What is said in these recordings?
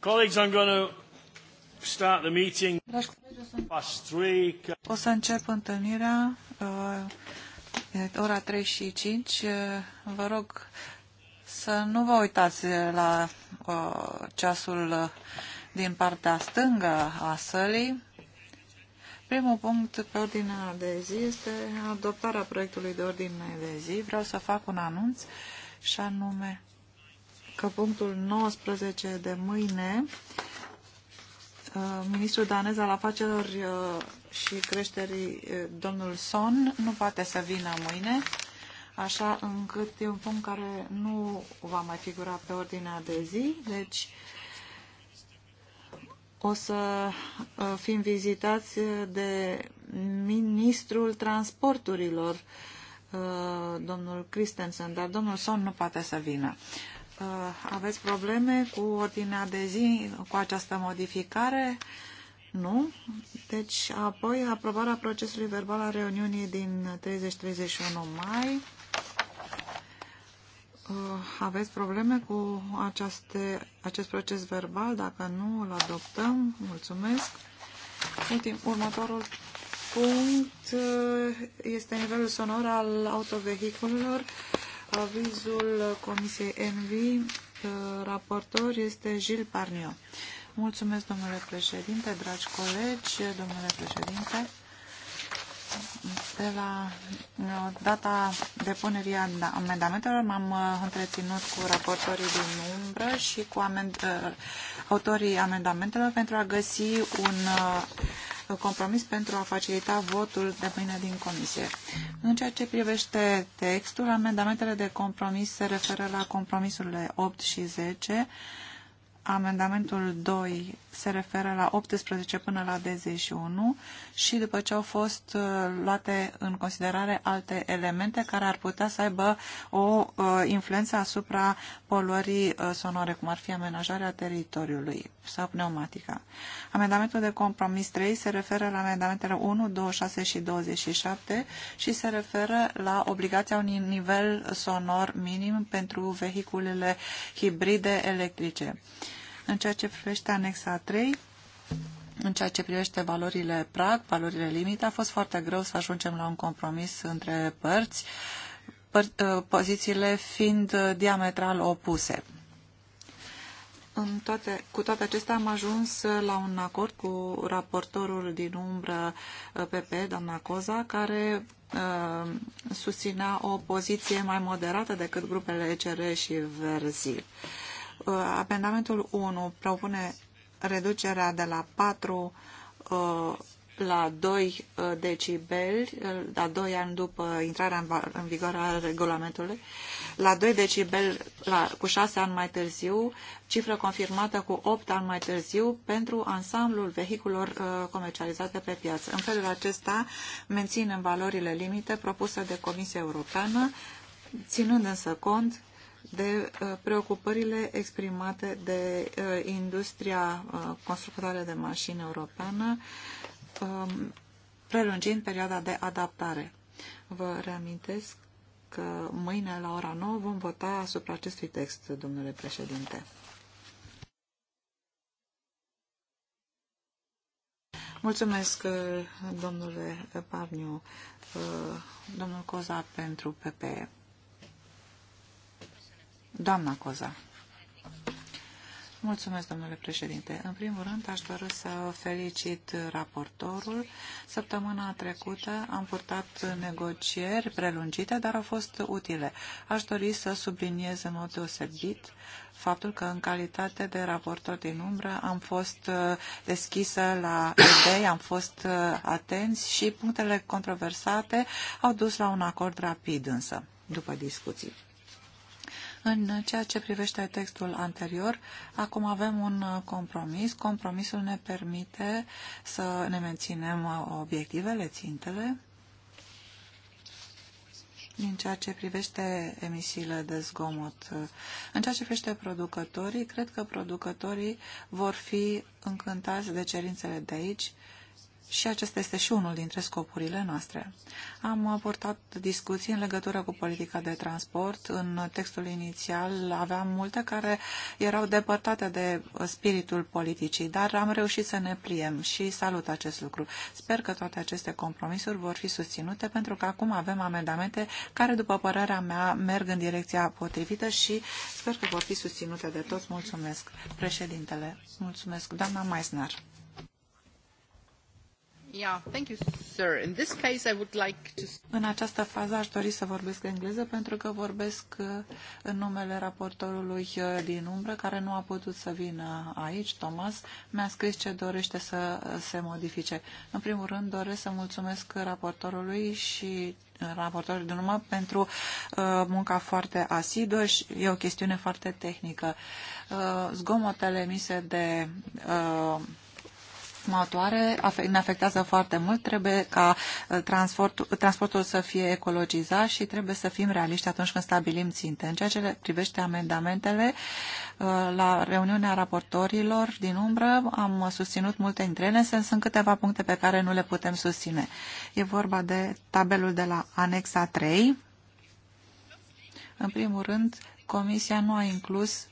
Colleagues, I'm going to start the meeting. Dragi colegi, o să, încep întâlnirea uh, ora 3 și 5. Uh, vă rog să nu vă uitați la uh, ceasul din partea stângă a sălii. Primul punct pe ordinea de zi este adoptarea proiectului de ordine de zi. Vreau să fac un anunț și anume că punctul 19 de mâine uh, ministrul danez al afacerilor uh, și creșterii, uh, domnul Son, nu poate să vină mâine, așa încât e un punct care nu va mai figura pe ordinea de zi, deci o să fim vizitați de ministrul transporturilor, domnul Christensen, dar domnul Son nu poate să vină. Uh, aveți probleme cu ordinea de zi, cu această modificare? Nu? Deci, apoi, aprobarea procesului verbal a reuniunii din 30-31 mai. Uh, aveți probleme cu aceste, acest proces verbal? Dacă nu, îl adoptăm. Mulțumesc. Ultim, următorul punct uh, este nivelul sonor al autovehiculelor. Avizul Comisiei Envi, uh, raportor este Gilles Parnio. Mulțumesc, domnule președinte, dragi colegi, domnule președinte. De la uh, data depunerii amendamentelor m-am uh, întreținut cu raportorii din umbră și cu amend autorii amendamentelor pentru a găsi un compromis pentru a facilita votul de mâine din comisie. În ceea ce privește textul, amendamentele de compromis se referă la compromisurile 8 și 10, amendamentul 2 se referă la 18 până la 21 și după ce au fost uh, luate în considerare alte elemente care ar putea să aibă o uh, influență asupra poluării uh, sonore, cum ar fi amenajarea teritoriului sau pneumatica. Amendamentul de compromis 3 se referă la amendamentele 1, 26 și 27 și se referă la obligația unui nivel sonor minim pentru vehiculele hibride electrice. În ceea ce privește anexa 3, în ceea ce privește valorile prag, valorile limite, a fost foarte greu să ajungem la un compromis între părți, ă, pozițiile fiind diametral opuse. În toate, cu toate acestea am ajuns la un acord cu raportorul din umbră PP, ă, doamna Coza, care uh, susținea o poziție mai moderată decât grupele ECR și Verzi. Uh, Uh, amendamentul 1 propune reducerea de la 4 uh, la 2 uh, decibeli, la 2 ani după intrarea în, în vigoare a regulamentului, la 2 decibeli la, cu 6 ani mai târziu, cifră confirmată cu 8 ani mai târziu pentru ansamblul vehiculor uh, comercializate pe piață. În felul acesta menținem valorile limite propuse de Comisia Europeană, ținând însă cont de uh, preocupările exprimate de uh, industria uh, constructoare de mașini europeană, um, prelungind perioada de adaptare. Vă reamintesc că mâine la ora 9 vom vota asupra acestui text, domnule președinte. Mulțumesc, domnule Parniu, domnul Coza, pentru PPE. Doamna Coza. Mulțumesc, domnule președinte. În primul rând, aș dori să felicit raportorul. Săptămâna trecută am purtat negocieri prelungite, dar au fost utile. Aș dori să subliniez în mod deosebit faptul că în calitate de raportor din umbră am fost uh, deschisă la idei, am fost uh, atenți și punctele controversate au dus la un acord rapid însă, după discuții. În ceea ce privește textul anterior, acum avem un compromis. Compromisul ne permite să ne menținem obiectivele, țintele. În ceea ce privește emisiile de zgomot, în ceea ce privește producătorii, cred că producătorii vor fi încântați de cerințele de aici, și acesta este și unul dintre scopurile noastre. Am purtat discuții în legătură cu politica de transport. În textul inițial aveam multe care erau depărtate de spiritul politicii, dar am reușit să ne pliem și salut acest lucru. Sper că toate aceste compromisuri vor fi susținute pentru că acum avem amendamente care, după părerea mea, merg în direcția potrivită și sper că vor fi susținute de toți. Mulțumesc, președintele. Mulțumesc, doamna Meisner. În această fază aș dori să vorbesc engleză pentru că vorbesc uh, în numele raportorului uh, din umbră care nu a putut să vină aici, Thomas. Mi-a scris ce dorește să se modifice. În primul rând doresc să mulțumesc raportorului și uh, raportorului din urmă pentru munca foarte asiduă și e o chestiune foarte tehnică. zgomotele emise de motoare ne afectează foarte mult. Trebuie ca uh, transportul, transportul să fie ecologizat și trebuie să fim realiști atunci când stabilim ținte. În ceea ce privește amendamentele, uh, la reuniunea raportorilor din umbră am susținut multe dintre ele, însă sunt câteva puncte pe care nu le putem susține. E vorba de tabelul de la anexa 3. În primul rând, Comisia nu a inclus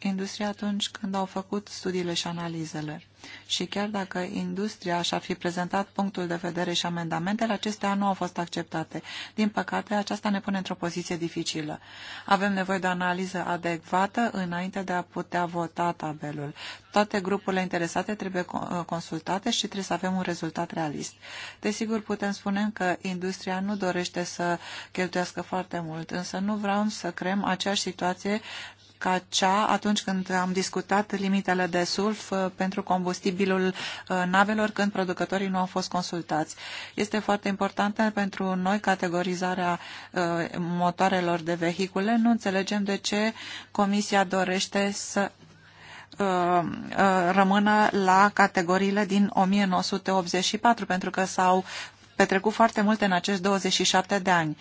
industria atunci când au făcut studiile și analizele și chiar dacă industria și-ar fi prezentat punctul de vedere și amendamentele, acestea nu au fost acceptate. Din păcate, aceasta ne pune într-o poziție dificilă. Avem nevoie de o analiză adecvată înainte de a putea vota tabelul. Toate grupurile interesate trebuie consultate și trebuie să avem un rezultat realist. Desigur, putem spune că industria nu dorește să cheltuiască foarte mult, însă nu vreau să creăm aceeași situație ca cea atunci când am discutat limitele de sulf uh, pentru combustibilul uh, navelor când producătorii nu au fost consultați. Este foarte importantă pentru noi categorizarea uh, motoarelor de vehicule. Nu înțelegem de ce Comisia dorește să rămână la categoriile din 1984, pentru că s-au petrecut foarte multe în acești 27 de ani.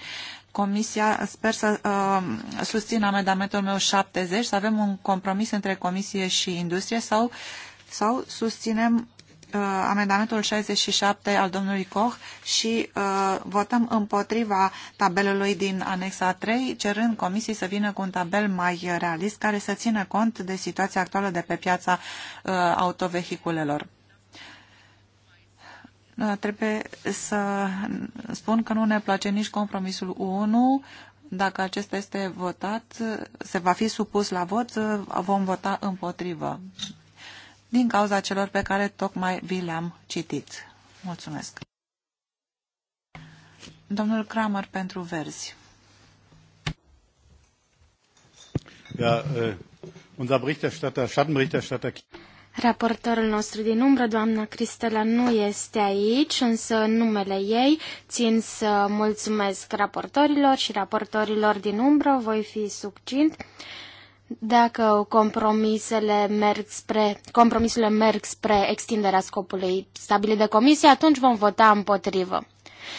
Comisia, sper să uh, susțin amendamentul meu 70, să avem un compromis între Comisie și Industrie sau, sau susținem uh, amendamentul 67 al domnului Koch și uh, votăm împotriva tabelului din anexa 3, cerând Comisiei să vină cu un tabel mai realist care să țină cont de situația actuală de pe piața uh, autovehiculelor. Eh, trebuie să spun că nu ne place nici compromisul 1. Dacă acesta este votat, se va fi supus la vot, eh, vom vota împotrivă. Din cauza celor pe care tocmai vi le-am citit. Mulțumesc. Domnul Kramer pentru verzi. Ja, uh, unser Berichterstatter, Schattenberichterstatter Raportorul nostru din umbră, doamna Cristela, nu este aici, însă în numele ei țin să mulțumesc raportorilor și raportorilor din umbră, voi fi succint. Dacă compromisele merg spre, compromisele merg spre extinderea scopului stabilit de comisie, atunci vom vota împotrivă.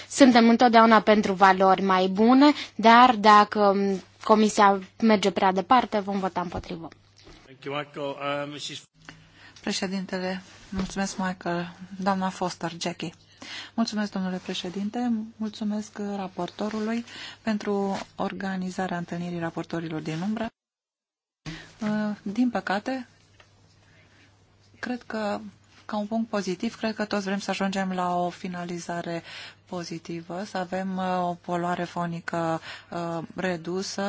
Suntem întotdeauna pentru valori mai bune, dar dacă comisia merge prea departe, vom vota împotrivă. Președintele, mulțumesc, Michael. Doamna Foster, Jackie. Mulțumesc, domnule președinte, mulțumesc raportorului pentru organizarea întâlnirii raportorilor din umbră. Uh, din păcate, cred că, ca un punct pozitiv, cred că toți vrem să ajungem la o finalizare pozitivă, să avem uh, o poluare fonică uh, redusă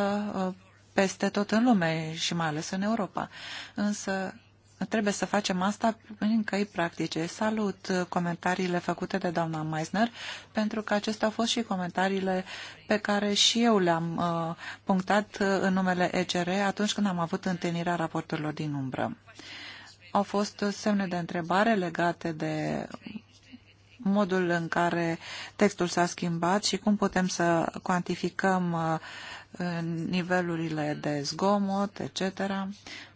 peste tot în lume și mai ales în Europa. Însă trebuie să facem asta prin căi practice. Salut comentariile făcute de doamna Meisner, pentru că acestea au fost și comentariile pe care și eu le-am uh, punctat uh, în numele ECR atunci când am avut întâlnirea raporturilor din umbră. Au fost semne de întrebare legate de modul în care textul s-a schimbat și cum putem să cuantificăm uh, nivelurile de zgomot, etc.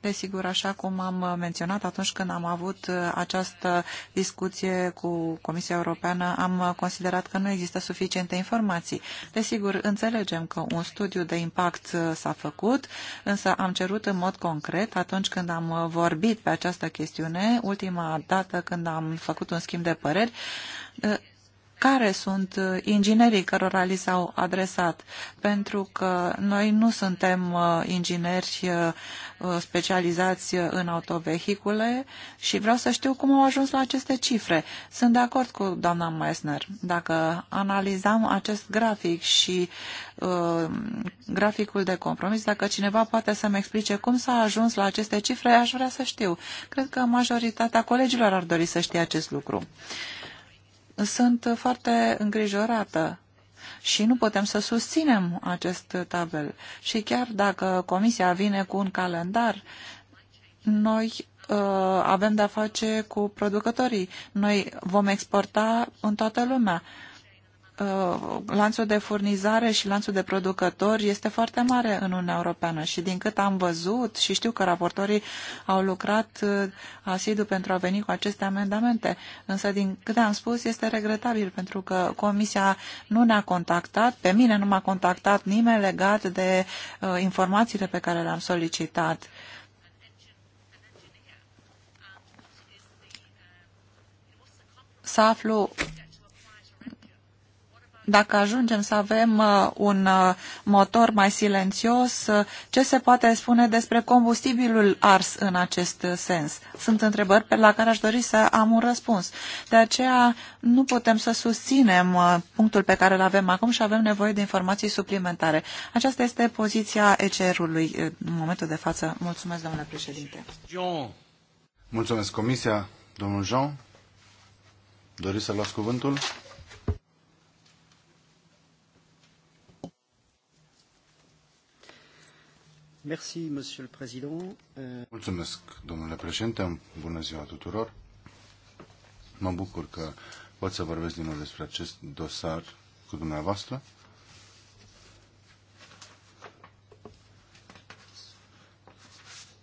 Desigur, așa cum am menționat atunci când am avut această discuție cu Comisia Europeană, am considerat că nu există suficiente informații. Desigur, înțelegem că un studiu de impact s-a făcut, însă am cerut în mod concret, atunci când am vorbit pe această chestiune, ultima dată când am făcut un schimb de păreri, care sunt uh, inginerii cărora li s-au adresat, pentru că noi nu suntem uh, ingineri uh, specializați în autovehicule și vreau să știu cum au ajuns la aceste cifre. Sunt de acord cu doamna Meissner. Dacă analizam acest grafic și uh, graficul de compromis, dacă cineva poate să-mi explice cum s-a ajuns la aceste cifre, aș vrea să știu. Cred că majoritatea colegilor ar dori să știe acest lucru. Uh, sunt foarte îngrijorată și nu putem să susținem acest tabel. Și chiar dacă Comisia vine cu un calendar, noi uh, avem de-a face cu producătorii. Noi vom exporta în toată lumea. Uh, Uh, lanțul de furnizare și lanțul de producători este foarte mare în Uniunea Europeană și din cât am văzut și știu că raportorii au lucrat uh, asidu pentru a veni cu aceste amendamente, însă din câte am spus este regretabil pentru că Comisia nu ne-a contactat, pe mine nu m-a contactat nimeni legat de uh, informațiile pe care le-am solicitat. Să aflu dacă ajungem să avem uh, un uh, motor mai silențios, uh, ce se poate spune despre combustibilul ars în acest sens? Sunt întrebări pe la care aș dori să am un răspuns. De aceea nu putem să susținem punctul pe care îl avem acum și avem nevoie de informații suplimentare. Aceasta este poziția ECR-ului în momentul de față. Mulțumesc, domnule președinte. Jean. Mulțumesc, Comisia. Domnul Jean, doriți să luați cuvântul? Euh, Mulțumesc, domnule președinte. Bună ziua tuturor. Mă bucur că pot să vorbesc din nou despre acest dosar cu dumneavoastră.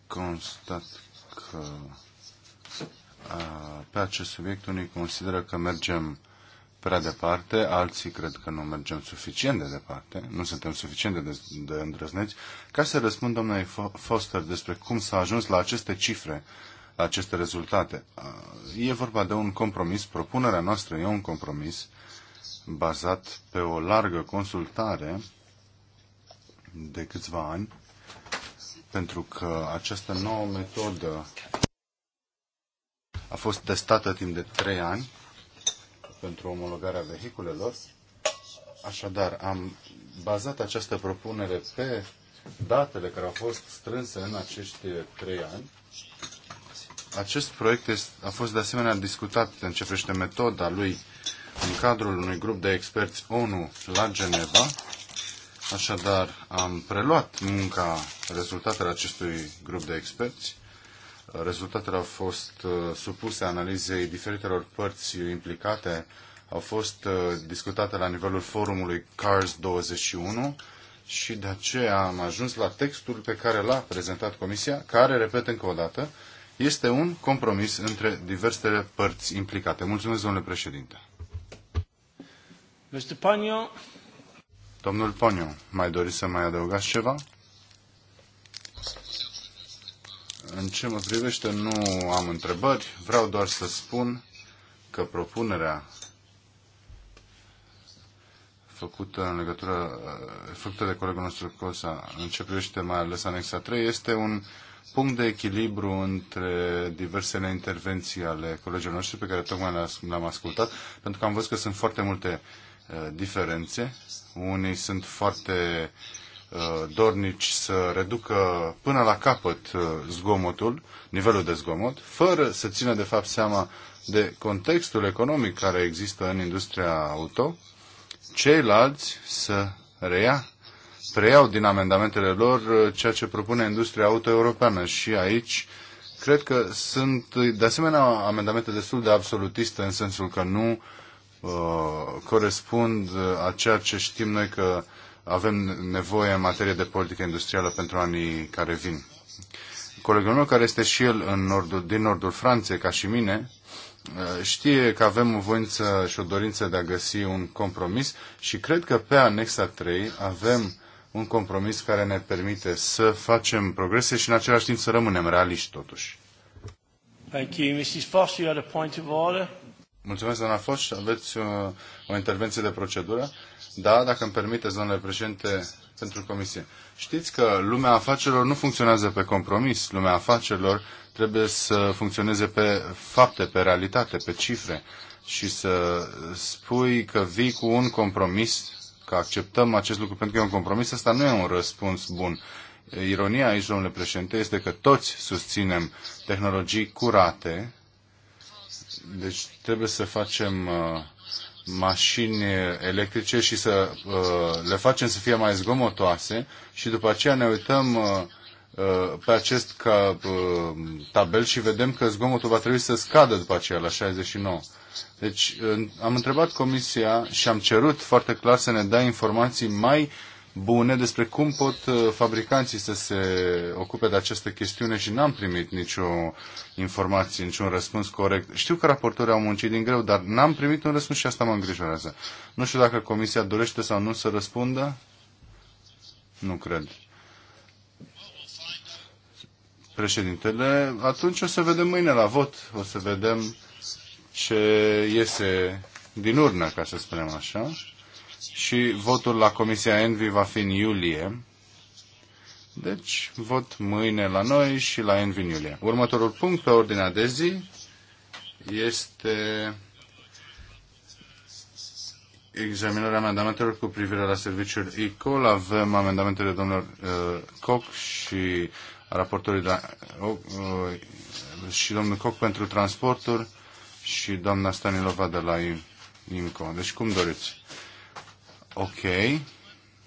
Constat că pe acest subiect unii consideră că mergem prea departe, alții cred că nu mergem suficient de departe, nu suntem suficient de, de îndrăzneți, ca să răspund domnului Foster despre cum s-a ajuns la aceste cifre, la aceste rezultate. E vorba de un compromis, propunerea noastră e un compromis bazat pe o largă consultare de câțiva ani, pentru că această nouă metodă a fost testată timp de trei ani pentru omologarea vehiculelor. Așadar, am bazat această propunere pe datele care au fost strânse în acești trei ani. Acest proiect a fost de asemenea discutat în ce privește metoda lui în cadrul unui grup de experți ONU la Geneva. Așadar, am preluat munca rezultatele acestui grup de experți Rezultatele au fost uh, supuse analizei diferitelor părți implicate, au fost uh, discutate la nivelul forumului CARS 21 și de aceea am ajuns la textul pe care l-a prezentat Comisia, care, repet încă o dată, este un compromis între diversele părți implicate. Mulțumesc, domnule președinte. Domnul Ponio, mai doriți să mai adăugați ceva? În ce mă privește, nu am întrebări. Vreau doar să spun că propunerea făcută în legătură, făcută de colegul nostru Cosa, în ce privește mai ales anexa 3, este un punct de echilibru între diversele intervenții ale colegilor noștri pe care tocmai le-am ascultat, pentru că am văzut că sunt foarte multe uh, diferențe. Unii sunt foarte uh, Uh, dornici să reducă până la capăt uh, zgomotul, nivelul de zgomot, fără să țină de fapt seama de contextul economic care există în industria auto, ceilalți să reia, preiau din amendamentele lor uh, ceea ce propune industria auto europeană și aici cred că sunt de asemenea amendamente destul de absolutiste în sensul că nu uh, corespund a ceea ce știm noi că uh, avem nevoie în materie de politică industrială pentru anii care vin. Colegul meu, care este și el în nordul, din nordul Franței, ca și mine, uh, știe că avem o voință și o dorință de a găsi un compromis și cred că pe anexa 3 avem un compromis care ne permite să facem progrese și în același timp să rămânem realiști totuși. Thank you. Mrs. Foster, you had a point of order. Mulțumesc, doamna Foș. Aveți uh, o intervenție de procedură? Da, dacă îmi permiteți, domnule președinte, pentru comisie. Știți că lumea afacerilor nu funcționează pe compromis. Lumea afacerilor trebuie să funcționeze pe fapte, pe realitate, pe cifre și să spui că vii cu un compromis, că acceptăm acest lucru pentru că e un compromis, asta nu e un răspuns bun. Ironia aici, domnule președinte, este că toți susținem tehnologii curate, deci trebuie să facem uh, mașini electrice și să uh, le facem să fie mai zgomotoase și după aceea ne uităm uh, pe acest tabel și vedem că zgomotul va trebui să scadă după aceea la 69. Deci am întrebat comisia și am cerut foarte clar să ne dea informații mai uh, bune despre cum pot uh, fabricanții să se ocupe de această chestiune și n-am primit nicio informație, niciun răspuns corect. Știu că raportorii au muncit din greu, dar n-am primit un răspuns și asta mă îngrijorează. Nu știu dacă comisia dorește sau nu să răspundă. Nu cred. Președintele, atunci o să vedem mâine la vot, o să vedem ce iese din urnă, ca să spunem așa și votul la Comisia Envi va fi în iulie. Deci, vot mâine la noi și la Envi în iulie. Următorul punct pe ordinea de zi este examinarea amendamentelor cu privire la serviciul ICOL. Avem amendamentele domnilor uh, Koch și raportorii de, uh, uh, și domnul Koch pentru transporturi și doamna Stanilova de la IMCO. Deci cum doriți? Ok.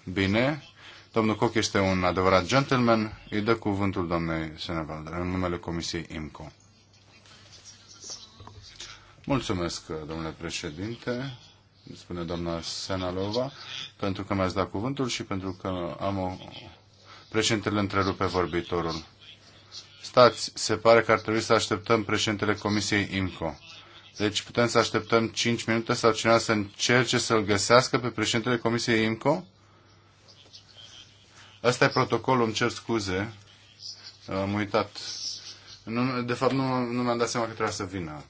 Bine. Domnul Coc este un adevărat gentleman. Îi dă cuvântul doamnei Senevalder în numele Comisiei IMCO. Mulțumesc, domnule președinte, spune doamna Senalova, pentru că mi-ați dat cuvântul și pentru că am o... Președintele întrerupe vorbitorul. Stați, se pare că ar trebui să așteptăm președintele Comisiei IMCO. Deci putem să așteptăm 5 minute sau cineva să încerce să-l găsească pe președintele Comisiei IMCO? Asta e protocolul, îmi cer scuze. Am uitat. Nu, de fapt, nu, nu mi-am dat seama că trebuia să vină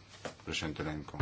președintele IMCO.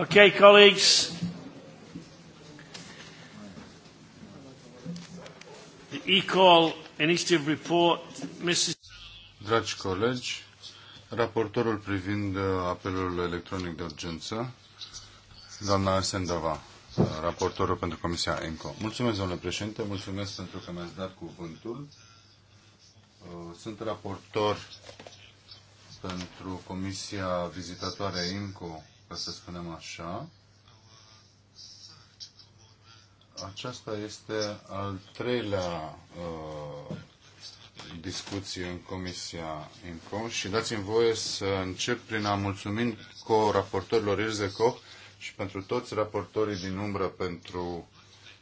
Okay, colleagues. The Equal Initiative Report, Mrs. Dragi colegi, raportorul privind uh, apelul electronic de urgență, doamna Sendova, uh, raportorul pentru Comisia ENCO. Mulțumesc, domnule președinte, mulțumesc pentru că mi-ați dat cuvântul. Uh, sunt raportor pentru Comisia Vizitatoare ENCO ca să spunem așa. Aceasta este al treilea uh, discuție în Comisia Info și dați-mi voie să încep prin a mulțumi co-raportorilor Ilze Koch și pentru toți raportorii din umbră pentru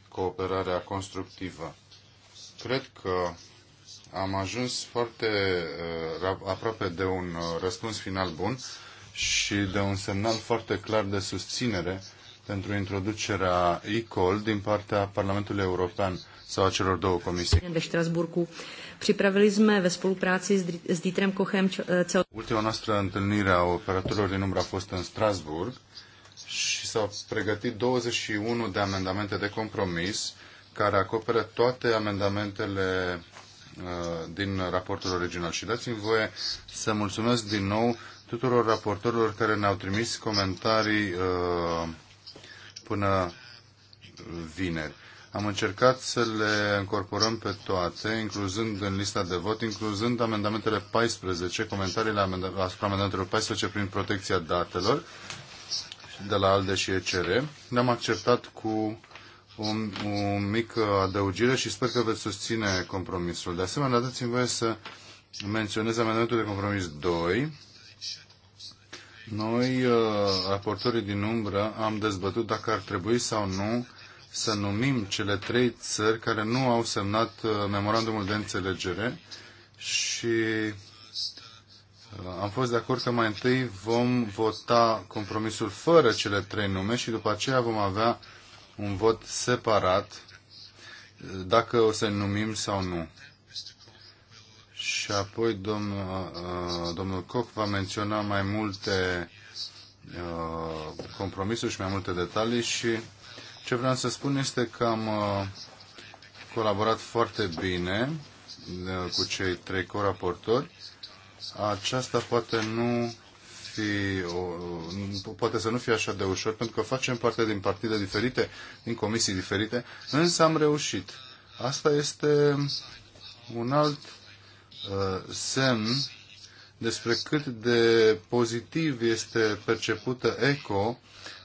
cooperarea constructivă. Cred că am ajuns foarte uh, aproape de un uh, răspuns final bun și de un semnal foarte clar de susținere pentru introducerea ICOL din partea Parlamentului European sau a celor două comisii. De Strasburgu připravili jsme ve spolupráci s Dietrem Kochem eh, cel... Ultima noastră întâlnire a operatorilor din umbră a fost în Strasburg și s-au pregătit 21 de amendamente de compromis care acoperă toate amendamentele eh, din raportul original. Și dați-mi voie să mulțumesc din nou tuturor raportorilor care ne-au trimis comentarii uh, până vineri. Am încercat să le încorporăm pe toate, incluzând în lista de vot, incluzând amendamentele 14, comentariile asupra amendamentelor 14 prin protecția datelor de la ALDE și ECR. Le-am acceptat cu o, o mică adăugire și sper că veți susține compromisul. De asemenea, dați-mi voie să menționez amendamentul de compromis 2, noi, uh, raportorii din umbră, am dezbătut dacă ar trebui sau nu să numim cele trei țări care nu au semnat uh, memorandumul de înțelegere și uh, am fost de acord că mai întâi vom vota compromisul fără cele trei nume și după aceea vom avea un vot separat dacă o să numim sau nu și apoi domnul, uh, domnul Koch va menționa mai multe uh, compromisuri și mai multe detalii și ce vreau să spun este că am uh, colaborat foarte bine cu cei trei coraportori. Aceasta poate nu fi, o, poate să nu fie așa de ușor, pentru că facem parte din partide diferite, din comisii diferite, însă am reușit. Asta este un alt Uh, semn despre cât de pozitiv este percepută ECO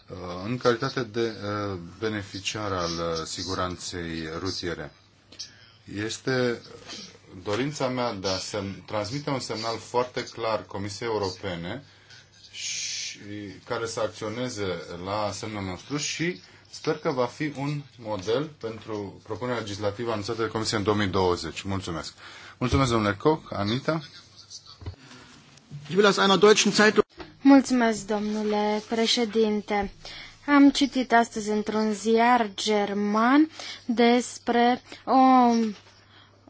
uh, în calitate de uh, beneficiar al siguranței rutiere. Este dorința mea de a transmite un semnal foarte clar Comisiei Europene și care să acționeze la semnul nostru și sper că va fi un model pentru propunerea legislativă anunțată de Comisie în 2020. Mulțumesc! Mulțumesc, domnule Koch. Anita? Mulțumesc, domnule președinte. Am citit astăzi într-un ziar german despre o,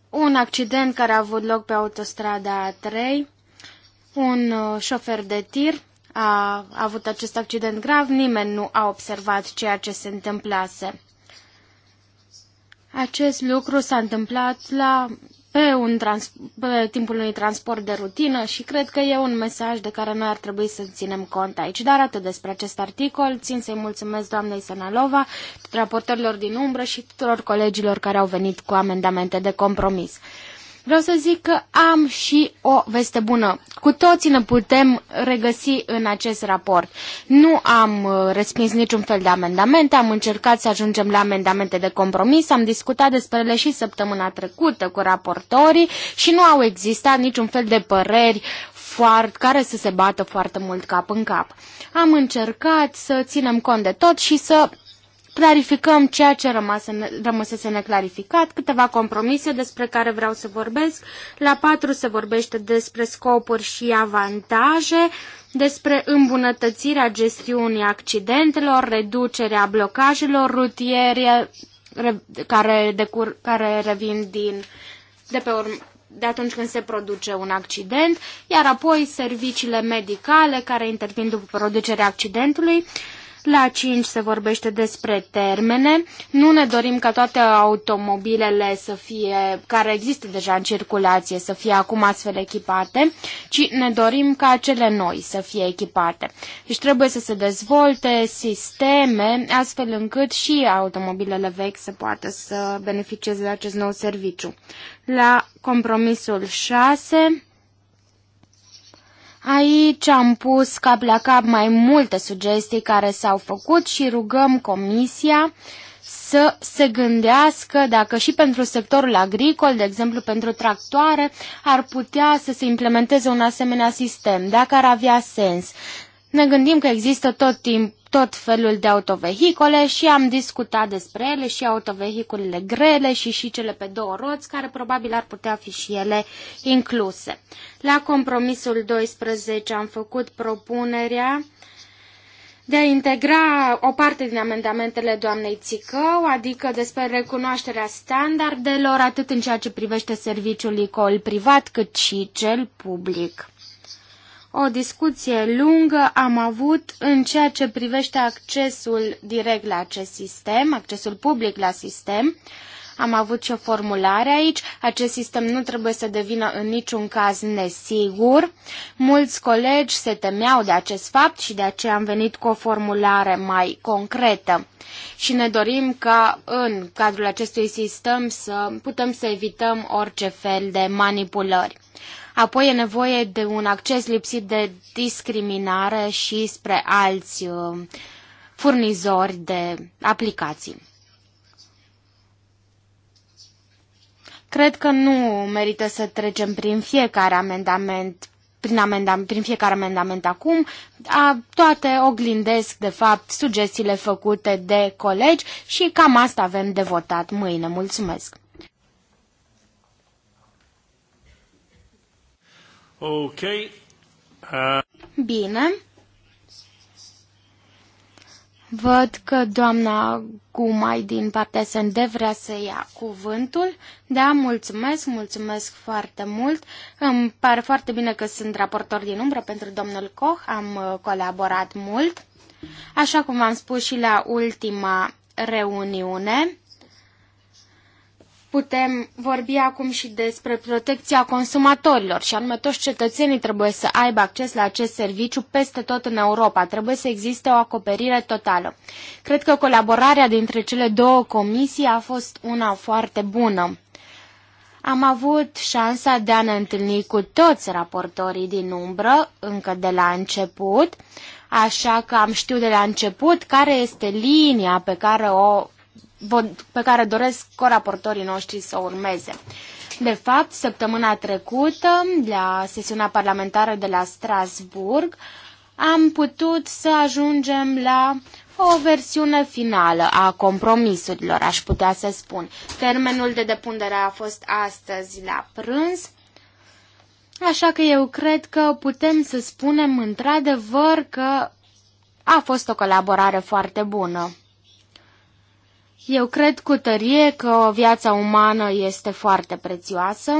un accident care a avut loc pe autostrada A3. Un uh, șofer de tir a avut acest accident grav, nimeni nu a observat ceea ce se întâmplase. Acest lucru s-a întâmplat la pe, un trans- pe timpul unui transport de rutină și cred că e un mesaj de care noi ar trebui să ținem cont aici. Dar atât despre acest articol. Țin să-i mulțumesc doamnei Sanalova, raportorilor din umbră și tuturor colegilor care au venit cu amendamente de compromis. Vreau să zic că am și o veste bună. Cu toții ne putem regăsi în acest raport. Nu am uh, respins niciun fel de amendamente, am încercat să ajungem la amendamente de compromis, am discutat despre ele și săptămâna trecută cu raportorii și nu au existat niciun fel de păreri foarte, care să se bată foarte mult cap în cap. Am încercat să ținem cont de tot și să clarificăm ceea ce rămase, rămăsese neclarificat, câteva compromise despre care vreau să vorbesc. La 4 se vorbește despre scopuri și avantaje, despre îmbunătățirea gestiunii accidentelor, reducerea blocajelor rutiere care, decur, care revin din, de pe urmă de atunci când se produce un accident, iar apoi serviciile medicale care intervin după producerea accidentului. Uh, la 5 se vorbește despre termene. Nu ne dorim ca toate automobilele să fie, care există deja în circulație să fie acum astfel echipate, ci ne dorim ca cele noi să fie echipate. Deci trebuie să se dezvolte sisteme astfel încât și automobilele vechi să poată să beneficieze de acest nou serviciu. La compromisul 6 Aici am pus cap la cap mai multe sugestii care s-au făcut și rugăm Comisia să se gândească dacă și pentru sectorul agricol, de exemplu pentru tractoare, ar putea să se implementeze un asemenea sistem, dacă ar avea sens. Ne gândim că există tot, timp, tot felul de autovehicole și am discutat despre ele și autovehiculele grele și și cele pe două roți, care probabil ar putea fi și ele incluse. La compromisul 12 am făcut propunerea de a integra o parte din amendamentele doamnei Țicău, adică despre recunoașterea standardelor atât în ceea ce privește serviciul ICOL privat cât și cel public. O discuție lungă am avut în ceea ce privește accesul direct la acest sistem, accesul public la sistem. Am avut și o formulare aici. Acest sistem nu trebuie să devină în niciun caz nesigur. Mulți colegi se temeau de acest fapt și de aceea am venit cu o formulare mai concretă. Și ne dorim ca în cadrul acestui sistem să putem să evităm orice fel de manipulări. Apoi e nevoie de un acces lipsit de discriminare și spre alți uh, furnizori de aplicații. Cred că nu merită să trecem prin fiecare amendament prin, amendam, prin fiecare amendament acum, a, toate oglindesc, de fapt, sugestiile făcute de colegi și cam asta avem de votat mâine. Mulțumesc! Ok. Uh... Bine. Văd că doamna Gumai din partea SND vrea să ia cuvântul. Da, mulțumesc, mulțumesc foarte mult. Îmi pare foarte bine că sunt raportor din umbră pentru domnul Koch. Am uh, colaborat mult. Așa cum v-am spus și la ultima reuniune, Putem vorbi acum și despre protecția consumatorilor și anume toți cetățenii trebuie să aibă acces la acest serviciu peste tot în Europa. Trebuie să existe o acoperire totală. Cred că colaborarea dintre cele două comisii a fost una foarte bună. Am avut șansa de a ne întâlni cu toți raportorii din umbră încă de la început, așa că am știut de la început care este linia pe care o pe care doresc coraportorii noștri să o urmeze. De fapt, săptămâna trecută, la sesiunea parlamentară de la Strasburg, am putut să ajungem la o versiune finală a compromisurilor, aș putea să spun. Termenul de depunere a fost astăzi la prânz, așa că eu cred că putem să spunem într-adevăr că a fost o colaborare foarte bună. Eu cred cu tărie că viața umană este foarte prețioasă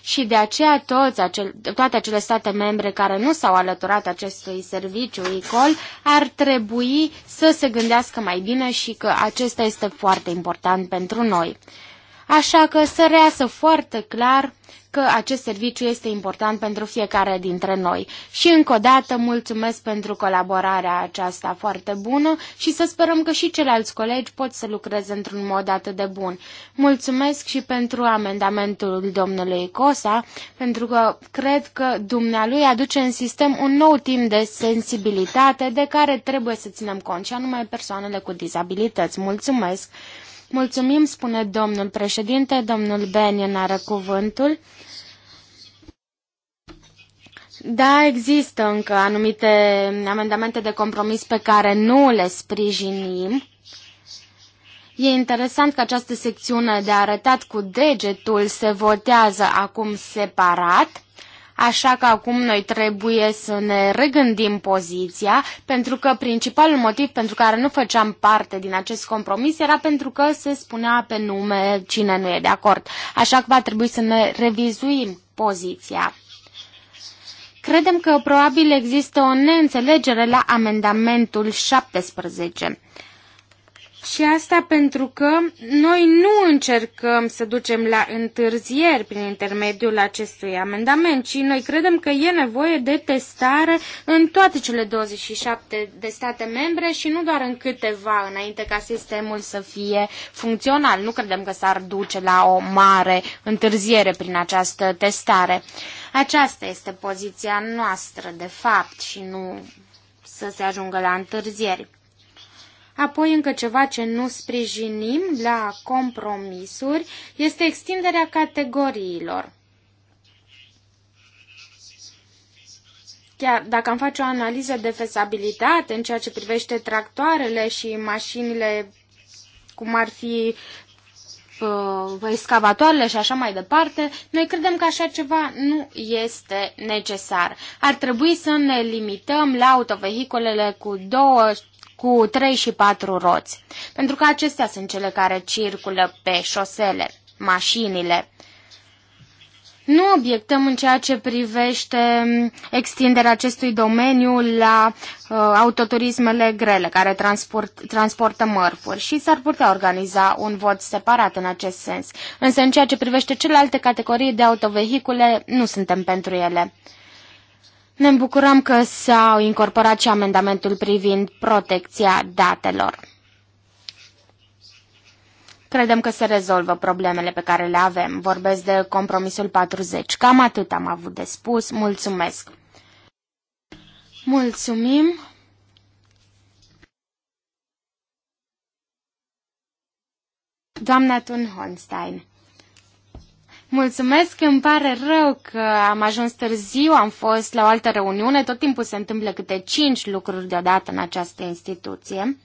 și de aceea toți acele, toate acele state membre care nu s-au alăturat acestui serviciu ICOL ar trebui să se gândească mai bine și că acesta este foarte important pentru noi. Așa că să reasă foarte clar că acest serviciu este important pentru fiecare dintre noi. Și încă o dată mulțumesc pentru colaborarea aceasta foarte bună și să sperăm că și ceilalți colegi pot să lucreze într-un mod atât de bun. Mulțumesc și pentru amendamentul domnului Cosa, pentru că cred că dumnealui aduce în sistem un nou timp de sensibilitate de care trebuie să ținem cont, și anume persoanele cu dizabilități. Mulțumesc! Mulțumim, spune domnul președinte, domnul Benion are cuvântul. Da, există încă anumite amendamente de compromis pe care nu le sprijinim. E interesant că această secțiune de arătat cu degetul se votează acum separat. Așa că acum noi trebuie să ne regândim poziția, pentru că principalul motiv pentru care nu făceam parte din acest compromis era pentru că se spunea pe nume cine nu e de acord. Așa că va trebui să ne revizuim poziția. Credem că probabil există o neînțelegere la amendamentul 17. Și asta pentru că noi nu încercăm să ducem la întârzieri prin intermediul acestui amendament, ci noi credem că e nevoie de testare în toate cele 27 de state membre și nu doar în câteva, înainte ca sistemul să fie funcțional. Nu credem că s-ar duce la o mare întârziere prin această testare. Aceasta este poziția noastră, de fapt, și nu să se ajungă la întârzieri. Apoi încă ceva ce nu sprijinim la compromisuri este extinderea categoriilor. Chiar dacă am face o analiză de fezabilitate în ceea ce privește tractoarele și mașinile cum ar fi uh, excavatoarele și așa mai departe, noi credem că așa ceva nu este necesar. Ar trebui să ne limităm la autovehicolele cu două cu 3 și 4 roți, pentru că acestea sunt cele care circulă pe șosele, mașinile. Nu obiectăm în ceea ce privește extinderea acestui domeniu la uh, autoturismele grele care transport, transportă mărfuri și s-ar putea organiza un vot separat în acest sens. Însă în ceea ce privește celelalte categorii de autovehicule, nu suntem pentru ele. Ne bucurăm că s-au incorporat și amendamentul privind protecția datelor. Credem că se rezolvă problemele pe care le avem. Vorbesc de compromisul 40. Cam atât am avut de spus. Mulțumesc! Mulțumim! Doamna Thun Holstein Mulțumesc, îmi pare rău că am ajuns târziu, am fost la o altă reuniune, tot timpul se întâmplă câte cinci lucruri deodată în această instituție.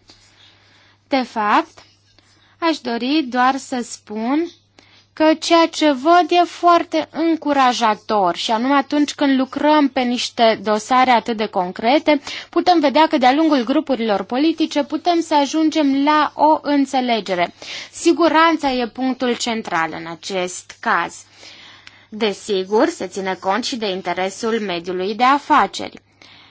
De fapt, aș dori doar să spun că ceea ce văd e foarte încurajator și anume atunci când lucrăm pe niște dosare atât de concrete, putem vedea că de-a lungul grupurilor politice putem să ajungem la o înțelegere. Siguranța e punctul central în acest caz. Desigur, se ține cont și de interesul mediului de afaceri.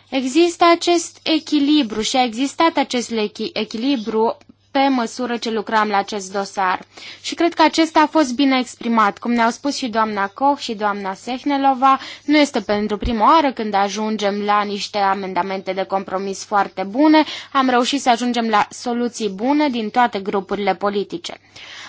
Există acest echilibru și a existat acest echilibru pe măsură ce lucram la acest dosar. Și cred că acesta a fost bine exprimat. Cum ne-au spus și doamna Koch și doamna Sehnelova, nu este pentru prima oară când ajungem la niște amendamente de compromis foarte bune. Am reușit să ajungem la soluții bune din toate grupurile politice.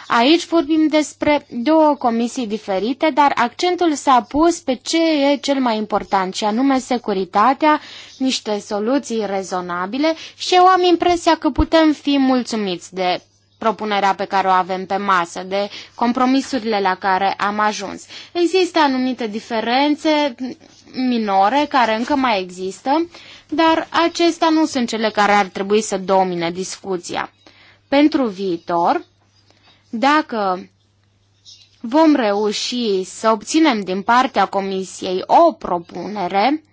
Aici vorbim despre două comisii diferite, dar accentul s-a pus pe ce e cel mai important, și anume securitatea, niște soluții rezonabile și eu am impresia că putem fi mulțumiți de propunerea pe care o avem pe masă, de compromisurile la care am ajuns. Există anumite diferențe minore care încă mai există, dar acestea nu sunt cele care ar trebui să domine discuția. Pentru viitor, dacă vom reuși să obținem din partea Comisiei o propunere,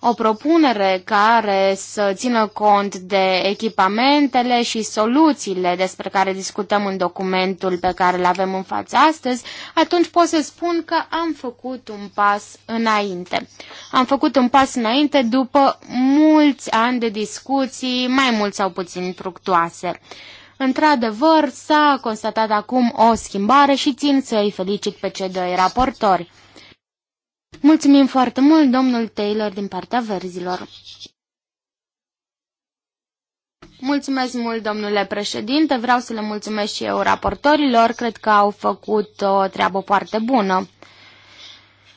o propunere care să țină cont de echipamentele și soluțiile despre care discutăm în documentul pe care îl avem în față astăzi, atunci pot să spun că am făcut un pas înainte. Am făcut un pas înainte după mulți ani de discuții, mai mult sau puțin fructuoase. Într-adevăr, s-a constatat acum o schimbare și țin să îi felicit pe cei doi raportori. Mulțumim foarte mult, domnul Taylor, din partea verzilor. Mulțumesc mult, domnule președinte. Vreau să le mulțumesc și eu raportorilor. Cred că au făcut o treabă foarte bună.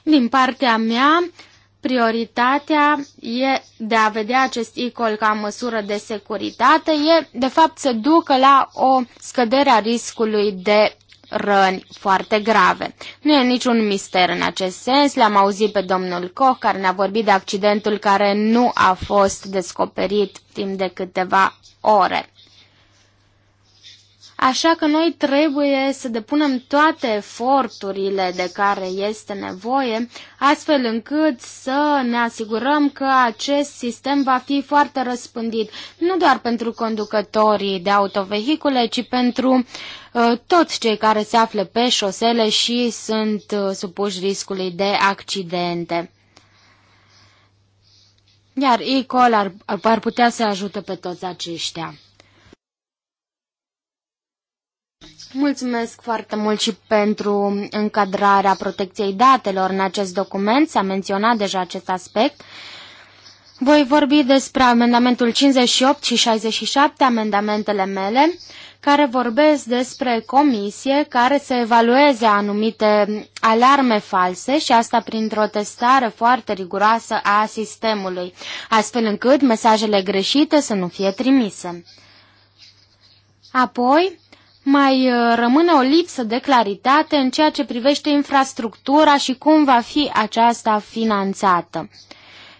Din partea mea, prioritatea e de a vedea acest ICOL ca măsură de securitate, e de fapt să ducă la o scădere a riscului de răni foarte grave. Nu e niciun mister în acest sens. L-am auzit pe domnul Koch care ne-a vorbit de accidentul care nu a fost descoperit timp de câteva ore. Așa că noi trebuie să depunem toate eforturile de care este nevoie, astfel încât să ne asigurăm că acest sistem va fi foarte răspândit, nu doar pentru conducătorii de autovehicule, ci pentru uh, toți cei care se află pe șosele și sunt uh, supuși riscului de accidente. Iar e-call ar, ar putea să ajute pe toți aceștia. Mulțumesc foarte mult și pentru încadrarea protecției datelor în acest document. S-a menționat deja acest aspect. Voi vorbi despre amendamentul 58 și 67, amendamentele mele, care vorbesc despre comisie care să evalueze anumite alarme false și asta printr-o testare foarte riguroasă a sistemului, astfel încât mesajele greșite să nu fie trimise. Apoi, mai uh, rămâne o lipsă de claritate în ceea ce privește infrastructura și cum va fi aceasta finanțată.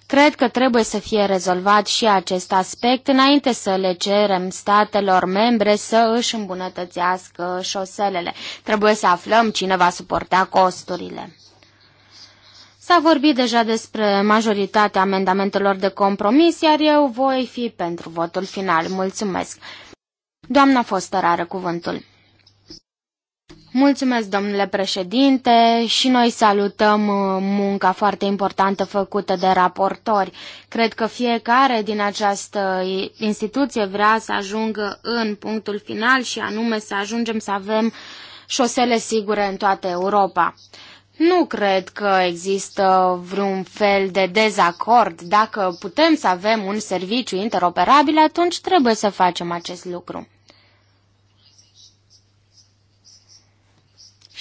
Cred că trebuie să fie rezolvat și acest aspect înainte să le cerem statelor membre să își îmbunătățească șoselele. Trebuie să aflăm cine va suporta costurile. S-a vorbit deja despre majoritatea amendamentelor de compromis, iar eu voi fi pentru votul final. Mulțumesc! Doamna Foster are cuvântul. Mulțumesc, domnule președinte, și noi salutăm uh, munca foarte importantă făcută de raportori. Cred că fiecare din această instituție vrea să ajungă în punctul final și anume să ajungem să avem șosele sigure în toată Europa. Nu cred că există vreun fel de dezacord. Dacă putem să avem un serviciu interoperabil, atunci trebuie să facem acest lucru.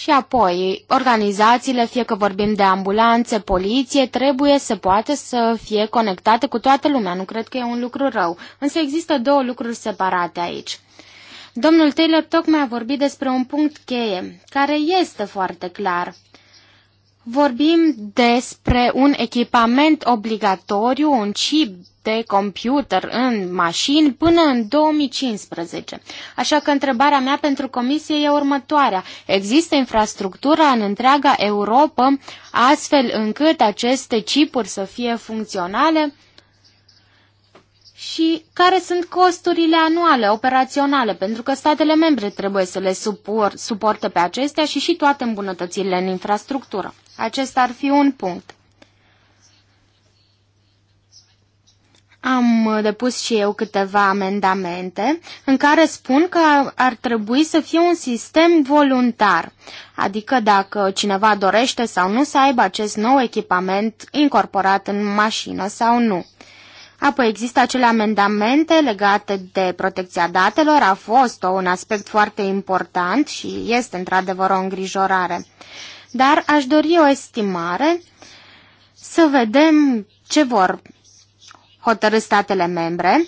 Și apoi, organizațiile, fie că vorbim de ambulanțe, poliție, trebuie să poată să fie conectate cu toată lumea. Nu cred că e un lucru rău. Însă există două lucruri separate aici. Domnul Taylor tocmai a vorbit despre un punct cheie, care este foarte clar. Vorbim despre un echipament obligatoriu, un chip de computer în mașini până în 2015. Așa că întrebarea mea pentru comisie e următoarea. Există infrastructura în întreaga Europa astfel încât aceste chipuri să fie funcționale? Și care sunt costurile anuale, operaționale, pentru că statele membre trebuie să le supor, suportă pe acestea și și toate îmbunătățirile în infrastructură. Acesta ar fi un punct. am uh, depus și eu câteva amendamente în care spun că ar trebui să fie un sistem voluntar, adică dacă cineva dorește sau nu să aibă acest nou echipament incorporat în mașină sau nu. Apoi există acele amendamente legate de protecția datelor, a fost un aspect foarte important și este într-adevăr o îngrijorare. Dar aș dori o estimare să vedem ce vor hotărâ statele membre.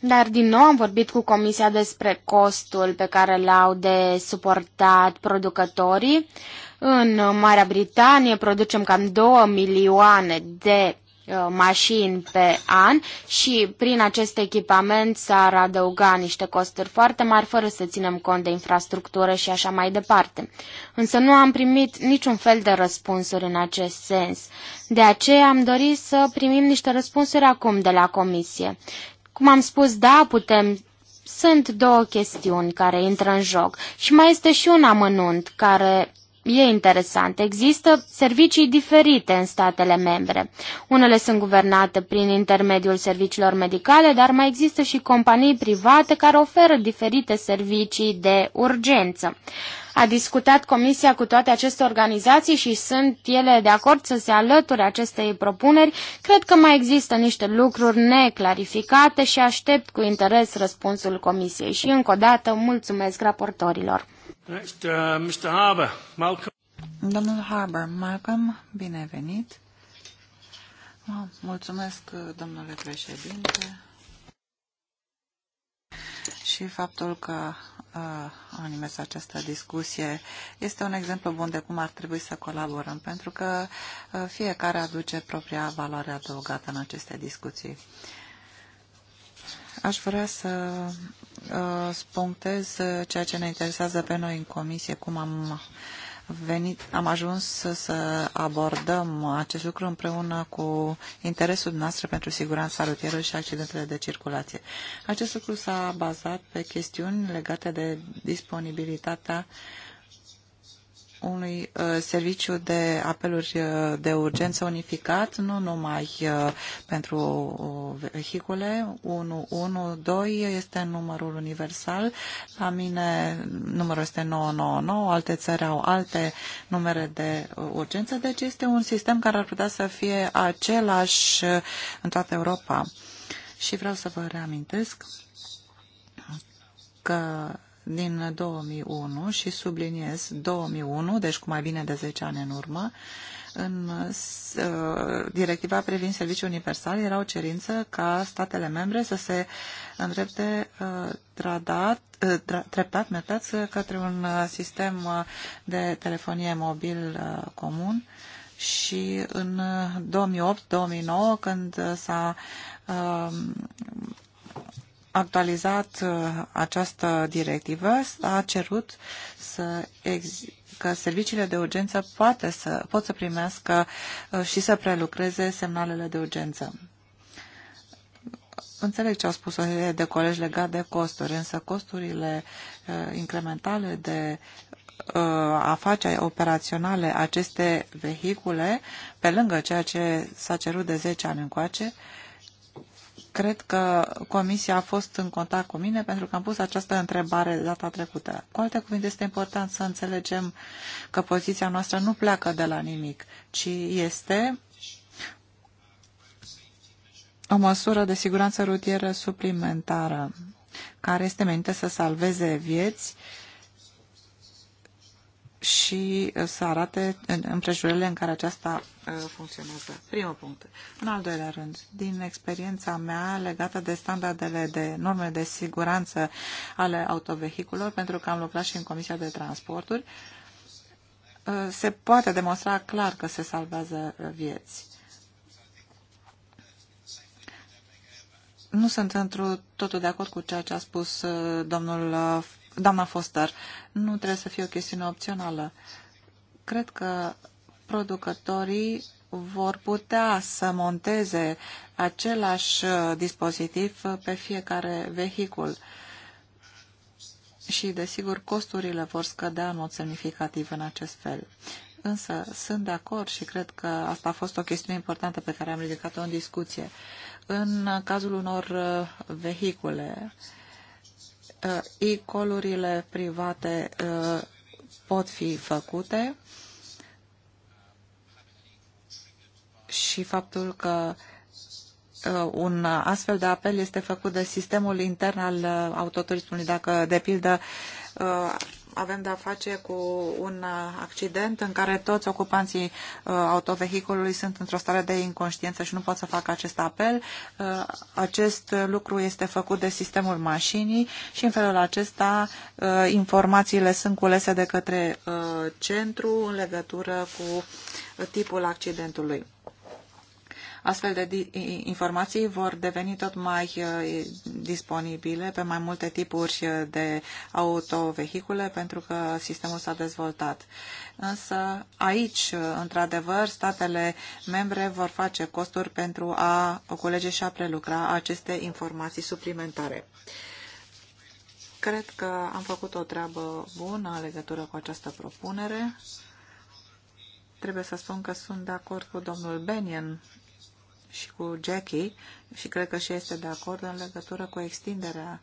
Dar din nou am vorbit cu Comisia despre costul pe care l-au de suportat producătorii. În Marea Britanie producem cam 2 milioane de Uh, mașini pe an și prin acest echipament s-ar adăuga niște costuri foarte mari fără să ținem cont de infrastructură și așa mai departe. Însă nu am primit niciun fel de răspunsuri în acest sens. De aceea am dorit să primim niște răspunsuri acum de la Comisie. Cum am spus, da, putem sunt două chestiuni care intră în joc și mai este și un amănunt care e interesant. Există servicii diferite în statele membre. Unele sunt guvernate prin intermediul serviciilor medicale, dar mai există și companii private care oferă diferite servicii de urgență. A discutat Comisia cu toate aceste organizații și sunt ele de acord să se alăture acestei propuneri. Cred că mai există niște lucruri neclarificate și aștept cu interes răspunsul Comisiei. Și încă o dată mulțumesc raportorilor. Next, uh, Mr. Harbour, Malcolm. Domnul Harbour, Malcolm, bine venit. Mulțumesc, domnule președinte. Și faptul că uh, animez această discuție este un exemplu bun de cum ar trebui să colaborăm, pentru că uh, fiecare aduce propria valoare adăugată în aceste discuții. Uh, Aș vrea să uh, spunctez ceea ce ne interesează pe noi în comisie, cum am venit, am ajuns să abordăm acest lucru împreună cu interesul noastră pentru siguranța rutieră și accidentele de circulație. Acest lucru s-a bazat pe chestiuni legate de disponibilitatea uh, unui uh, serviciu de apeluri uh, de urgență unificat, nu numai uh, pentru vehicule. 112 este numărul universal. La mine numărul este 999, alte țări au alte numere de urgență, deci este un sistem care ar putea să fie același în toată Europa. Și vreau să vă reamintesc că din 2001 și subliniez 2001, deci cu mai bine de 10 ani în urmă, în uh, directiva privind serviciul universal era o cerință ca statele membre să se îndrepte uh, tradat, uh, treptat metați către un sistem de telefonie mobil comun și în 2008-2009 când s-a actualizat uh, această directivă, s-a cerut să că serviciile de urgență poate să, pot să primească uh, și să prelucreze semnalele de urgență. Înțeleg ce au spus o serie de colegi legat de costuri, însă costurile uh, incrementale de a face operaționale aceste vehicule, pe lângă ceea ce s-a cerut de 10 ani încoace, uh, cred că Comisia a fost în contact cu mine pentru că am pus această întrebare data trecută. Cu alte cuvinte, este important să înțelegem că poziția noastră nu pleacă de la nimic, ci este o măsură de siguranță rutieră suplimentară care este menită să salveze vieți uh, și uh, să arate împrejurările în care aceasta uh, funcționează. Primul punct. În al doilea rând, din experiența mea legată de standardele de norme de siguranță ale autovehiculor, pentru că am lucrat și în Comisia de Transporturi, uh, se poate demonstra clar că se salvează vieți. Nu sunt într totul de acord cu ceea ce a spus domnul doamna Foster, nu trebuie să fie o chestiune opțională. Cred că producătorii vor putea să monteze același uh, dispozitiv pe fiecare vehicul și, desigur, costurile vor scădea în mod semnificativ în acest fel. Însă sunt de acord și cred că asta a fost o chestiune importantă pe care am ridicat-o în discuție. În cazul unor uh, vehicule, uh, Uh, e-colurile private uh, pot fi făcute și faptul că uh, un astfel de apel este făcut de sistemul intern al autoturismului. Dacă, de pildă, avem de-a face cu un uh, accident în care toți ocupanții uh, autovehicolului sunt într-o stare de inconștiență și nu pot să facă acest apel. Uh, acest lucru este făcut de sistemul mașinii și în felul acesta informațiile sunt culese de către centru în legătură cu tipul accidentului. Astfel de informații vor deveni tot mai uh, disponibile pe mai multe tipuri uh, de autovehicule pentru că sistemul s-a dezvoltat. Însă aici, uh, într-adevăr, statele membre vor face costuri pentru a colege și a prelucra aceste informații suplimentare. Cred că am făcut o treabă bună în legătură cu această propunere. Trebuie să spun că sunt de acord cu domnul Benien și cu Jackie și cred că și este de acord în legătură cu extinderea,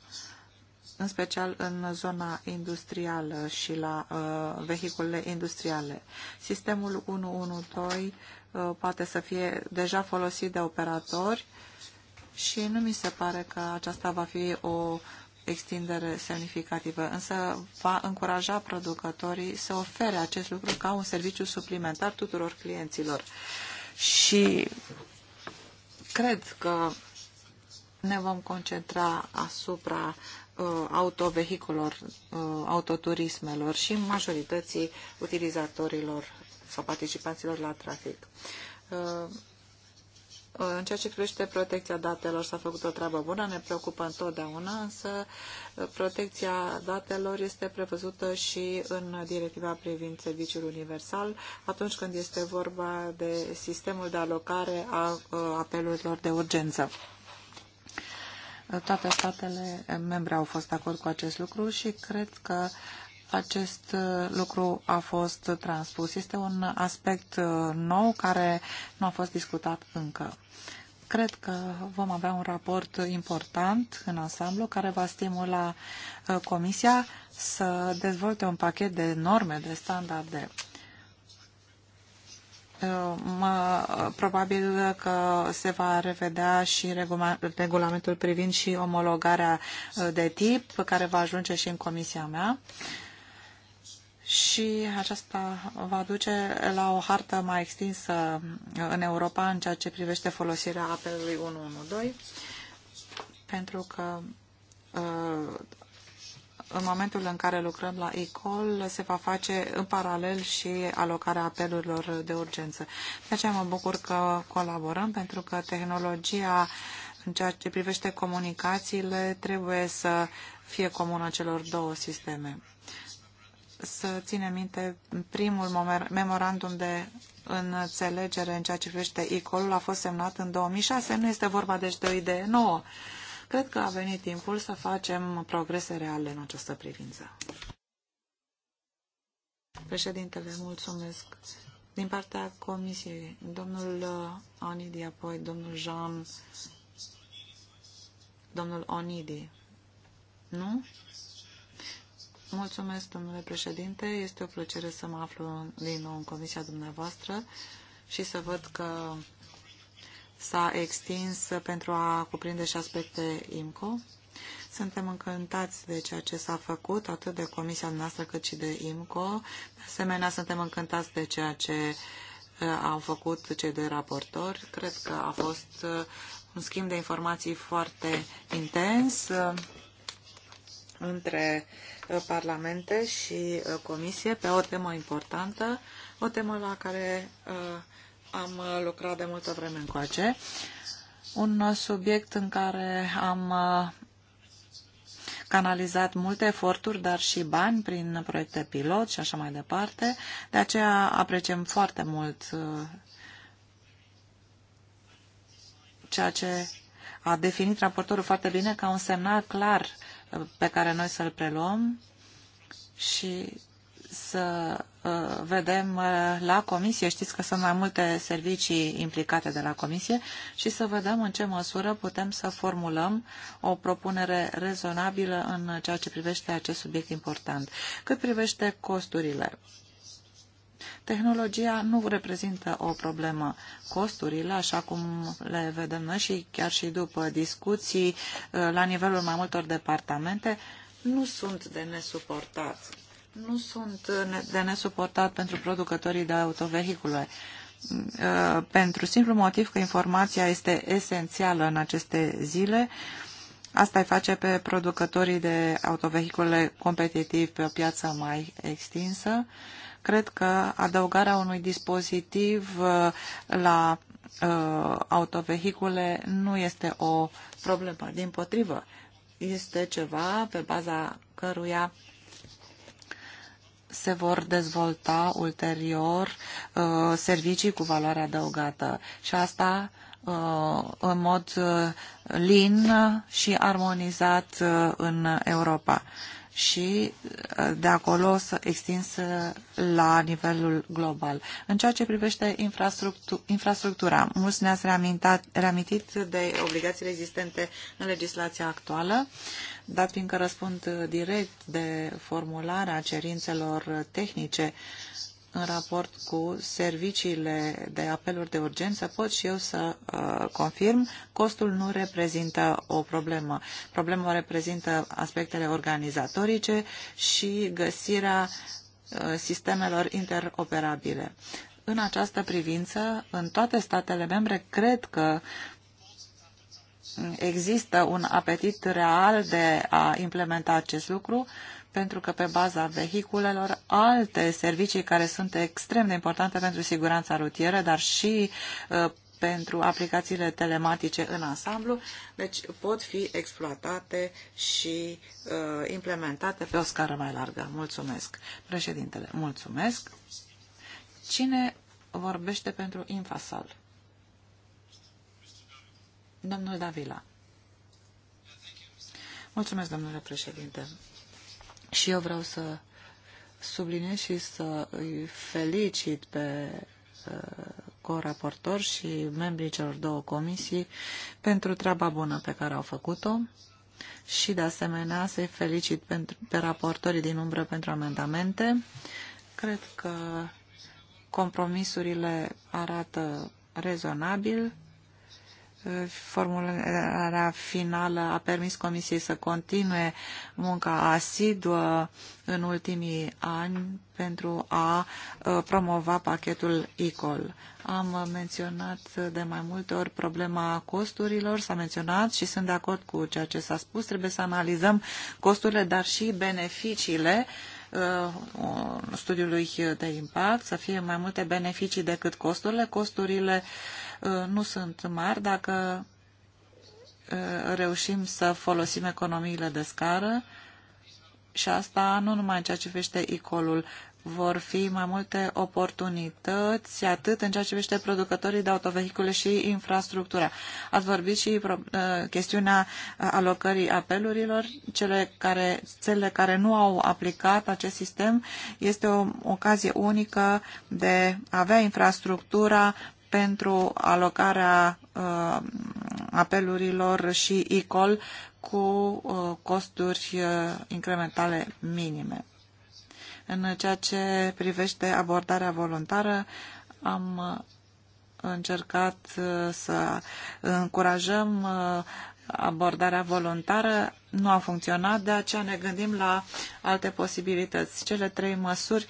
în special în zona industrială și la uh, vehiculele industriale. Sistemul 112 uh, poate să fie deja folosit de operatori și nu mi se pare că aceasta va fi o extindere semnificativă, însă va încuraja producătorii să ofere acest lucru ca un serviciu suplimentar tuturor clienților. Și Cred că ne vom concentra asupra uh, autovehiculor, uh, autoturismelor și majorității utilizatorilor sau participanților la trafic. Uh, în ceea ce privește protecția datelor, s-a făcut o treabă bună, ne preocupă întotdeauna, însă protecția datelor este prevăzută și în directiva privind serviciul universal, atunci când este vorba de sistemul de alocare a apelurilor de urgență. Toate statele membre au fost acord cu acest lucru și cred că uh, acest uh, lucru a fost transpus. Este un aspect uh, nou care nu a fost discutat încă. Cred că vom avea un raport important în ansamblu care va stimula uh, Comisia să dezvolte un pachet de norme, de standarde Mă, probabil că se va revedea și regulamentul privind și omologarea de tip, care va ajunge și în comisia mea și aceasta va duce la o hartă mai extinsă în Europa în ceea ce privește folosirea apelului 112, pentru că uh, în momentul în care lucrăm la ECOL se va face în paralel și alocarea apelurilor de urgență. De aceea mă bucur că colaborăm, pentru că tehnologia în ceea ce privește comunicațiile trebuie să fie comună celor două sisteme să ținem minte primul memorandum de înțelegere în ceea ce privește ICOL a fost semnat în 2006. Nu este vorba deci de o idee nouă. Cred că a venit timpul să facem progrese reale în această privință. Președintele, mulțumesc. Din partea Comisiei, domnul Anidi, uh, apoi domnul Jean, domnul Onidi. Nu? Mulțumesc, domnule președinte. Este o plăcere să mă aflu din nou în comisia dumneavoastră și să văd că s-a extins pentru a cuprinde și aspecte IMCO. Suntem încântați de ceea ce s-a făcut, atât de comisia noastră cât și de IMCO. De asemenea, suntem încântați de ceea ce eh, au făcut cei doi raportori. Cred că a fost eh, un schimb de informații foarte intens între uh, parlamente și uh, comisie pe o temă importantă, o temă la care uh, am lucrat de multă vreme încoace, un subiect în care am canalizat multe eforturi, dar și bani prin proiecte pilot și așa mai departe. De aceea apreciem foarte mult ceea ce a definit raportorul foarte bine ca un semnal clar pe care noi să-l preluăm și să uh, vedem uh, la comisie, știți că sunt mai multe servicii implicate de la comisie, și să vedem în ce măsură putem să formulăm o propunere rezonabilă în ceea ce privește acest subiect important. Cât privește costurile, Tehnologia nu reprezintă o problemă. Costurile, așa cum le vedem noi și chiar și după discuții uh, la nivelul mai multor departamente, nu sunt de nesuportat. Nu sunt uh, de nesuportat pentru producătorii de autovehicule uh, pentru simplu motiv că informația este esențială în aceste zile. Asta îi face pe producătorii de autovehicule competitivi pe o piață mai extinsă. Cred că adăugarea unui dispozitiv uh, la uh, autovehicule nu este o problemă. Din potrivă, este ceva pe baza căruia se vor dezvolta ulterior uh, servicii cu valoare adăugată și asta în mod lin și armonizat în Europa și uh, de acolo să extins uh, la nivelul global. În ceea ce privește infrastructura, infrastructura mulți ne-ați reamintit de obligațiile existente în legislația actuală, dar fiindcă răspund uh, direct de formularea cerințelor tehnice în raport cu serviciile de apeluri de urgență, pot și eu să uh, confirm, costul nu reprezintă o problemă. Problema reprezintă aspectele organizatorice și găsirea uh, sistemelor interoperabile. În această privință, în toate statele membre, cred că există un apetit real de a implementa acest lucru, pentru că pe baza vehiculelor alte servicii care sunt extrem de importante pentru siguranța rutieră, dar și uh, pentru aplicațiile telematice în ansamblu, deci pot fi exploatate și uh, implementate pe o scară mai largă. Mulțumesc. Președintele, mulțumesc. Cine vorbește pentru Infasal? Domnul Davila. Mulțumesc, domnule președinte. Și eu vreau să subliniez și să îi felicit pe uh, coraportor și membrii celor două comisii pentru treaba bună pe care au făcut-o și de asemenea să-i felicit pentru, pe raportorii din umbră pentru amendamente. Cred că compromisurile arată rezonabil Formularea finală a permis Comisiei să continue munca asiduă în ultimii ani pentru a ă, promova pachetul ICOL. Am menționat de mai multe ori problema costurilor, s-a menționat și sunt de acord cu ceea ce s-a spus. Trebuie să analizăm costurile, dar și beneficiile ă, studiului de impact, să fie mai multe beneficii decât costurile. Costurile uh, Uh, nu sunt mari dacă uh, reușim să folosim economiile de scară și asta nu numai în ceea ce privește icolul. Vor fi mai multe oportunități, atât în ceea ce privește producătorii de autovehicule și infrastructura. Ați vorbit și uh, chestiunea alocării apelurilor. Cele care, cele care nu au aplicat acest sistem este o ocazie unică de a avea infrastructura pentru alocarea uh, apelurilor și ICOL cu uh, costuri uh, incrementale minime. În ceea ce privește abordarea voluntară, am uh, încercat uh, să încurajăm uh, abordarea voluntară nu a funcționat, de aceea ne gândim la alte posibilități. Cele trei măsuri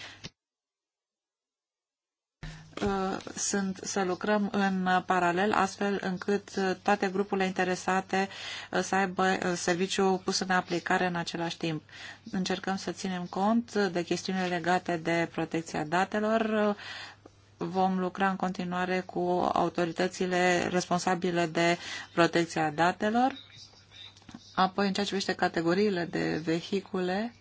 Uh, sunt să lucrăm în paralel, astfel încât uh, toate grupurile interesate uh, să aibă serviciul pus în aplicare în același timp. Încercăm să ținem cont de chestiunile legate de protecția datelor, vom lucra în continuare cu autoritățile responsabile de protecția datelor. Apoi, în ceea ce privește categoriile de vehicule,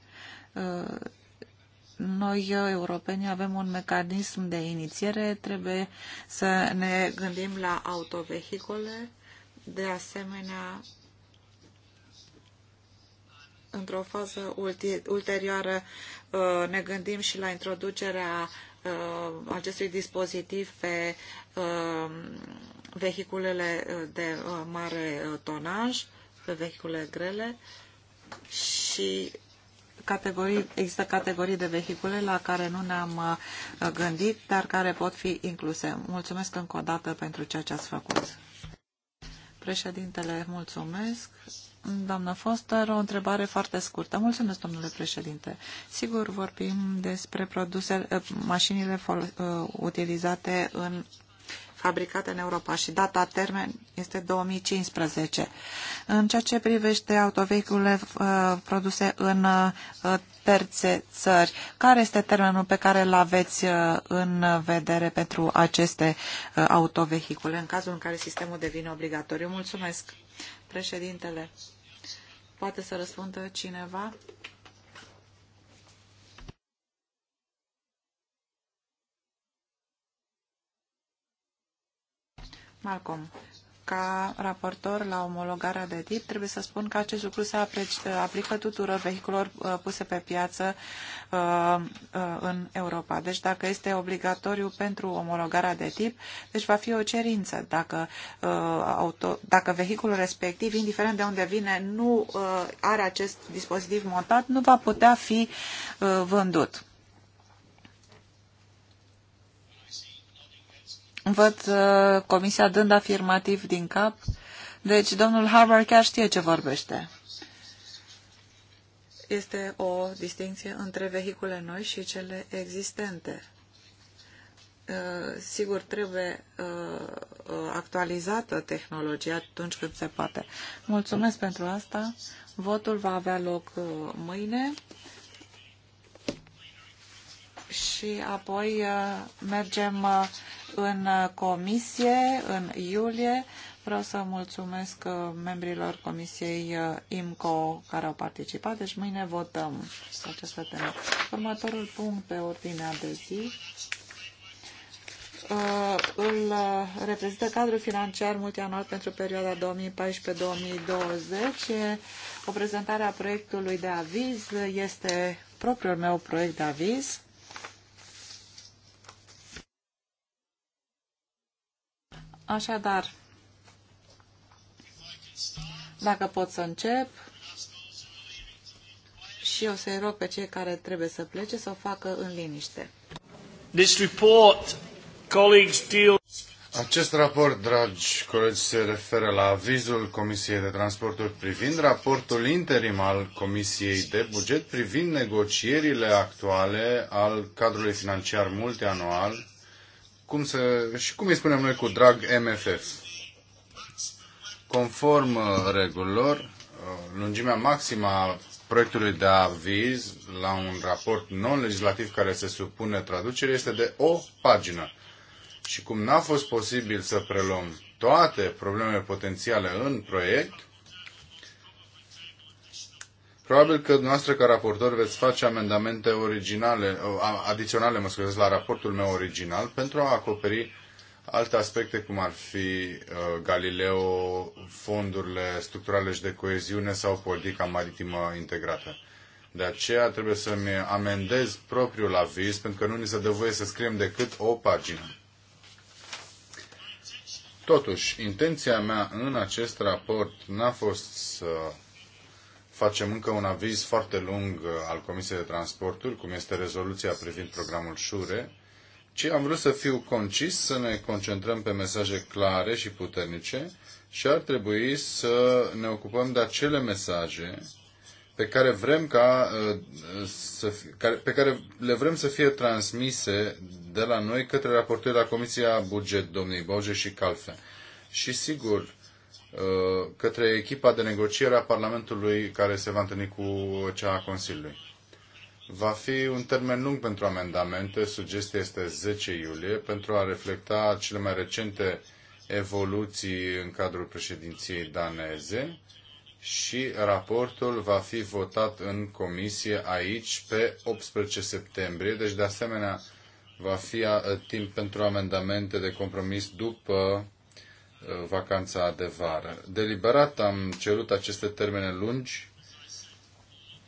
noi, europenii, avem un mecanism de inițiere, trebuie să ne gândim la autovehicule de asemenea, într-o fază ulterioară uh, ne gândim și la introducerea uh, acestui dispozitiv pe uh, vehiculele de mare tonaj, pe vehicule grele și categorii, există categorii de vehicule la care nu ne-am uh, gândit, dar care pot fi incluse. Mulțumesc încă o dată pentru ceea ce ați făcut. Președintele, mulțumesc. Doamnă Foster, o întrebare foarte scurtă. Mulțumesc, domnule președinte. Sigur, vorbim despre produse, uh, mașinile uh, utilizate în fabricate în Europa și data termen este 2015. În ceea ce privește autovehiculele uh, produse în uh, terțe țări, care este termenul pe care îl aveți uh, în vedere pentru aceste autovehicule în cazul în care sistemul devine obligatoriu? Mulțumesc, președintele. Poate să răspundă cineva? Malcolm, ca raportor la omologarea de tip, trebuie să spun că acest lucru se aplică tuturor vehiculor uh, puse pe piață uh, uh, în Europa. Deci dacă este obligatoriu pentru omologarea de tip, deci va fi o cerință dacă, auto, dacă vehiculul respectiv, indiferent de unde vine, nu are acest dispozitiv montat, nu va putea fi vândut. Văd uh, comisia dând afirmativ din cap. Deci domnul Harbour chiar știe ce vorbește. Este o distinție între vehicule noi și cele existente. Uh, sigur, trebuie uh, uh actualizată tehnologia atunci când se poate. Mulțumesc pentru asta. Votul va avea loc uh, mâine și apoi uh, mergem uh, în uh, comisie în iulie. Vreau să mulțumesc membrilor comisiei IMCO care au participat, deci mâine votăm această temă. Următorul punct pe ordinea de zi îl reprezintă cadrul financiar multianual pentru perioada 2014-2020. O prezentare a proiectului de aviz este propriul meu proiect de aviz. Așadar, dacă pot să încep, și o să-i rog pe cei care trebuie să plece să o facă în liniște. This report, colleagues, deal... Acest raport, dragi colegi, se referă la avizul Comisiei de Transporturi privind raportul interim al Comisiei de Buget privind negocierile actuale al cadrului financiar multianual cum să, și cum îi spunem noi cu drag MFF. Conform uh, regulilor, uh, lungimea maximă a proiectului de aviz la un raport non-legislativ care se supune traducere este de o pagină. Și cum n-a fost posibil să preluăm toate problemele potențiale în proiect, Probabil că dumneavoastră ca raportor veți face amendamente originale, adiționale, mă scuzeți, la raportul meu original pentru a acoperi alte aspecte cum ar fi uh, Galileo, fondurile structurale și de coeziune sau politica maritimă integrată. De aceea trebuie să-mi amendez propriul aviz, pentru că nu ni se dă voie să scriem decât o pagină. Totuși, intenția mea în acest raport n-a fost să facem încă un aviz foarte lung uh, al Comisiei de Transporturi, cum este rezoluția privind programul Șure, ci am vrut să fiu concis, să ne concentrăm pe mesaje clare și puternice și ar trebui să ne ocupăm de acele mesaje pe care vrem ca uh, să care, pe care le vrem să fie transmise de la noi către raportul la Comisia Buget, domnii Boge și Calfe. Și sigur, Uh, către echipa de negociere a Parlamentului care se va întâlni cu cea a Consiliului. Va fi un termen lung pentru amendamente, sugestia este 10 iulie, pentru a reflecta cele mai recente evoluții în cadrul președinției daneze și raportul va fi votat în comisie aici pe 18 septembrie, deci de asemenea va fi timp pentru amendamente de compromis după Uh, vacanța de vară. Deliberat am cerut aceste termene lungi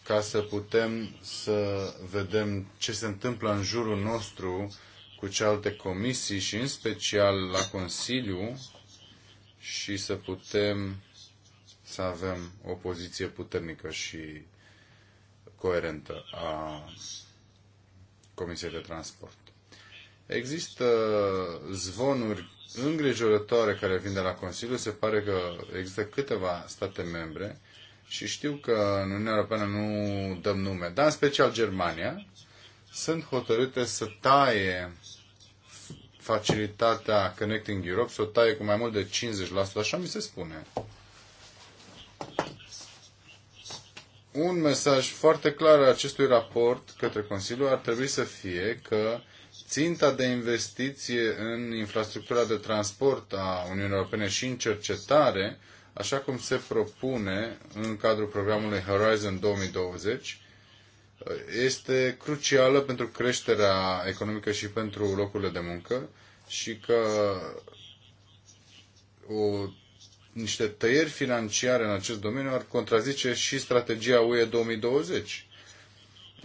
ca să putem să vedem ce se întâmplă în jurul nostru cu cealaltă comisii și în special la Consiliu și să putem să avem o poziție puternică și coerentă a Comisiei de Transport. Există zvonuri îngrijorătoare care vin de la Consiliu. Se pare că există câteva state membre și știu că în Uniunea Europeană nu dăm nume, dar în special Germania, sunt hotărâte să taie facilitatea Connecting Europe, să o taie cu mai mult de 50%, așa mi se spune. Un mesaj foarte clar al acestui raport către Consiliu ar trebui să fie că ținta de investiție în infrastructura de transport a Uniunii Europene și în cercetare, așa cum se propune în cadrul programului Horizon 2020, este crucială pentru creșterea economică și pentru locurile de muncă și că o, niște tăieri financiare în acest domeniu ar contrazice și strategia UE 2020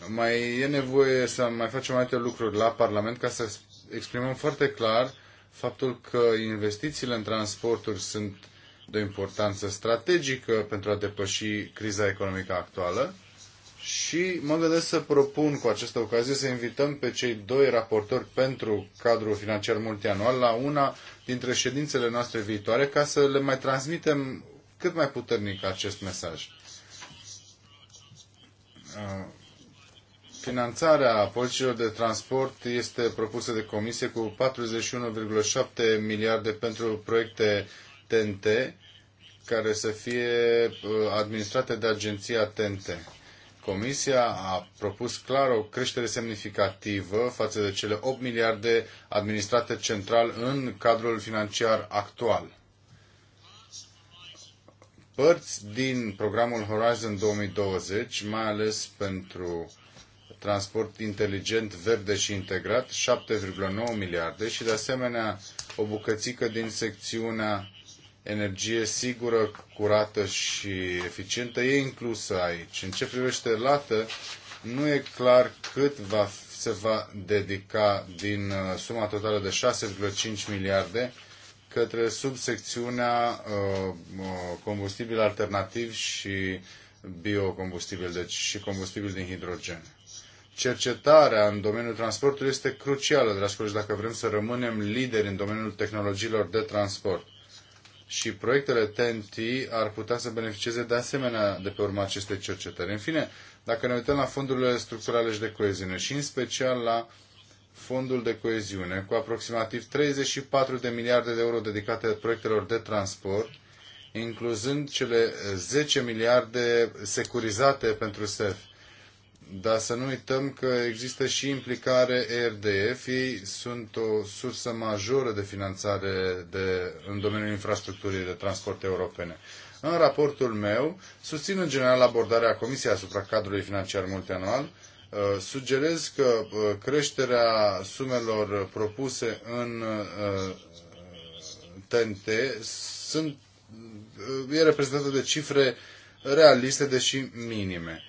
mai e nevoie să mai facem alte lucruri la Parlament ca să exprimăm foarte clar faptul că investițiile în transporturi sunt de o importanță strategică pentru a depăși criza economică actuală și mă gândesc să propun cu această ocazie să invităm pe cei doi raportori pentru cadrul financiar multianual la una dintre ședințele noastre viitoare ca să le mai transmitem cât mai puternic acest mesaj. Uh, Finanțarea politicilor de transport este propusă de comisie cu 41,7 miliarde pentru proiecte TNT care să fie uh, administrate de agenția TNT. Comisia a propus clar o creștere semnificativă față de cele 8 miliarde administrate central în cadrul financiar actual părți din programul Horizon 2020, mai ales pentru transport inteligent, verde și integrat, 7,9 miliarde și de asemenea o bucățică din secțiunea energie sigură, curată și eficientă e inclusă aici. În ce privește lată, nu e clar cât va, se va dedica din uh, suma totală de 6,5 miliarde către subsecțiunea uh, uh, combustibil alternativ și biocombustibil, deci și combustibil din hidrogen cercetarea în domeniul transportului este crucială, dragi colegi, dacă vrem să rămânem lideri în domeniul tehnologiilor de transport. Și proiectele TNT ar putea să beneficieze de asemenea de pe urma acestei cercetări. În fine, dacă ne uităm la fondurile structurale și de coeziune și în special la fondul de coeziune, cu aproximativ 34 de miliarde de euro dedicate proiectelor de transport, incluzând cele 10 miliarde securizate pentru SEF dar să nu uităm că există și implicare ERDF. Ei sunt o sursă majoră de finanțare de, în domeniul infrastructurii de transport europene. În raportul meu, susțin în general abordarea Comisiei asupra cadrului financiar multianual, uh, sugerez că uh, creșterea sumelor propuse în TNT uh, sunt, e reprezentată de cifre realiste, deși minime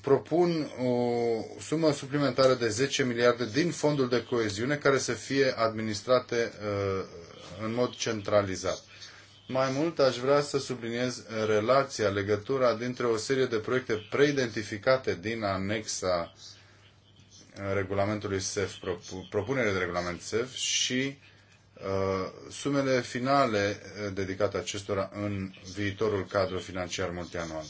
propun o sumă suplimentară de 10 miliarde din fondul de coeziune care să fie administrate uh, în mod centralizat. Mai mult aș vrea să subliniez relația, legătura dintre o serie de proiecte preidentificate din anexa uh, regulamentului SEF, propunere de regulament SEF și uh, sumele finale uh, dedicate acestora în viitorul cadru financiar multianual.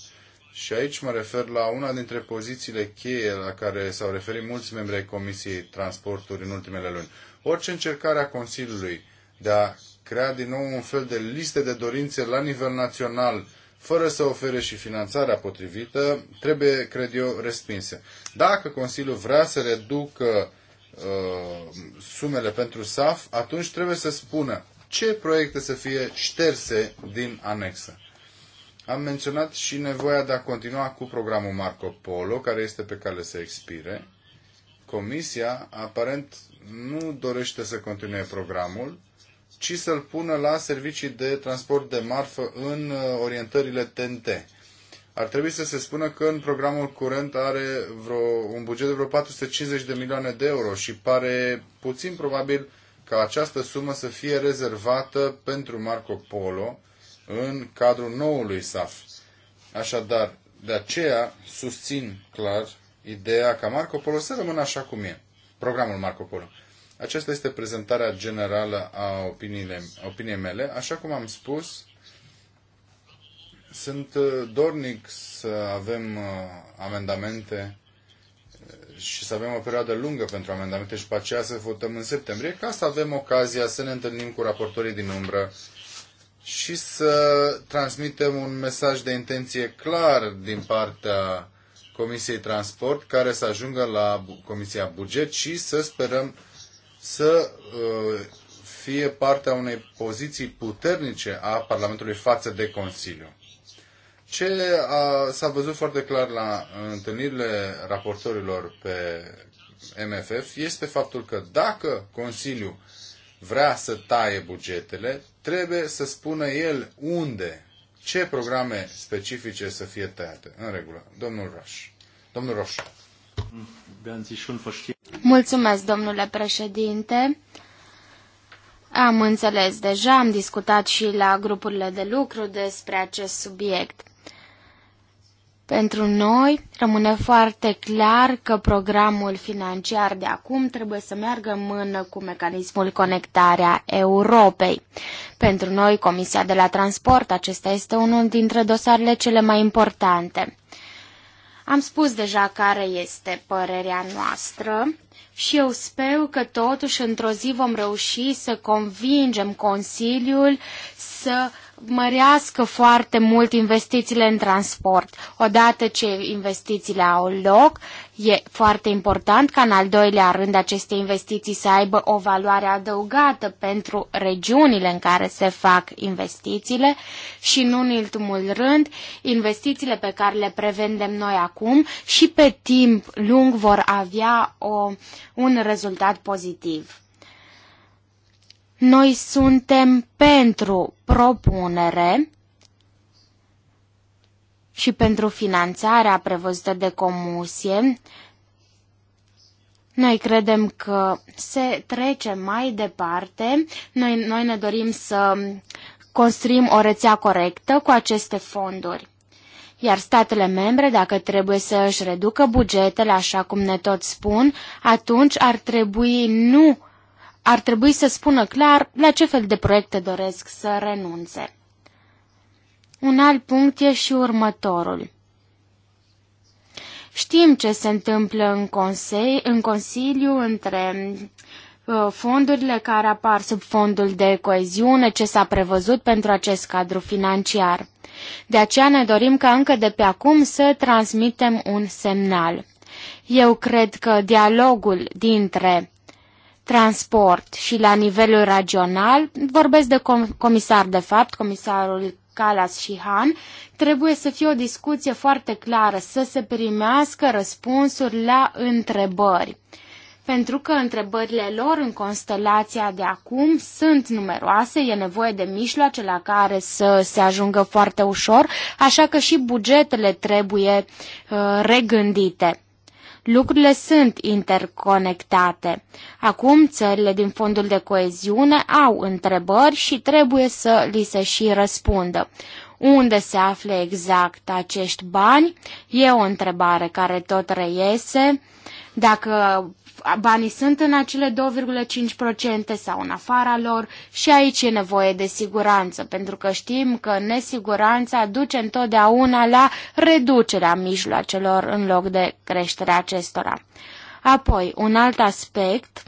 Și aici mă refer la una dintre pozițiile cheie la care s-au referit mulți membri ai Comisiei Transporturi în ultimele luni. Orice încercare a Consiliului de a crea din nou un fel de liste de dorințe la nivel național, fără să ofere și finanțarea potrivită, trebuie, cred eu, respinse. Dacă Consiliul vrea să reducă uh, sumele pentru SAF, atunci trebuie să spună ce proiecte să fie șterse din anexă. Am menționat și nevoia de a continua cu programul Marco Polo, care este pe cale să expire. Comisia, aparent, nu dorește să continue programul, ci să-l pună la servicii de transport de marfă în uh, orientările TNT. Ar trebui să se spună că în programul curent are vreo, un buget de vreo 450 de milioane de euro și pare puțin probabil ca această sumă să fie rezervată pentru Marco Polo, în cadrul noului SAF. Așadar, de aceea susțin clar ideea ca Marco Polo să rămână așa cum e, programul Marco Polo. Aceasta este prezentarea generală a opiniile, opiniei mele. Așa cum am spus, sunt uh, dornic să avem uh, amendamente uh, și să avem o perioadă lungă pentru amendamente și pe aceea să votăm în septembrie, ca să avem ocazia să ne întâlnim cu raportorii din umbră și să transmitem un mesaj de intenție clar din partea Comisiei Transport care să ajungă la Comisia Buget și să sperăm să uh, fie partea unei poziții puternice a Parlamentului față de Consiliu. Ce s-a văzut foarte clar la întâlnirile raportorilor pe MFF este faptul că dacă Consiliul vrea să taie bugetele, trebuie să spună el unde, ce programe specifice să fie tăiate. În regulă. Domnul Roș. Domnul Roș. Mulțumesc, domnule președinte. Am înțeles deja, am discutat și la grupurile de lucru despre acest subiect. Pentru noi rămâne foarte clar că programul financiar de acum trebuie să meargă în mână cu mecanismul conectarea Europei. Pentru noi, Comisia de la Transport, acesta este unul dintre dosarele cele mai importante. Am spus deja care este părerea noastră și eu sper că totuși într-o zi vom reuși să convingem Consiliul să mărească foarte mult investițiile în transport. Odată ce investițiile au loc, e foarte important ca în al doilea rând aceste investiții să aibă o valoare adăugată pentru regiunile în care se fac investițiile și, nu în ultimul rând, investițiile pe care le prevendem noi acum și pe timp lung vor avea o, un rezultat pozitiv. Noi suntem pentru propunere și pentru finanțarea prevăzută de comisie. Noi credem că se trece mai departe. Noi, noi ne dorim să construim o rețea corectă cu aceste fonduri iar statele membre, dacă trebuie să își reducă bugetele, așa cum ne tot spun, atunci ar trebui nu ar trebui să spună clar la ce fel de proiecte doresc să renunțe. Un alt punct e și următorul. Știm ce se întâmplă în, consei, în Consiliu între uh, fondurile care apar sub fondul de coeziune, ce s-a prevăzut pentru acest cadru financiar. De aceea ne dorim ca încă de pe acum să transmitem un semnal. Eu cred că dialogul dintre transport și la nivelul regional, vorbesc de com- comisar de fapt, comisarul Calas și Han, trebuie să fie o discuție foarte clară, să se primească răspunsuri la întrebări. Pentru că întrebările lor în constelația de acum sunt numeroase, e nevoie de mijloace la care să se ajungă foarte ușor, așa că și bugetele trebuie uh, regândite. Lucrurile sunt interconectate. Acum țările din fondul de coeziune au întrebări și trebuie să li se și răspundă. Unde se află exact acești bani? E o întrebare care tot reiese. Dacă banii sunt în acele 2,5% sau în afara lor și aici e nevoie de siguranță, pentru că știm că nesiguranța duce întotdeauna la reducerea mijloacelor în loc de creșterea acestora. Apoi, un alt aspect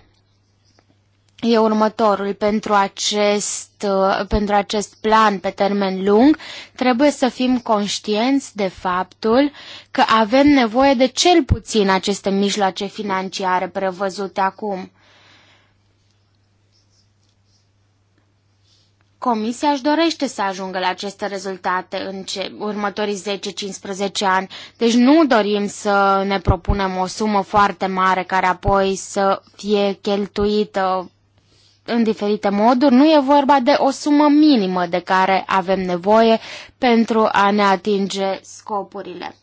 e următorul. Pentru acest, uh, pentru acest plan pe termen lung, trebuie să fim conștienți de faptul că avem nevoie de cel puțin aceste mijloace financiare prevăzute acum. Comisia își dorește să ajungă la aceste rezultate în ce, următorii 10-15 ani, deci nu dorim să ne propunem o sumă foarte mare care apoi să fie cheltuită în diferite moduri. Nu e vorba de o sumă minimă de care avem nevoie pentru a ne atinge scopurile.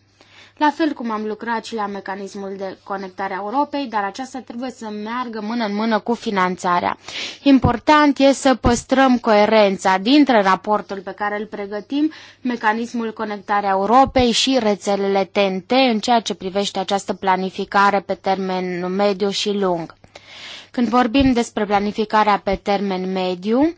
La fel cum am lucrat și la mecanismul de conectare a Europei, dar aceasta trebuie să meargă mână în mână cu finanțarea. Important e să păstrăm coerența dintre raportul pe care îl pregătim, mecanismul conectarea Europei și rețelele TNT în ceea ce privește această planificare pe termen mediu și lung. Când vorbim despre planificarea pe termen mediu,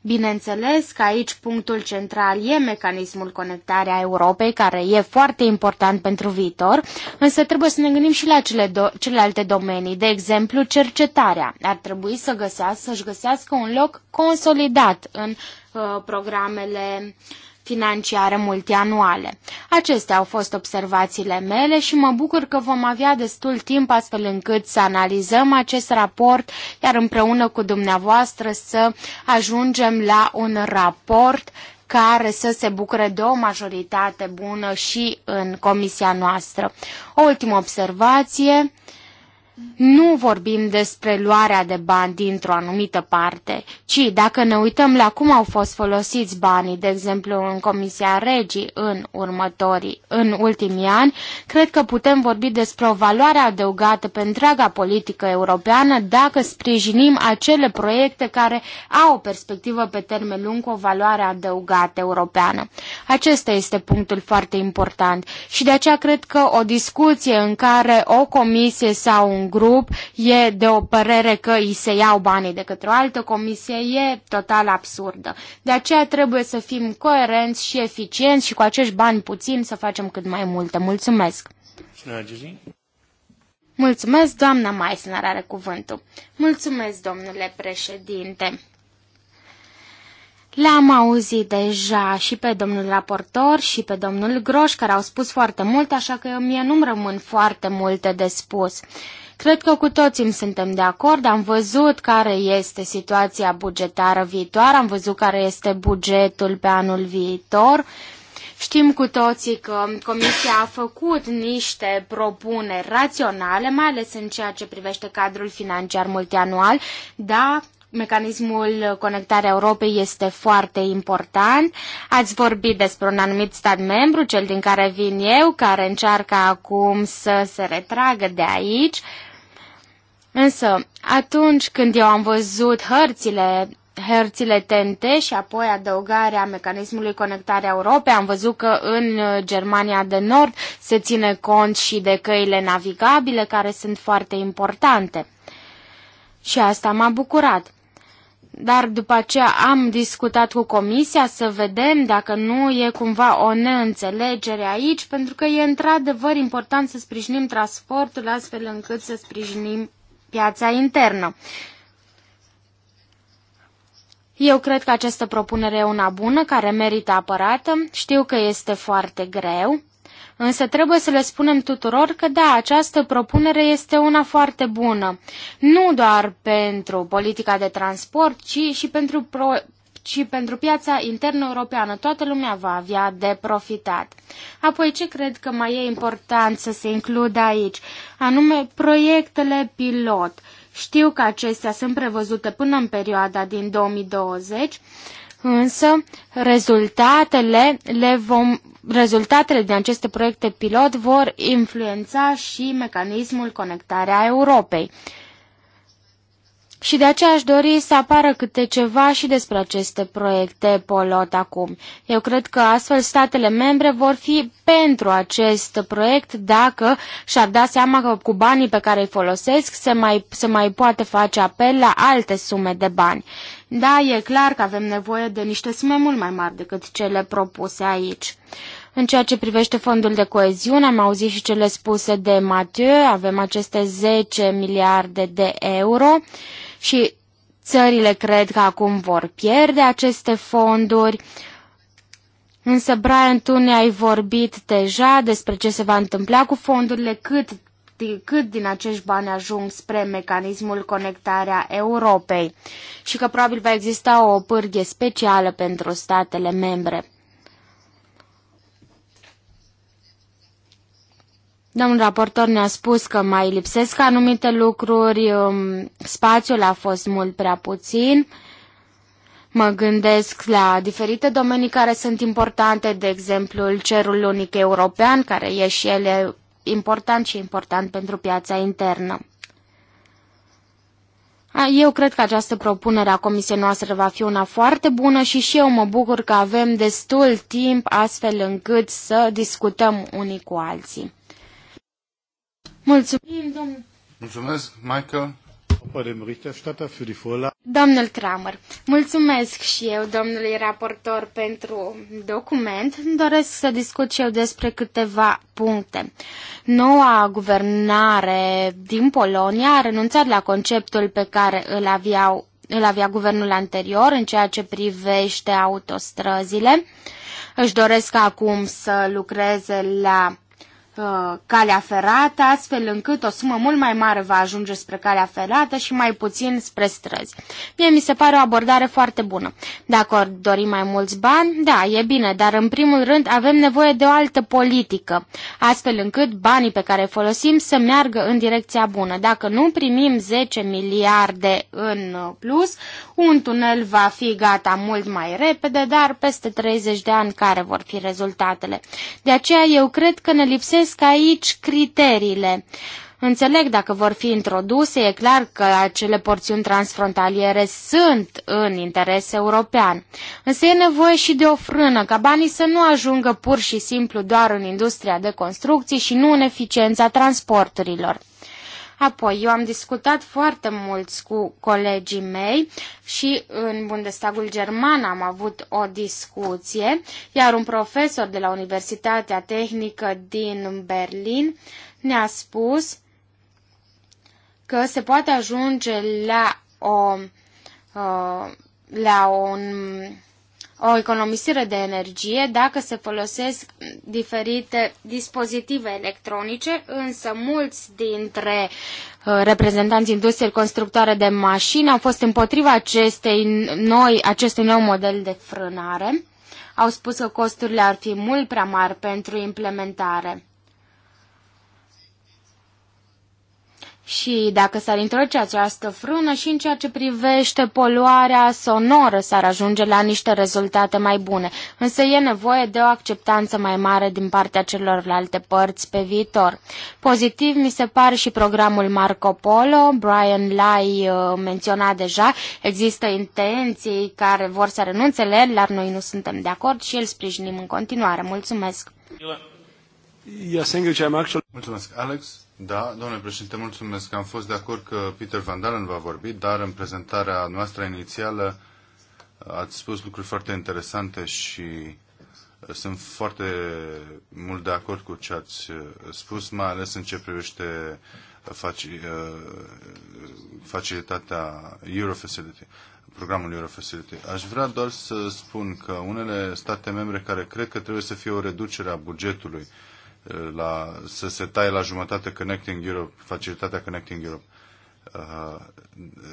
Bineînțeles că aici punctul central e mecanismul conectarea Europei, care e foarte important pentru viitor, însă trebuie să ne gândim și la cele do- celelalte domenii, de exemplu cercetarea. Ar trebui să găsească, să-și găsească un loc consolidat în uh, programele uh, financiare multianuale. Acestea au fost observațiile mele și mă bucur că vom avea destul timp astfel încât să analizăm acest raport, iar împreună cu dumneavoastră să ajungem la un raport care să se bucure de o majoritate bună și în comisia noastră. O ultimă observație. Uh, nu vorbim despre luarea de bani dintr-o anumită parte, ci dacă ne uităm la cum au fost folosiți banii, de exemplu în Comisia Regii în următorii, în ultimii ani, cred că putem vorbi despre o valoare adăugată pe întreaga politică europeană dacă sprijinim acele proiecte care au o perspectivă pe termen lung cu o valoare adăugată europeană. Acesta este punctul foarte important și de aceea cred că o discuție în care o comisie sau un grup e de o părere că îi se iau banii de către o altă comisie, e total absurdă. De aceea trebuie să fim coerenți și eficienți și cu acești bani puțini să facem cât mai multe. Mulțumesc! Mulțumesc, doamna Meissner are cuvântul. Mulțumesc, domnule președinte. Le-am auzit deja și pe domnul raportor și pe domnul Groș, care au spus foarte mult, așa că mie nu-mi rămân foarte multe de spus. Cred că cu toții suntem de acord, am văzut care este situația bugetară viitoare, am văzut care este bugetul pe anul viitor. Știm cu toții că Comisia a făcut niște propuneri raționale, mai ales în ceea ce privește cadrul financiar multianual, dar mecanismul conectarea Europei este foarte important. Ați vorbit despre un anumit stat membru, cel din care vin eu, care încearcă acum să se retragă de aici. Însă, atunci când eu am văzut hărțile hărțile TNT și apoi adăugarea mecanismului conectarea Europei. Am văzut că în uh, Germania de Nord se ține cont și de căile navigabile care sunt foarte importante. Și asta m-a bucurat. Dar după aceea am discutat cu comisia să vedem dacă nu e cumva o neînțelegere aici, pentru că e într-adevăr important să sprijinim transportul astfel încât să sprijinim piața internă. Eu cred că această propunere e una bună, care merită apărată. Știu că este foarte greu, Însă trebuie să le spunem tuturor că da, această propunere este una foarte bună, nu doar pentru politica de transport, ci și pentru pro ci pentru piața internă europeană. Toată lumea va avea de profitat. Apoi, ce cred că mai e important să se includă aici? Anume, proiectele pilot. Știu că acestea sunt prevăzute până în perioada din 2020, însă rezultatele, le vom, rezultatele din aceste proiecte pilot vor influența și mecanismul conectarea Europei. Și de aceea aș dori să apară câte ceva și despre aceste proiecte polot acum. Eu cred că astfel statele membre vor fi pentru acest proiect dacă și-ar da seama că cu banii pe care îi folosesc se mai, se mai poate face apel la alte sume de bani. Da, e clar că avem nevoie de niște sume mult mai mari decât cele propuse aici. În ceea ce privește fondul de coeziune, am auzit și cele spuse de Mathieu, avem aceste 10 miliarde de euro și țările cred că acum vor pierde aceste fonduri. Însă, Brian, tu ne-ai vorbit deja despre ce se va întâmpla cu fondurile, cât, cât din acești bani ajung spre mecanismul conectarea Europei și că probabil va exista o pârghie specială pentru statele membre. Domnul raportor ne-a spus că mai lipsesc anumite lucruri, um, spațiul a fost mult prea puțin. Mă gândesc la diferite domenii care sunt importante, de exemplu cerul unic european, care e și el important și important pentru piața internă. Eu cred că această propunere a comisiei noastre va fi una foarte bună și și eu mă bucur că avem destul timp astfel încât să discutăm unii cu alții. Mulțumim, domnule. Mulțumesc, Michael. Domnul Kramer, mulțumesc și eu domnului raportor pentru document. Doresc să discut și eu despre câteva puncte. Noua guvernare din Polonia a renunțat la conceptul pe care îl, aveau, îl avea guvernul anterior în ceea ce privește autostrăzile. Își doresc acum să lucreze la Uh, calea ferată, astfel încât o sumă mult mai mare va ajunge spre calea ferată și mai puțin spre străzi. Mie mi se pare o abordare foarte bună. Dacă dorim mai mulți bani, da, e bine, dar în primul rând avem nevoie de o altă politică, astfel încât banii pe care îi folosim să meargă în direcția bună. Dacă nu primim 10 miliarde în plus, un tunel va fi gata mult mai repede, dar peste 30 de ani care vor fi rezultatele. De aceea eu cred că ne lipsesc stabilesc aici criteriile. Înțeleg dacă vor fi introduse, e clar că acele porțiuni transfrontaliere sunt în interes european. Însă e nevoie și de o frână, ca banii să nu ajungă pur și simplu doar în industria de construcții și nu în eficiența transporturilor. Apoi, eu am discutat foarte mulți cu colegii mei și în Bundestagul German am avut o discuție, iar un profesor de la Universitatea Tehnică din Berlin ne-a spus că se poate ajunge la o uh, la un o economisire de energie dacă se folosesc diferite dispozitive electronice, însă mulți dintre uh, reprezentanții industriei constructoare de mașini au fost împotriva acestei noi, acestui nou model de frânare. Au spus că costurile ar fi mult prea mari pentru implementare. Și dacă s-ar introduce această frână și în ceea ce privește poluarea sonoră s-ar ajunge la niște rezultate mai bune, însă e nevoie de o acceptanță mai mare din partea celorlalte părți pe viitor. Pozitiv mi se pare și programul Marco Polo, Brian Lai uh, menționa deja, există intenții care vor să renunțe la el, dar noi nu suntem de acord și îl sprijinim în continuare. Mulțumesc! Yes, Actually... Mulțumesc, Alex. Da, domnule președinte, mulțumesc. Am fost de acord că Peter Van Dalen va vorbi, dar în prezentarea noastră inițială ați spus lucruri foarte interesante și uh, sunt foarte mult de acord cu ce ați uh, spus, mai ales în ce privește uh, facilitatea Eurofacility, programul Eurofacility. Aș vrea doar să spun că unele state membre care cred că trebuie să fie o reducere a bugetului, la, să se taie la jumătate Connecting Europe, facilitatea Connecting Europe. Uh,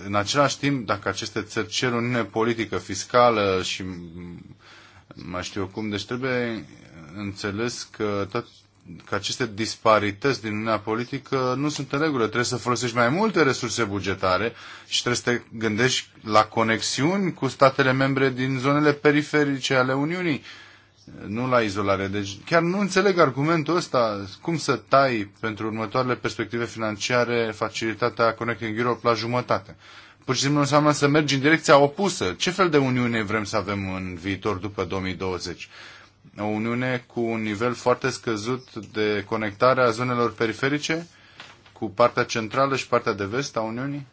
în același timp, dacă aceste țări cer uniune politică, fiscală și mai știu cum, deci trebuie înțeles că, tot, că aceste disparități din uniunea politică nu sunt în regulă. Trebuie să folosești mai multe resurse bugetare și trebuie să te gândești la conexiuni cu statele membre din zonele periferice ale Uniunii. Uh, nu la izolare. Deci chiar nu înțeleg argumentul ăsta, cum să tai pentru următoarele perspective financiare facilitatea Connecting Europe la jumătate. Pur și simplu înseamnă să mergi în direcția opusă. Ce fel de uniune vrem să avem în viitor după 2020? O uniune cu un nivel foarte scăzut de conectare a zonelor periferice cu partea centrală și partea de vest a Uniunii?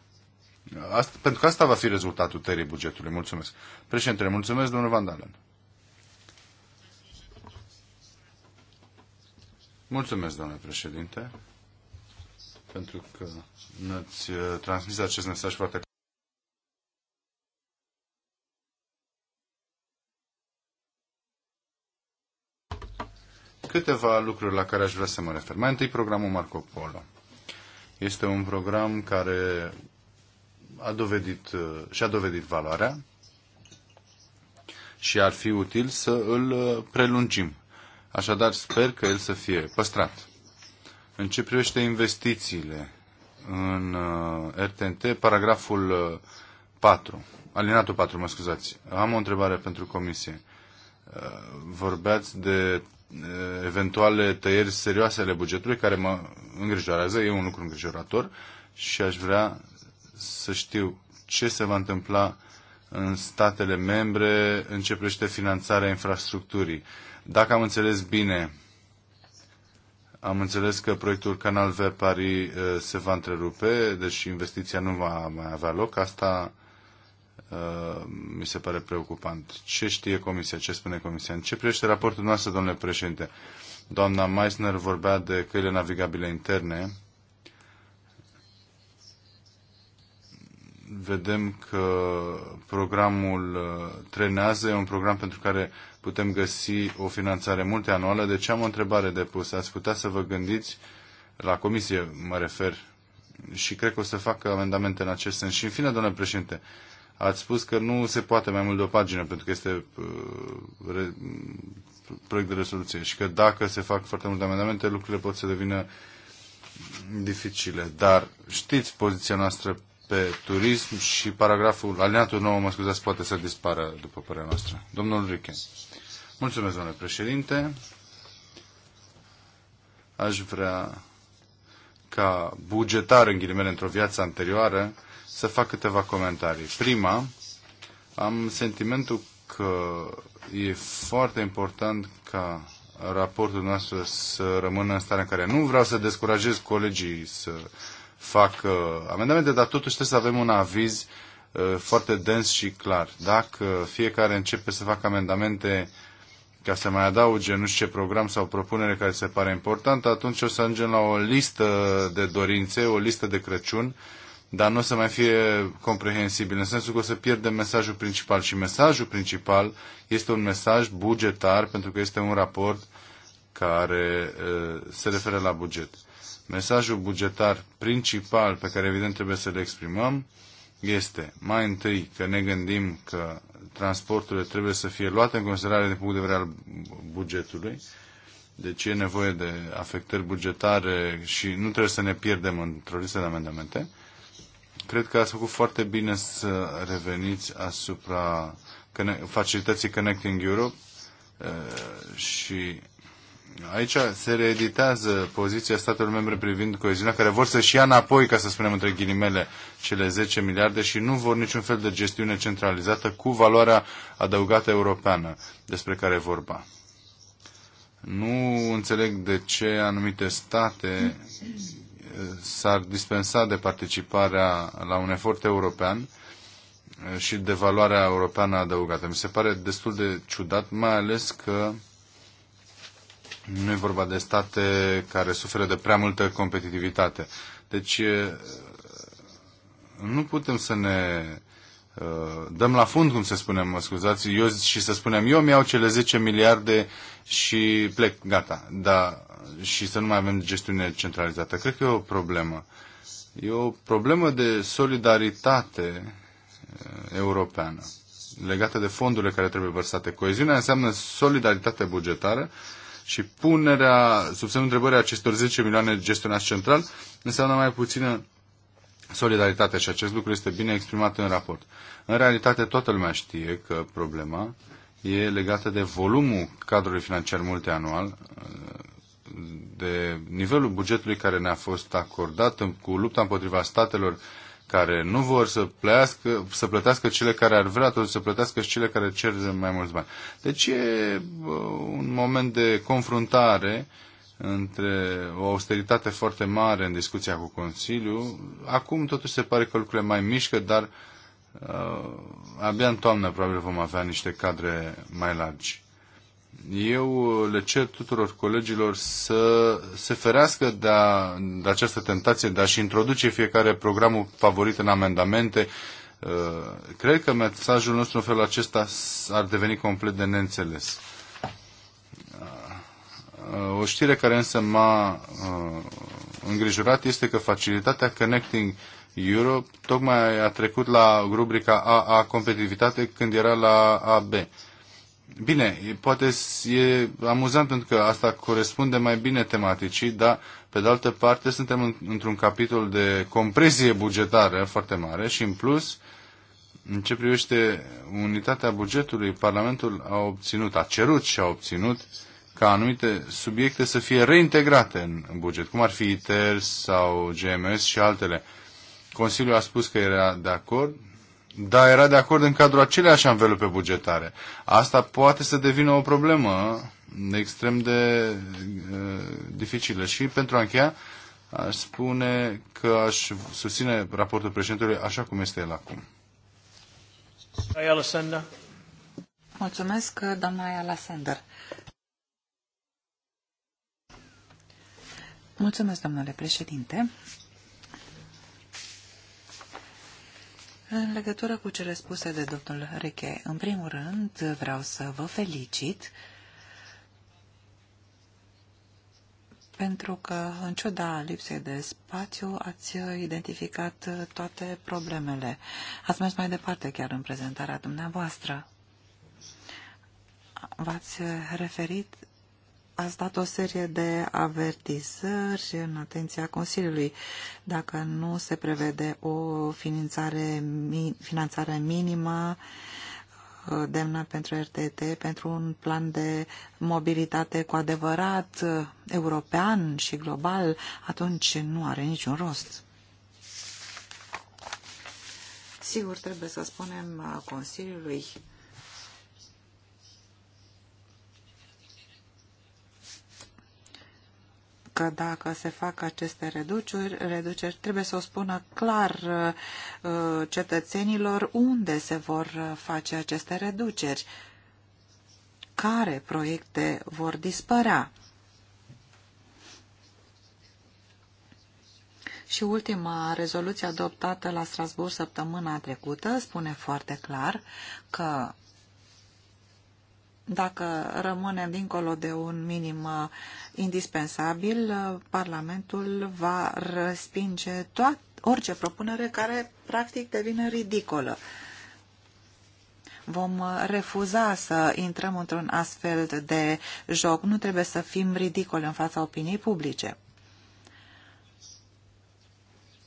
Asta, pentru că asta va fi rezultatul tării bugetului. Mulțumesc. Președintele, mulțumesc, domnul Van Dalen. Mulțumesc, domnule președinte, pentru că ne-ați uh, transmis acest mesaj foarte câteva lucruri la care aș vrea să mă refer. Mai întâi, programul Marco Polo. Este un program care a dovedit, uh, și-a dovedit valoarea și ar fi util să îl uh, prelungim. Așadar, sper că el să fie păstrat. În ce privește investițiile în uh, RTNT, paragraful 4, uh, alinatul 4, mă scuzați. Am o întrebare pentru comisie. Uh, vorbeați de eventuale tăieri serioase ale bugetului, care mă îngrijorează, e un lucru îngrijorator și aș vrea să știu ce se va întâmpla în statele membre în ce privește finanțarea infrastructurii. Dacă am înțeles bine, am înțeles că proiectul Canal Vert Paris eh, se va întrerupe, deci investiția nu va mai avea loc. Asta eh, mi se pare preocupant. Ce știe Comisia? Ce spune Comisia? În ce privește raportul noastră, domnule președinte? Doamna Meissner vorbea de căile navigabile interne. Vedem că programul eh, Trenează e un program pentru care putem găsi o finanțare multianuală. Deci am o întrebare de pus. Ați putea să vă gândiți, la comisie mă refer, și cred că o să fac amendamente în acest sens. Și în fine, domnule președinte, ați spus că nu se poate mai mult de o pagină, pentru că este uh, re, proiect de rezoluție și că dacă se fac foarte multe amendamente, lucrurile pot să devină dificile. Dar știți poziția noastră pe turism și paragraful, alineatul nou, mă scuzați, poate să dispară, după părerea noastră. Domnul Richen. Mulțumesc, domnule președinte. Aș vrea ca bugetar, în ghilimele, într-o viață anterioară, să fac câteva comentarii. Prima, am sentimentul că e foarte important ca raportul nostru să rămână în starea în care nu vreau să descurajez colegii să facă amendamente, dar totuși trebuie să avem un aviz uh, foarte dens și clar. Dacă fiecare începe să facă amendamente ca să mai adauge nu știu ce program sau propunere care se pare importantă, atunci o să ajungem la o listă de dorințe, o listă de Crăciun, dar nu o să mai fie comprehensibil, în sensul că o să pierdem mesajul principal. Și mesajul principal este un mesaj bugetar, pentru că este un raport care se referă la buget. Mesajul bugetar principal pe care evident trebuie să-l exprimăm este mai întâi că ne gândim că transporturile trebuie să fie luate în considerare din punct de vedere al bugetului. Deci e nevoie de afectări bugetare și nu trebuie să ne pierdem într-o listă de amendamente. Cred că ați făcut foarte bine să reveniți asupra facilității Connecting Europe uh, și Aici se reeditează poziția statelor membre privind coeziunea, care vor să-și ia înapoi, ca să spunem între ghilimele, cele 10 miliarde și nu vor niciun fel de gestiune centralizată cu valoarea adăugată europeană despre care vorba. Nu înțeleg de ce anumite state eh, s-ar dispensa de participarea la un efort european eh, și de valoarea europeană adăugată. Mi se pare destul de ciudat, mai ales că nu e vorba de state care suferă de prea multă competitivitate. Deci nu putem să ne dăm la fund, cum se spune, mă scuzați, eu, și să spunem, eu mi-au cele 10 miliarde și plec, gata. Da, și să nu mai avem gestiune centralizată. Cred că e o problemă. E o problemă de solidaritate europeană legată de fondurile care trebuie vărsate. Coeziunea înseamnă solidaritate bugetară și punerea sub semnul întrebării acestor 10 milioane gestionați central înseamnă mai puțină solidaritate și acest lucru este bine exprimat în raport. În realitate, toată lumea știe că problema e legată de volumul cadrului financiar multianual, de nivelul bugetului care ne-a fost acordat cu lupta împotriva statelor care nu vor să, plească, să plătească cele care ar vrea, tot să plătească și cele care cer mai mulți bani. Deci e un moment de confruntare între o austeritate foarte mare în discuția cu Consiliul. Acum totuși se pare că lucrurile mai mișcă, dar uh, abia în toamnă probabil vom avea niște cadre mai largi eu le cer tuturor colegilor să se ferească de, a, de această tentație de a-și introduce fiecare programul favorit în amendamente. Uh, cred că mesajul nostru în felul acesta ar deveni complet de neînțeles. Uh, o știre care însă m-a uh, îngrijorat este că facilitatea Connecting Europe tocmai a trecut la rubrica AA competitivitate când era la AB. Bine, poate e amuzant pentru că asta corespunde mai bine tematicii, dar pe de altă parte suntem într-un capitol de compresie bugetară foarte mare și în plus, în ce privește unitatea bugetului, Parlamentul a obținut, a cerut și a obținut ca anumite subiecte să fie reintegrate în buget, cum ar fi ITER sau GMS și altele. Consiliul a spus că era de acord, da, era de acord în cadrul aceleași anvelope bugetare. Asta poate să devină o problemă extrem de uh, dificilă. Și pentru a încheia, aș spune că aș susține raportul președintelui așa cum este el acum. Ayala Sender. Mulțumesc, doamna Ayala Sender. Mulțumesc, domnule președinte. În legătură cu cele spuse de domnul Reche, în primul rând vreau să vă felicit pentru că, în ciuda lipsei de spațiu, ați identificat toate problemele. Ați mers mai departe chiar în prezentarea dumneavoastră. V-ați referit ați dat o serie de avertizări în atenția Consiliului. Dacă nu se prevede o finanțare, finanțare minimă uh, demnă pentru RTT, pentru un plan de mobilitate cu adevărat uh, european și global, atunci nu are niciun rost. Sigur, trebuie să spunem uh, Consiliului că dacă se fac aceste reduceri, reduceri trebuie să o spună clar uh, cetățenilor unde se vor face aceste reduceri, care proiecte vor dispărea. Și ultima rezoluție adoptată la Strasbourg săptămâna trecută spune foarte clar că dacă rămânem dincolo de un minim uh, indispensabil, uh, Parlamentul va respinge toat, orice propunere care practic devine ridicolă vom uh, refuza să intrăm într-un astfel de joc. Nu trebuie să fim ridicoli în fața opiniei publice.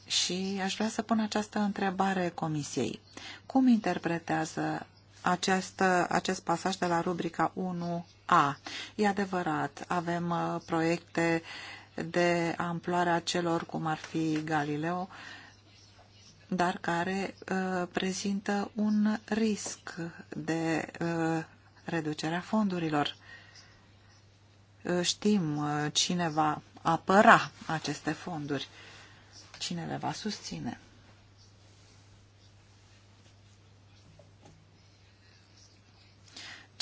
Și aș vrea să pun această întrebare Comisiei. Cum interpretează acest, acest pasaj de la rubrica 1A. E adevărat, avem uh, proiecte de amploarea celor cum ar fi Galileo, dar care uh, prezintă un risc de uh, reducerea fondurilor. Uh, știm uh, cine va apăra aceste fonduri, cine le va susține.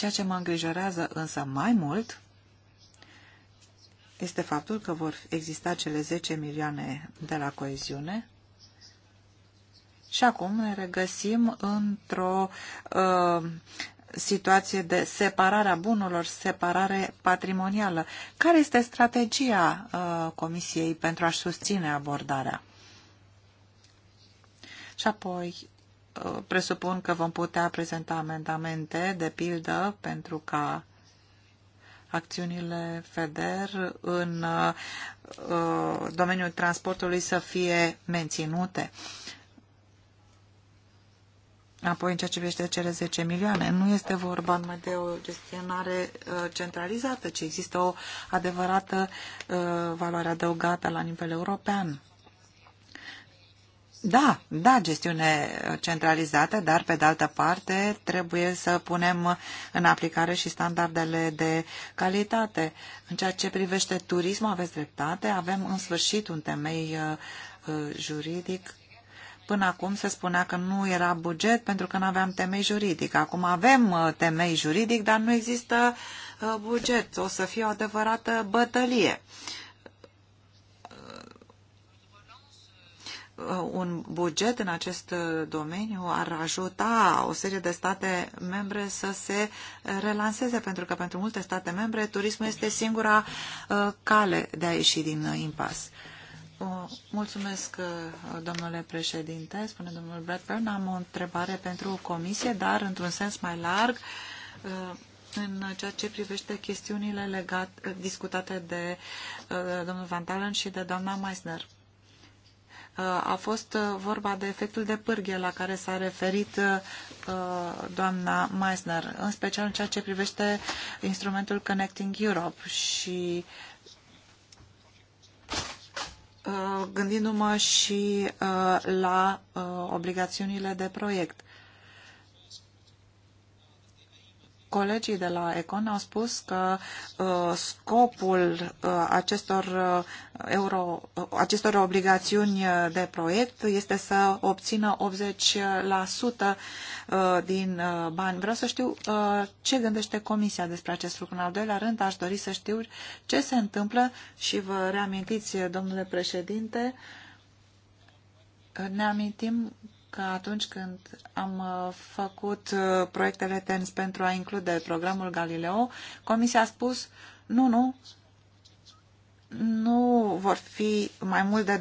Ceea ce mă îngrijorează însă mai mult este faptul că vor exista cele 10 milioane de la coeziune și acum ne regăsim într-o uh, situație de separare a bunurilor, separare patrimonială. Care este strategia uh, Comisiei pentru a-și susține abordarea? Și apoi, presupun că vom putea prezenta amendamente, de pildă, pentru ca acțiunile FEDER în uh, domeniul transportului să fie menținute. Apoi, în ceea ce privește cele 10 milioane, nu este vorba numai de o gestionare uh, centralizată, ci există o adevărată uh, valoare adăugată la nivel european. Da, da, gestiune centralizată, dar pe de altă parte trebuie să punem în aplicare și standardele de calitate. În ceea ce privește turismul aveți dreptate, avem în sfârșit un temei uh, uh, juridic. Până acum se spunea că nu era buget pentru că nu aveam temei juridic. Acum avem uh, temei juridic, dar nu există buget. O să fie o adevărată bătălie. Uh, Uh, un buget în acest uh, domeniu ar ajuta o serie de state membre să se relanseze, pentru că pentru multe state membre turismul este singura uh, cale de a ieși din impas. Mulțumesc, domnule președinte, spune domnul Bradburn. Am o întrebare pentru o comisie, dar într-un sens mai larg în ceea ce privește chestiunile legat, discutate de domnul Van Talen și de doamna Meisner. Uh, a fost uh, vorba de efectul de pârghie la care s-a referit uh, doamna Meissner, în special în ceea ce privește instrumentul Connecting Europe și gândindu-mă și la obligațiunile de proiect. Colegii de la Econ au spus că uh, scopul uh, acestor, uh, euro, uh, acestor obligațiuni uh, de proiect este să obțină 80% uh, uh, din uh, bani. Vreau să știu uh, ce gândește Comisia despre acest lucru. În al doilea rând, aș dori să știu ce se întâmplă și vă reamintiți, domnule președinte, ne amintim că atunci când am uh, făcut uh, proiectele TENS pentru a include programul Galileo, Comisia a spus, nu, nu, nu vor fi mai mult de 20%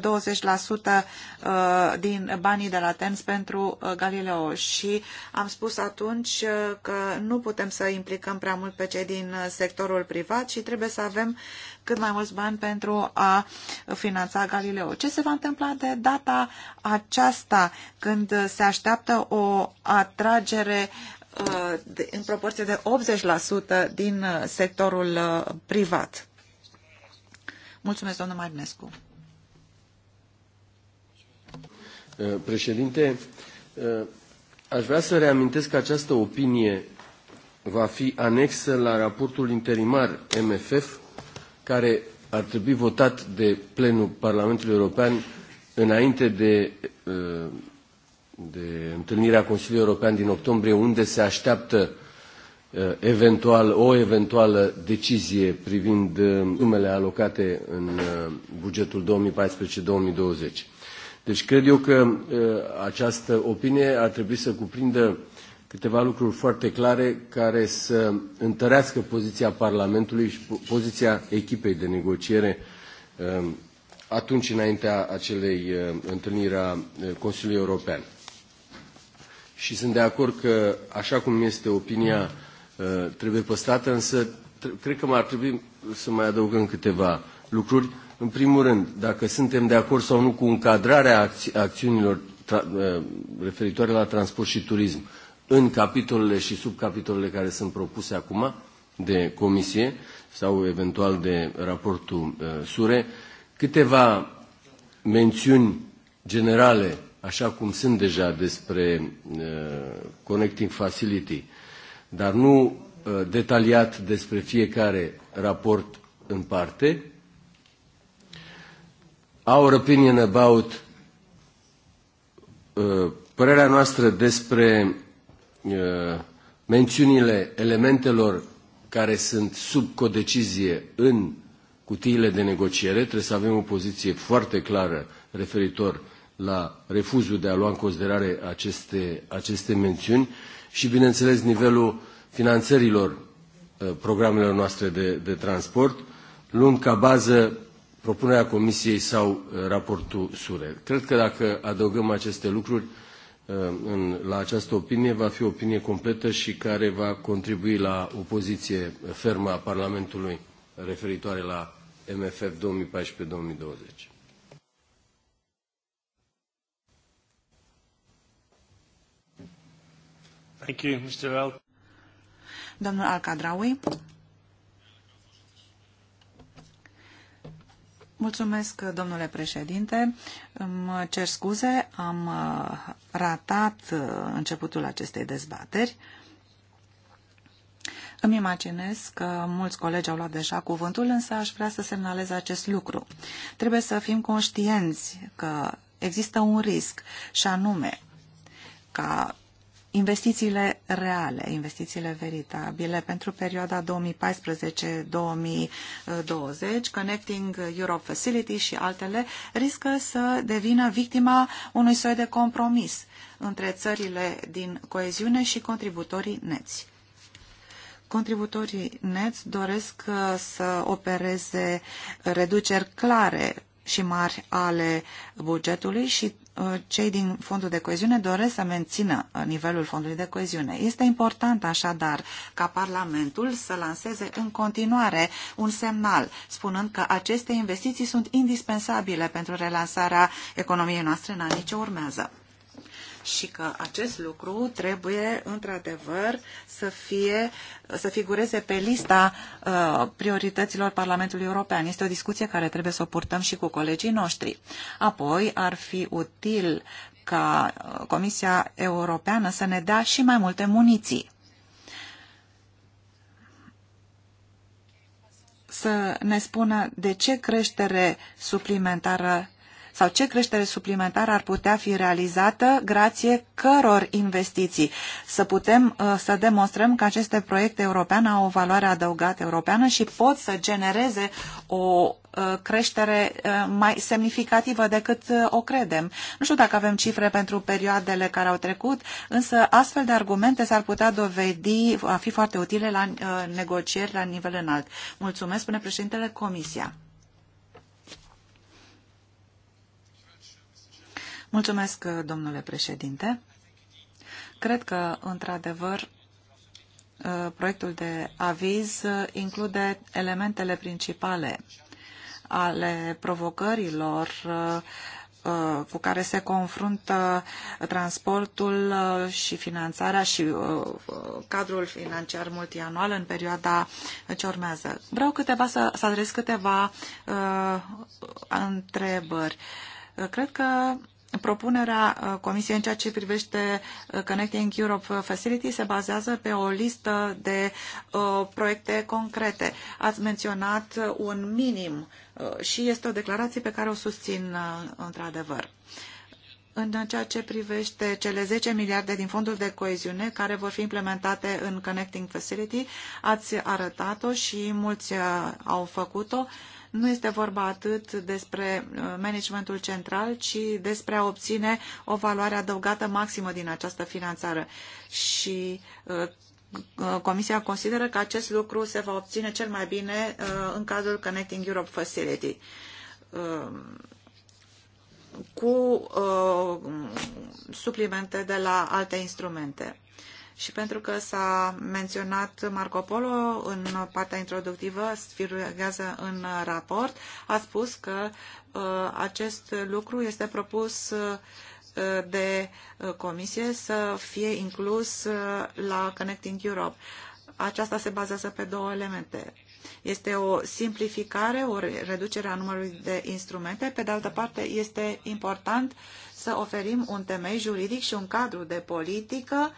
uh, din banii de la TENS pentru Galileo și am spus atunci că nu putem să implicăm prea mult pe cei din sectorul privat și trebuie să avem cât mai mulți bani pentru a finanța Galileo. Ce se va întâmpla de data aceasta când se așteaptă o atragere uh, în proporție de 80% din uh, sectorul uh, privat? Mulțumesc, domnul Marinescu. Președinte, aș vrea să reamintesc că această opinie va fi anexă la raportul interimar MFF care ar trebui votat de plenul Parlamentului European înainte de, uh, de întâlnirea Consiliului European din octombrie, unde se așteaptă uh, eventual, o eventuală decizie privind uh, sumele alocate în bugetul 2014-2020. Deci cred eu că această opinie ar trebui să cuprindă câteva lucruri foarte clare care să întărească poziția Parlamentului și poziția echipei de negociere um, atunci înaintea acelei uh, întâlniri a uh, Consiliului European. Și sunt de acord că, așa cum este opinia, uh, trebuie păstrată, însă cred că ar trebui să mai adăugăm câteva lucruri. În primul rând, dacă suntem de acord sau nu cu încadrarea acțiunilor referitoare la transport și turism în capitolele și subcapitolele care sunt propuse acum de comisie sau eventual de raportul uh, SURE, câteva mențiuni generale, așa cum sunt deja despre uh, Connecting Facility, dar nu uh, detaliat despre fiecare raport în parte. Our opinion about uh, părerea noastră despre Uh, mențiunile elementelor care sunt sub codecizie în cutiile de negociere. Trebuie să avem o poziție foarte clară referitor la refuzul de a lua în considerare aceste, aceste mențiuni și, bineînțeles, nivelul finanțărilor uh, programelor noastre de, de transport, luând ca bază propunerea Comisiei sau uh, raportul SURE. Cred că dacă adăugăm aceste lucruri, Uh, în, la această opinie va fi o opinie completă și care va contribui la o poziție fermă a Parlamentului referitoare la MFF 2014-2020. Thank you, Mr. Al. Domnul al Mulțumesc, domnule președinte. Îmi cer scuze, am uh, ratat uh, începutul acestei dezbateri. Îmi imaginez că mulți colegi au luat deja cuvântul, însă aș vrea să semnalez acest lucru. Trebuie să fim conștienți că există un risc și anume ca investițiile reale, investițiile veritabile pentru perioada 2014-2020, Connecting Europe Facility și altele, riscă să devină victima unui soi de compromis între țările din coeziune și contributorii neți. Contributorii neți doresc uh, să opereze reduceri clare și mari ale bugetului și uh, cei din fondul de coeziune doresc să mențină uh, nivelul fondului de coeziune. Este important așadar ca Parlamentul să lanseze în continuare un semnal spunând că aceste investiții sunt indispensabile pentru relansarea economiei noastre în anii ce urmează și că acest lucru trebuie într-adevăr să fie să figureze pe lista uh, priorităților Parlamentului European. Este o discuție care trebuie să o purtăm și cu colegii noștri. Apoi ar fi util ca uh, Comisia Europeană să ne dea și mai multe muniții. Să ne spună de ce creștere suplimentară sau ce creștere suplimentară ar putea fi realizată grație căror investiții. Să putem uh, să demonstrăm că aceste proiecte europene au o valoare adăugată europeană și pot să genereze o uh, creștere uh, mai semnificativă decât o credem. Nu știu dacă avem cifre pentru perioadele care au trecut, însă astfel de argumente s-ar putea dovedi a fi foarte utile la negocieri la nivel înalt. Mulțumesc, spune președintele Comisia. Mulțumesc, domnule președinte. Cred că, într-adevăr, proiectul de aviz include elementele principale ale provocărilor uh, cu care se confruntă transportul uh, și finanțarea și uh, cadrul financiar multianual în perioada ce urmează. Vreau câteva să, să adres câteva întrebări. Cred că Propunerea uh, Comisiei în ceea ce privește uh, Connecting Europe uh, Facility se bazează pe o listă de uh, proiecte concrete. Ați menționat un minim uh, și este o declarație pe care o susțin uh, într-adevăr. În ceea ce privește cele 10 miliarde din fondul de coeziune care vor fi implementate în Connecting Facility, ați arătat-o și mulți au făcut-o. Uh, nu este vorba atât despre uh, managementul central, ci despre a obține o valoare adăugată maximă din această finanțare. Și uh, uh, Comisia consideră că acest lucru se va obține cel mai bine în cadrul Connecting Europe Facility. cu suplimente de la alte instrumente și pentru că s-a menționat Marco Polo în partea introductivă, sfirugează în raport, a spus că uh, acest lucru este propus uh, de uh, comisie să fie inclus la Connecting Europe. Aceasta se bazează pe două elemente. Este o simplificare, o reducere a numărului de instrumente. Pe de altă parte, este important să oferim un temei juridic și un cadru de politică uh,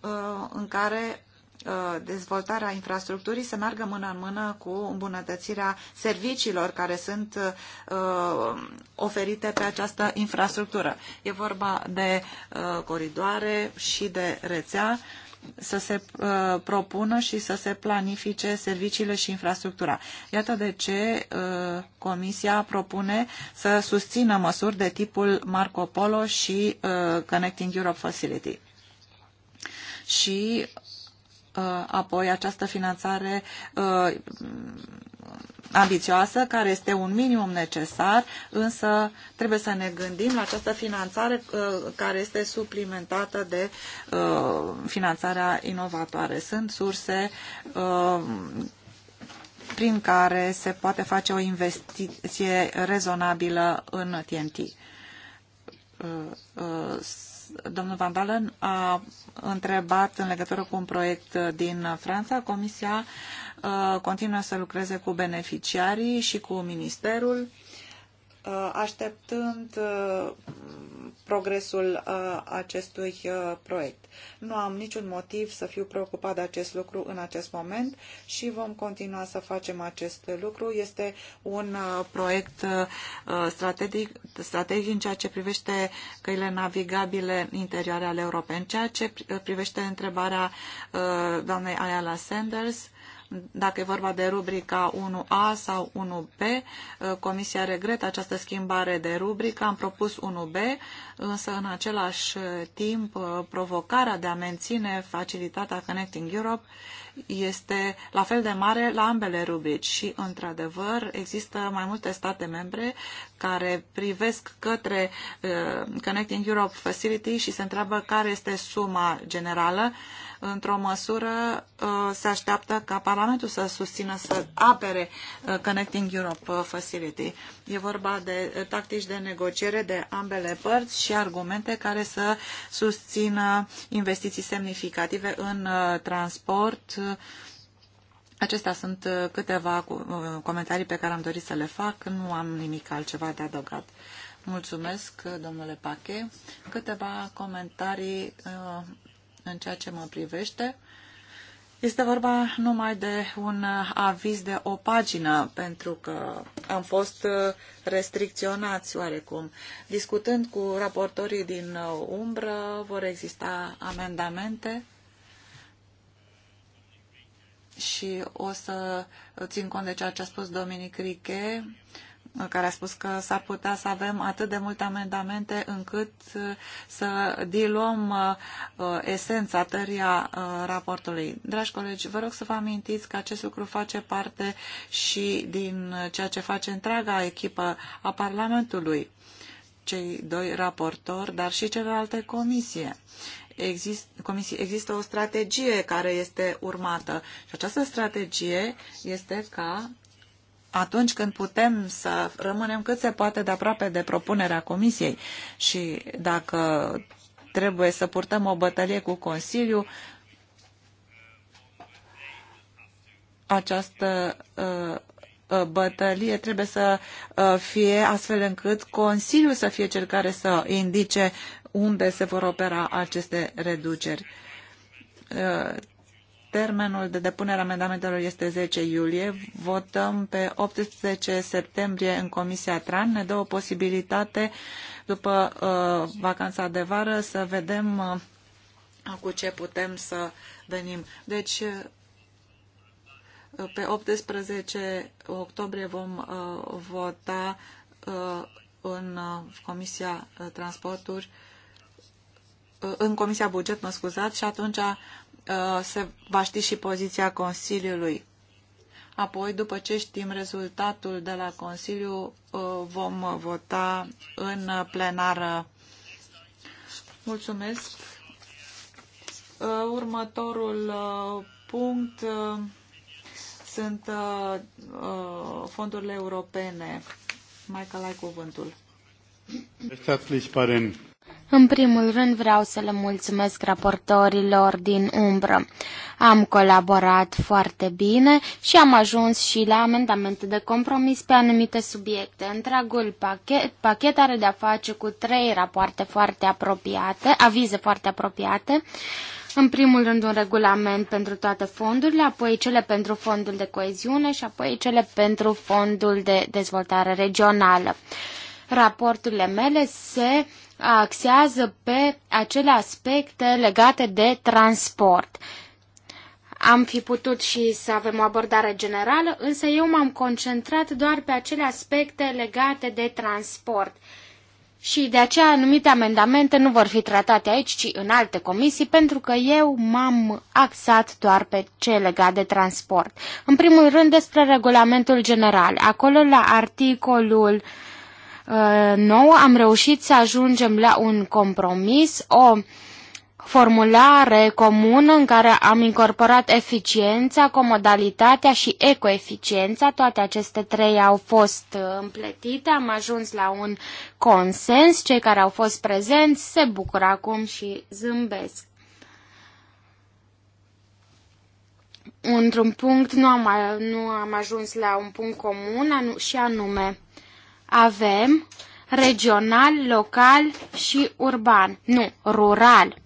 Uh, în care uh, dezvoltarea infrastructurii să meargă mână în mână cu îmbunătățirea serviciilor care sunt uh, oferite pe această infrastructură. E vorba de coridoare și de rețea să se propună și să se planifice serviciile și infrastructura. Iată de ce Comisia propune să susțină măsuri de tipul Marco Polo și Connecting Europe Facility și uh, apoi această finanțare uh, ambițioasă, care este un minimum necesar, însă trebuie să ne gândim la această finanțare uh, care este suplimentată de finanțarea inovatoare. Sunt surse prin care se poate face o investiție rezonabilă în TNT domnul Van Dalen a întrebat în legătură cu un proiect din Franța. Comisia uh, continuă să lucreze cu beneficiarii și cu ministerul Uh, așteptând uh, progresul uh, acestui proiect. Nu am niciun motiv să fiu preocupat de acest lucru în acest moment și vom continua să facem acest lucru. Este un proiect strategic, strategic în ceea ce privește căile navigabile interioare ale Europei. În ceea ce privește întrebarea doamnei Ayala Sanders, dacă e vorba de rubrica 1A sau 1B, uh, Comisia regretă această schimbare de rubrică. Am propus 1B, însă în același timp uh, provocarea de a menține facilitatea Connecting Europe este la fel de mare la ambele rubrici și, într-adevăr, există mai multe state membre care privesc către uh, Connecting Europe Facility și se întreabă care este suma generală într-o măsură, uh, se așteaptă ca Parlamentul să susțină, să apere uh, Connecting Europe uh, Facility. E vorba de tactici de negociere de ambele părți și argumente care să susțină investiții semnificative în transport. Acestea sunt câteva comentarii pe care am dorit să le fac. Nu am nimic altceva de adăugat. Mulțumesc, domnule Pache. Câteva comentarii în ceea ce mă privește. Este vorba numai de un uh, aviz de o pagină, pentru că am fost uh, restricționați oarecum. Discutând cu raportorii din uh, umbră, vor exista amendamente și o să țin cont de ceea ce a spus Dominic Riche care a spus că s-ar putea să avem atât de multe amendamente încât uh, să diluăm uh, esența, tăria uh, raportului. Dragi colegi, vă rog să vă amintiți că acest lucru face parte și din ceea ce face întreaga echipă a Parlamentului cei doi raportori, dar și celelalte comisie. Exist, comisie. Există o strategie care este urmată și această strategie este ca atunci când putem să rămânem cât se poate de aproape de propunerea Comisiei și dacă trebuie să purtăm o bătălie cu Consiliu, această uh, uh, bătălie trebuie să uh, fie astfel încât Consiliul să fie cel care să indice unde se vor opera aceste reduceri Termenul de depunere a amendamentelor este 10 iulie. Votăm pe 18 septembrie în Comisia TRAN. Ne dă o posibilitate după uh, vacanța de vară să vedem uh, cu ce putem să venim. Deci, uh, pe 18 octombrie vom uh, vota uh, în uh, Comisia uh, Transporturi, uh, în Comisia Buget, mă scuzați, și atunci Uh, se va ști și poziția Consiliului. Apoi, după ce știm rezultatul de la Consiliu, uh, vom vota în plenară. Mulțumesc. Uh, următorul punct sunt fondurile europene. Michael, ai cuvântul. Herzlich bei den în primul rând vreau să le mulțumesc raportorilor din umbră. Am colaborat foarte bine și am ajuns și la amendamente de compromis pe anumite subiecte. Întregul pachet, pachet are de-a face cu trei rapoarte foarte apropiate, avize foarte apropiate. În primul rând un regulament pentru toate fondurile, apoi cele pentru fondul de coeziune și apoi cele pentru fondul de dezvoltare regională. Raporturile mele se uh, axează pe acele aspecte legate de transport. Am fi putut și să avem o abordare generală, însă eu m-am concentrat doar pe acele aspecte legate de transport. Și de aceea anumite amendamente nu vor fi tratate aici, ci în alte comisii, pentru că eu m-am axat doar pe ce legat de transport. În primul rând despre regulamentul general. Acolo la articolul uh, Uh, nouă am reușit să ajungem la un compromis, o formulare comună în care am incorporat eficiența, comodalitatea și ecoeficiența. Toate aceste trei au fost uh, împletite, am ajuns la un consens. Cei care au fost prezenți se bucură acum și zâmbesc. Într-un punct nu am, nu am ajuns la un punct comun anu- și anume avem regional, local și urban. Nu, rural.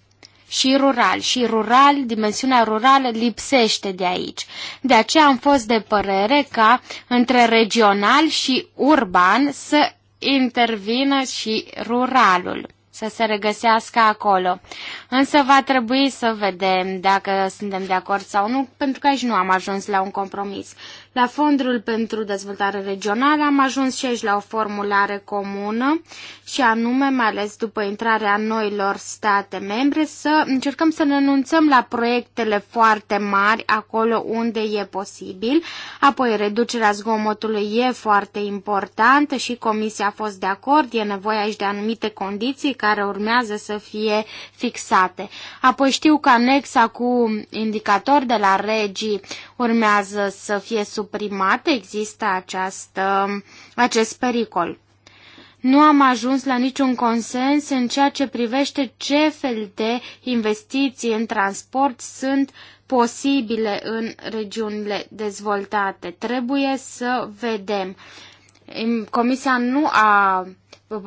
Și rural. Și rural, dimensiunea rurală lipsește de aici. De aceea am fost de părere ca între regional și urban să intervină și ruralul să se regăsească acolo. Însă va trebui să vedem dacă suntem de acord sau nu, pentru că aici nu am ajuns la un compromis. La Fondul pentru Dezvoltare Regională am ajuns și aici la o formulare comună și anume, mai ales după intrarea noilor state membre, să încercăm să anunțăm la proiectele foarte mari acolo unde e posibil. Apoi, reducerea zgomotului e foarte importantă și Comisia a fost de acord. E nevoie aici de anumite condiții care urmează să fie fixate. Apoi știu că anexa cu indicator de la regii urmează să fie sub primat există această, acest pericol. Nu am ajuns la niciun consens în ceea ce privește ce fel de investiții în transport sunt posibile în regiunile dezvoltate. Trebuie să vedem. Comisia nu a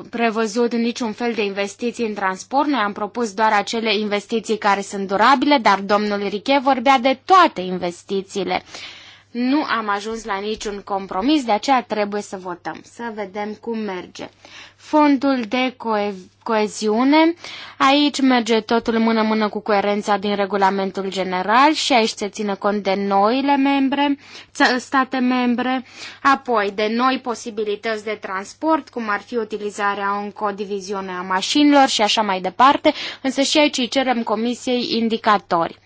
prevăzut niciun fel de investiții în transport. Noi am propus doar acele investiții care sunt durabile, dar domnul Riche vorbea de toate investițiile nu am ajuns la niciun compromis, de aceea trebuie să votăm, să vedem cum merge. Fondul de coe- coeziune, aici merge totul mână-mână cu coerența din regulamentul general și aici se ține cont de noile membre, state membre, apoi de noi posibilități de transport, cum ar fi utilizarea în codiviziune a mașinilor și așa mai departe, însă și aici îi cerem comisiei indicatori.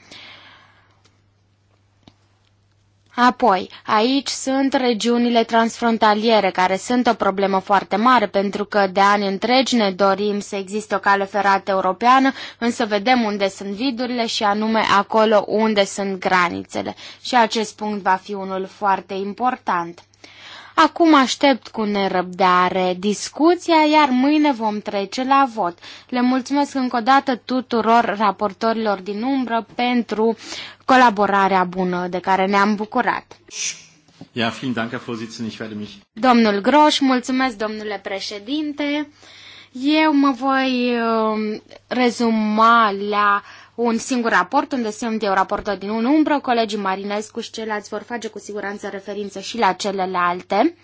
Apoi, aici sunt regiunile transfrontaliere, care sunt o problemă foarte mare, pentru că de ani întregi ne dorim să existe o cale ferată europeană, însă vedem unde sunt vidurile și anume acolo unde sunt granițele. Și acest punct va fi unul foarte important. Acum aștept cu nerăbdare discuția, iar mâine vom trece la vot. Le mulțumesc încă o dată tuturor raportorilor din umbră pentru colaborarea bună de care ne-am bucurat. Ja, vielen Dank, Herr Ich werde mich... Domnul Groș, mulțumesc, domnule președinte. Eu mă voi um, rezuma la un singur raport unde sunt eu raportor din un umbră, colegii Marinescu și ceilalți vor face cu siguranță referință și la celelalte.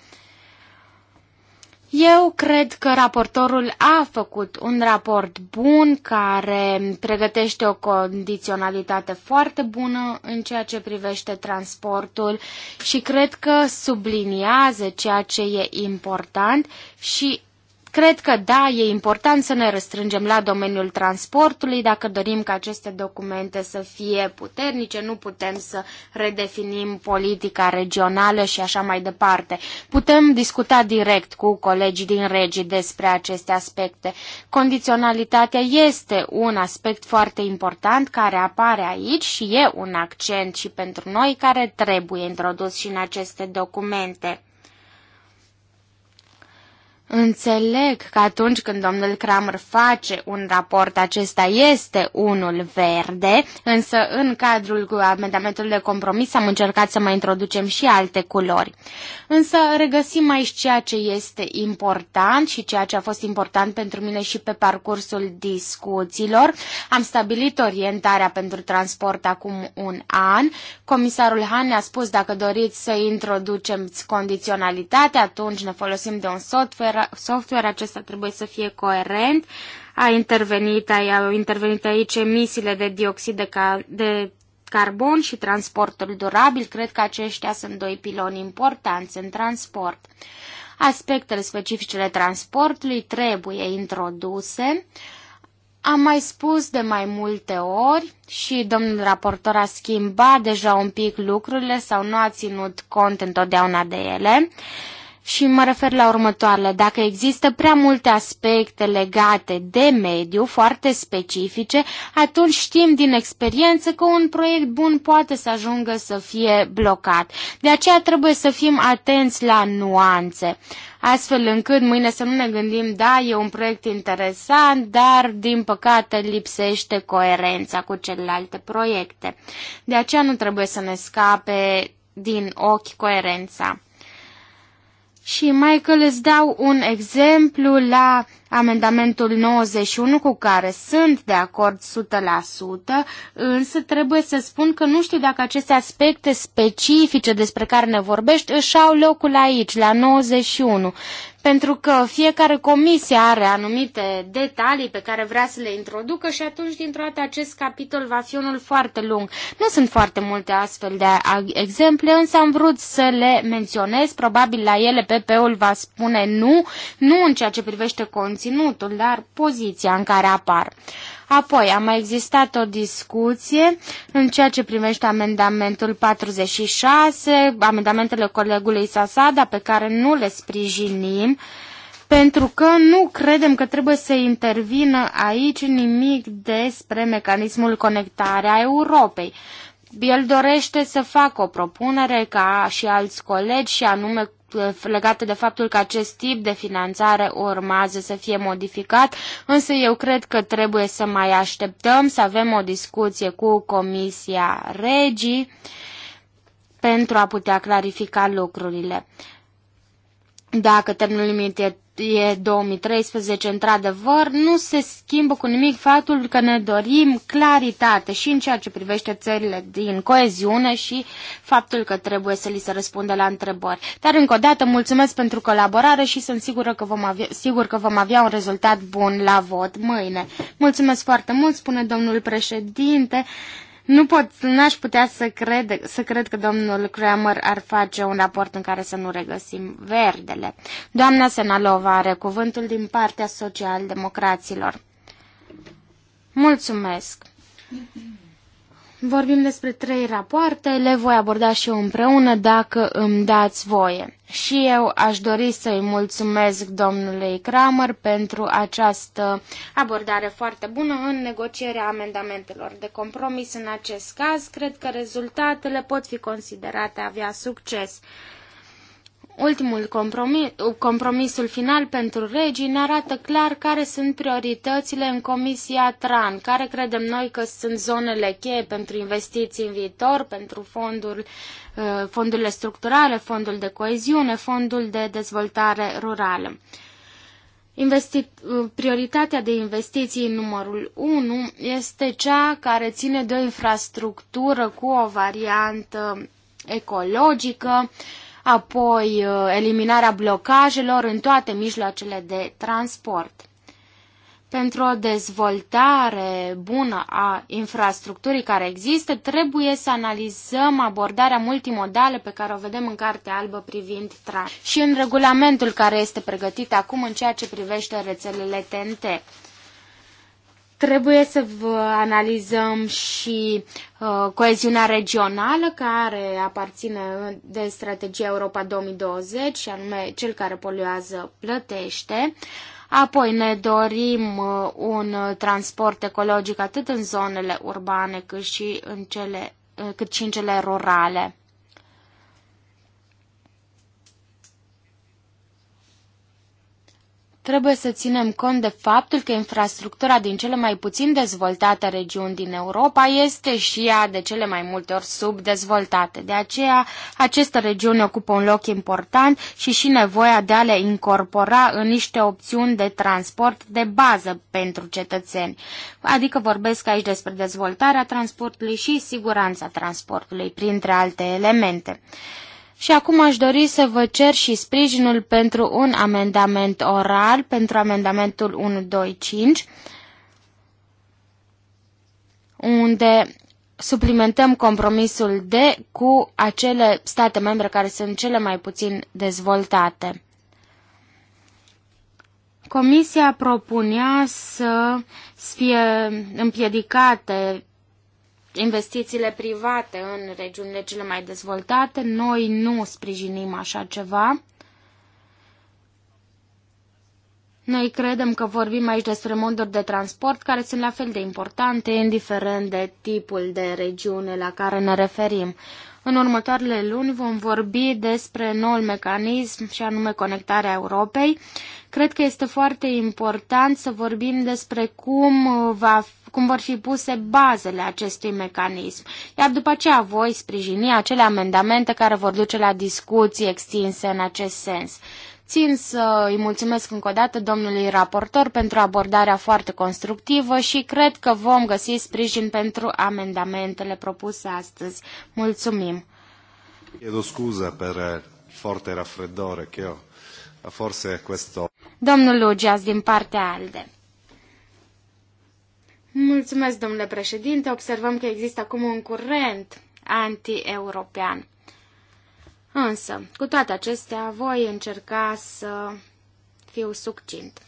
Eu cred că raportorul a făcut un raport bun care pregătește o condiționalitate foarte bună în ceea ce privește transportul și cred că subliniază ceea ce e important și Cred că da, e important să ne restrângem la domeniul transportului. Dacă dorim ca aceste documente să fie puternice, nu putem să redefinim politica regională și așa mai departe. Putem discuta direct cu colegii din regii despre aceste aspecte. Condiționalitatea este un aspect foarte important care apare aici și e un accent și pentru noi care trebuie introdus și în aceste documente. Înțeleg că atunci când domnul Kramer face un raport, acesta este unul verde, însă în cadrul amendamentului de compromis am încercat să mai introducem și alte culori. Însă regăsim aici ceea ce este important și ceea ce a fost important pentru mine și pe parcursul discuțiilor. Am stabilit orientarea pentru transport acum un an. Comisarul Han ne-a spus dacă doriți să introducem condiționalitate, atunci ne folosim de un software software, acesta trebuie să fie coerent. A intervenit, au intervenit aici emisiile de dioxid de, ca, de carbon și transportul durabil. Cred că aceștia sunt doi piloni importanți în transport. Aspectele specificele transportului trebuie introduse. Am mai spus de mai multe ori și domnul raportor a schimbat deja un pic lucrurile sau nu a ținut cont întotdeauna de ele. Uh, și mă refer la următoarele. Dacă există prea multe aspecte legate de mediu, foarte specifice, atunci știm din experiență că un proiect bun poate să ajungă să fie blocat. De aceea trebuie să fim atenți la nuanțe astfel încât mâine să nu ne gândim, da, e un proiect interesant, dar din păcate lipsește coerența cu celelalte proiecte. De aceea nu trebuie să ne scape din ochi coerența. Și, Michael, îți dau un exemplu la amendamentul 91 cu care sunt de acord 100%, însă trebuie să spun că nu știu dacă aceste aspecte specifice despre care ne vorbești își au locul aici, la 91 pentru că fiecare comisie are anumite detalii pe care vrea să le introducă și atunci, dintr-o dată, acest capitol va fi unul foarte lung. Nu sunt foarte multe astfel de exemple, însă am vrut să le menționez. Probabil la ele PP-ul va spune nu, nu în ceea ce privește conținutul, dar poziția în care apar. Apoi a mai existat o discuție în ceea ce primește amendamentul 46, amendamentele colegului Sasada pe care nu le sprijinim, pentru că nu credem că trebuie să intervină aici nimic despre mecanismul conectarea Europei. El dorește să facă o propunere ca și alți colegi și anume legate de faptul că acest tip de finanțare urmează să fie modificat, însă eu cred că trebuie să mai așteptăm să avem o discuție cu Comisia Regii pentru a putea clarifica lucrurile. Dacă termenul limit e e 2013, într-adevăr, nu se schimbă cu nimic faptul că ne dorim claritate și în ceea ce privește țările din coeziune și faptul că trebuie să li se răspundă la întrebări. Dar încă o dată mulțumesc pentru colaborare și sunt sigură că vom avea, sigur că vom avea un rezultat bun la vot mâine. Mulțumesc foarte mult, spune domnul președinte. Nu pot, n-aș putea să cred, să cred că domnul Kramer ar face un raport în care să nu regăsim verdele. Doamna Senalova are cuvântul din partea social-democraților. Mulțumesc! Vorbim despre trei rapoarte, le voi aborda și eu împreună dacă îmi dați voie. Și eu aș dori să-i mulțumesc domnului Kramer pentru această abordare foarte bună în negocierea amendamentelor de compromis. În acest caz, cred că rezultatele pot fi considerate avea succes. Ultimul compromis, compromisul final pentru regii ne arată clar care sunt prioritățile în Comisia TRAN, care credem noi că sunt zonele cheie pentru investiții în viitor, pentru fonduri, uh, fondurile structurale, fondul de coeziune, fondul de dezvoltare rurală. Investi... Uh, prioritatea de investiții numărul 1 este cea care ține de o infrastructură cu o variantă ecologică, apoi uh, eliminarea blocajelor în toate mijloacele de transport. Pentru o dezvoltare bună a infrastructurii care există, trebuie să analizăm abordarea multimodală pe care o vedem în Cartea Albă privind tran și în regulamentul care este pregătit acum în ceea ce privește rețelele TNT. Trebuie să vă analizăm și uh, coeziunea regională care aparține de strategia Europa 2020 și anume cel care poluează plătește. Apoi ne dorim uh, un transport ecologic atât în zonele urbane cât și în cele, uh, cât și în cele rurale. Trebuie să ținem cont de faptul că infrastructura din cele mai puțin dezvoltate regiuni din Europa este și ea de cele mai multe ori subdezvoltate. De aceea, aceste regiuni ocupă un loc important și și nevoia de a le incorpora în niște opțiuni de transport de bază pentru cetățeni. Adică vorbesc aici despre dezvoltarea transportului și siguranța transportului, printre alte elemente. Și acum aș dori să vă cer și sprijinul pentru un amendament oral, pentru amendamentul 125, unde suplimentăm compromisul D cu acele state membre care sunt cele mai puțin dezvoltate. Comisia propunea să fie împiedicate investițiile private în regiunile cele mai dezvoltate. Noi nu sprijinim așa ceva. Noi credem că vorbim aici despre moduri de transport care sunt la fel de importante, indiferent de tipul de regiune la care ne referim. În următoarele luni vom vorbi despre noul mecanism și anume conectarea Europei. Cred că este foarte important să vorbim despre cum va cum vor fi puse bazele acestui mecanism, iar după aceea voi sprijini acele amendamente care vor duce la discuții extinse în acest sens. Țin să îi mulțumesc încă o dată domnului raportor pentru abordarea foarte constructivă și cred că vom găsi sprijin pentru amendamentele propuse astăzi. Mulțumim! Chiedo scuză pentru foarte raffreddore che ho. Forse questo... Domnul Lugias din partea ALDE. Mulțumesc, domnule președinte. Observăm că există acum un curent anti-european. Însă, cu toate acestea, voi încerca să fiu succint.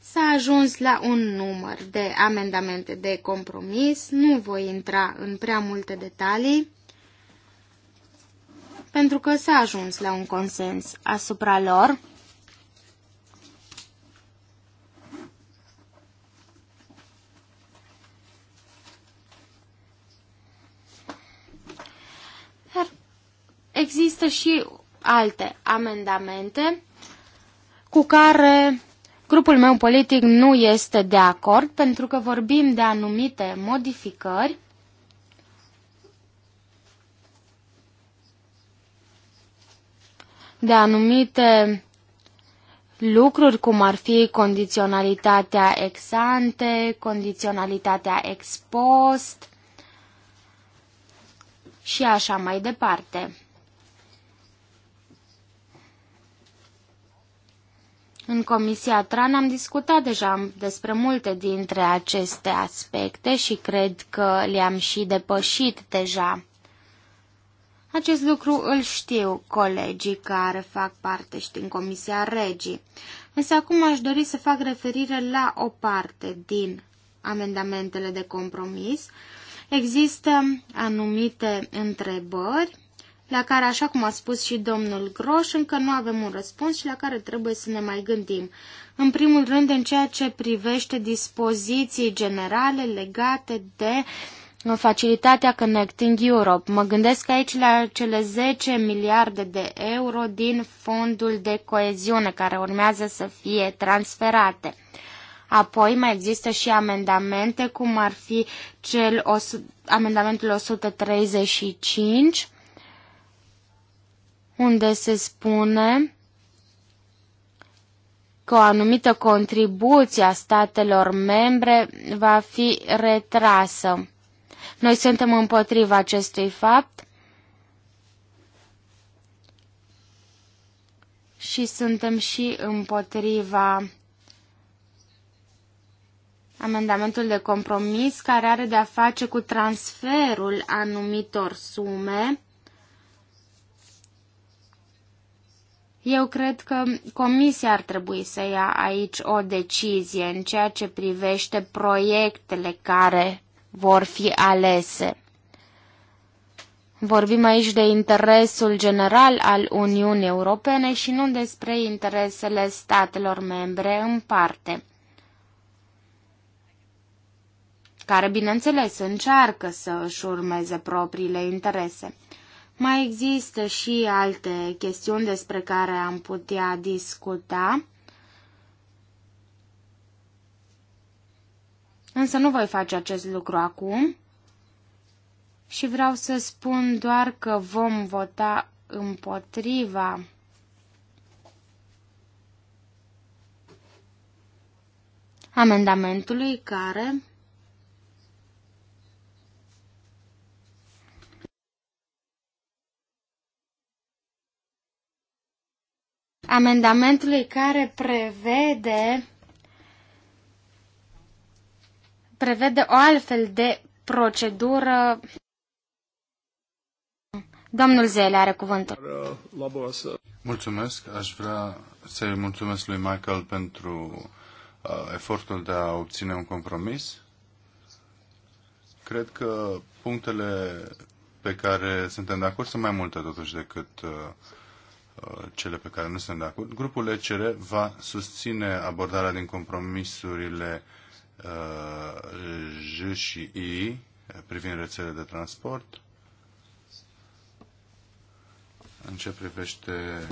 S-a ajuns la un număr de amendamente de compromis, nu voi intra în prea multe detalii, pentru că s-a ajuns la un consens asupra lor. există și alte amendamente cu care grupul meu politic nu este de acord pentru că vorbim de anumite modificări de anumite lucruri cum ar fi condiționalitatea ex ante, condiționalitatea ex post și așa mai departe. În Comisia TRAN am discutat deja despre multe dintre aceste aspecte și cred că le-am și depășit deja. Acest lucru îl știu colegii care fac parte și din Comisia Regii, însă acum aș dori să fac referire la o parte din amendamentele de compromis. Există anumite întrebări la care, așa cum a spus și domnul Groș, încă nu avem un răspuns și la care trebuie să ne mai gândim. În primul rând, în ceea ce privește dispoziții generale legate de facilitatea Connecting Europe. Mă gândesc aici la cele 10 miliarde de euro din fondul de coeziune care urmează să fie transferate. Apoi mai există și amendamente, cum ar fi cel amendamentul 135, unde se spune că o anumită contribuție a statelor membre va fi retrasă. Noi suntem împotriva acestui fapt și suntem și împotriva amendamentul de compromis care are de-a face cu transferul anumitor sume Eu cred că Comisia ar trebui să ia aici o decizie în ceea ce privește proiectele care vor fi alese. Vorbim aici de interesul general al Uniunii Europene și nu despre interesele statelor membre în parte, care, bineînțeles, încearcă să își urmeze propriile interese. Mai există și alte chestiuni despre care am putea discuta. Însă nu voi face acest lucru acum și vreau să spun doar că vom vota împotriva amendamentului care amendamentului care prevede prevede o altfel de procedură. Domnul Zele are cuvântul. Mulțumesc. Aș vrea să-i mulțumesc lui Michael pentru uh, efortul de a obține un compromis. Cred că punctele pe care suntem de acord sunt mai multe totuși decât uh, Uh, cele pe care nu sunt de acord, grupul ECR va susține abordarea din compromisurile uh, J și I uh, privind rețele de transport. În ce privește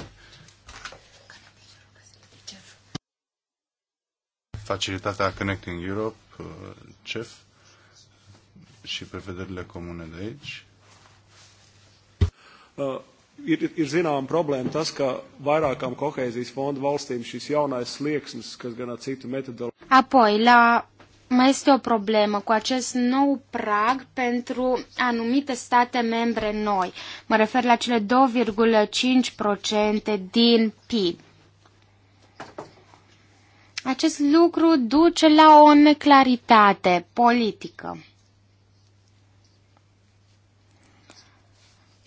facilitatea Connecting Europe, CEF, și prevederile comune de aici ir, ir zinām problēma tas, ka vairākām kohēzijas fonda valstīm šis jaunais slieksnis, kas gan ar citu metodoloģiju. Apoi, la mai este o problemă cu acest nou prag pentru anumite state membre noi. Mă refer la cele 2,5% din PIB. Acest lucru duce la o neclaritate politică.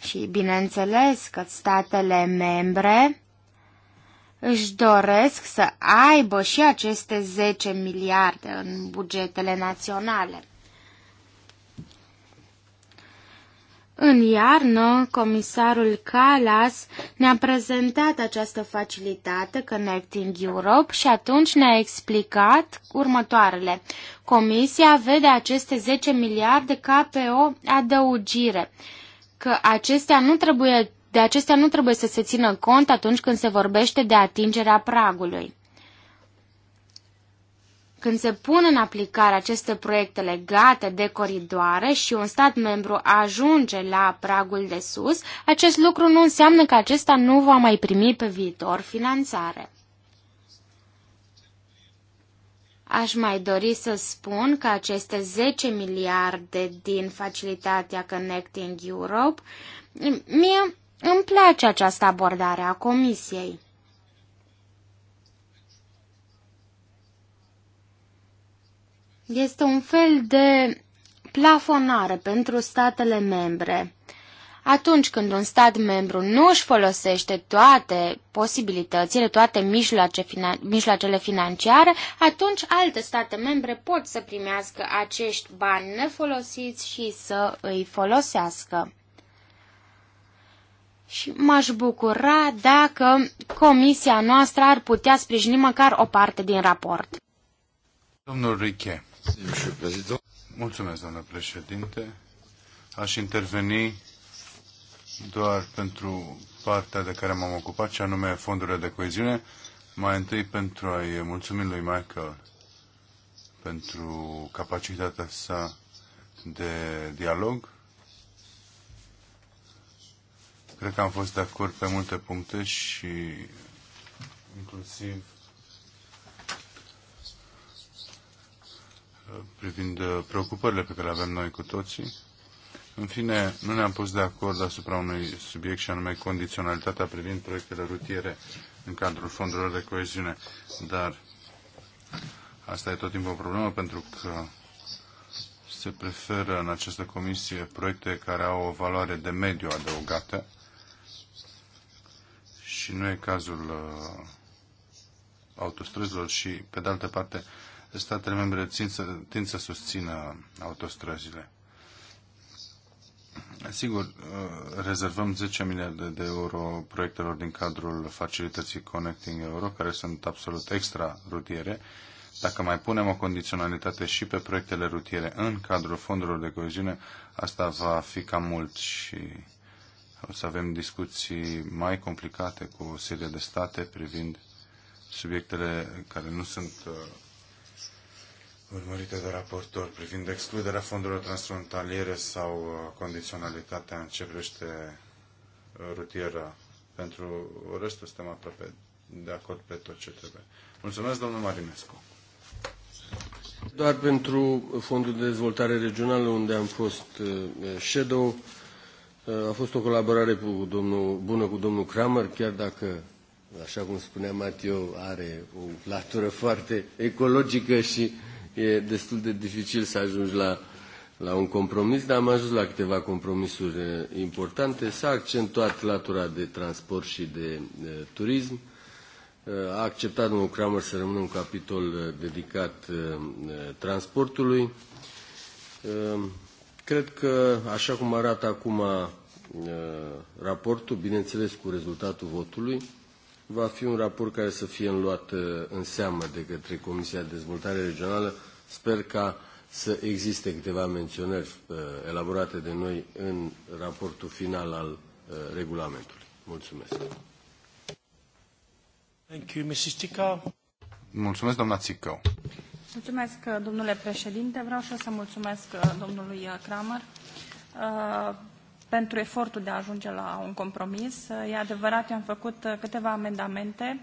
Și bineînțeles că statele membre își doresc să aibă și aceste 10 miliarde în bugetele naționale. În iarnă, comisarul Calas ne-a prezentat această facilitate Connecting Europe și atunci ne-a explicat următoarele. Comisia vede aceste 10 miliarde ca pe o adăugire că acestea nu trebuie, de acestea nu trebuie să se țină cont atunci când se vorbește de atingerea pragului. Când se pun în aplicare aceste proiecte legate de coridoare și un stat membru ajunge la pragul de sus, acest lucru nu înseamnă că acesta nu va mai primi pe viitor finanțare. Aș mai dori să spun că aceste 10 miliarde din facilitatea Connecting Europe, mie îmi place această abordare a Comisiei. Este un fel de plafonare pentru statele membre. Atunci când un stat membru nu își folosește toate posibilitățile, toate mijloace finan- mijloacele financiare, atunci alte state membre pot să primească acești bani nefolosiți și să îi folosească. Și m-aș bucura dacă comisia noastră ar putea sprijini măcar o parte din raport. Domnul Riche. Mulțumesc, domnule președinte. Aș interveni doar pentru partea de care m-am ocupat, și anume fondurile de coeziune. Mai întâi pentru a-i mulțumi lui Michael pentru capacitatea sa de dialog. Cred că am fost de acord pe multe puncte și inclusiv uh, privind uh, preocupările pe care le avem noi cu toții. În fine, nu ne-am pus de acord asupra unui subiect și anume condiționalitatea privind proiectele rutiere în cadrul fondurilor de coeziune, dar asta e tot timpul o problemă pentru că se preferă în această comisie proiecte care au o valoare de mediu adăugată și nu e cazul uh, autostrăzilor și, pe de altă parte, statele membre tind să, tind să susțină autostrăzile. Sigur, uh, rezervăm 10 miliarde de euro proiectelor din cadrul facilității Connecting Euro, care sunt absolut extra rutiere. Dacă mai punem o condiționalitate și pe proiectele rutiere în cadrul fondurilor de coeziune, asta va fi cam mult și o să avem discuții mai complicate cu o serie de state privind subiectele care nu sunt uh, urmărite de raportor privind excluderea fondurilor transfrontaliere sau uh, condiționalitatea în ce privește uh, rutiera uh, Pentru restul suntem aproape de acord pe tot ce trebuie. Mulțumesc, domnul Marinescu. Doar pentru Fondul de Dezvoltare Regională, unde am fost shadow, a fost o colaborare cu domnul, bună cu domnul Kramer, chiar dacă, așa cum spunea Matiu, are o latură foarte ecologică și uh, e destul de dificil să ajungi la, la un compromis, dar am ajuns la câteva compromisuri eh, importante. S-a accentuat latura de transport și de, de eh, turism. Eh, a acceptat domnul Kramer să rămână un capitol dedicat transportului. Cred că, așa cum arată acum raportul, bineînțeles cu rezultatul votului, va fi un raport care să fie înluat uh, în seamă de către Comisia de Dezvoltare Regională. Sper ca să existe câteva menționări uh, elaborate de noi în raportul final al uh, regulamentului. Mulțumesc. Thank you, Mrs. Mulțumesc, doamna Țicău. Mulțumesc, domnule președinte. Vreau și eu să mulțumesc domnului Kramer pentru efortul de a ajunge la un compromis. E adevărat, eu am făcut uh, câteva amendamente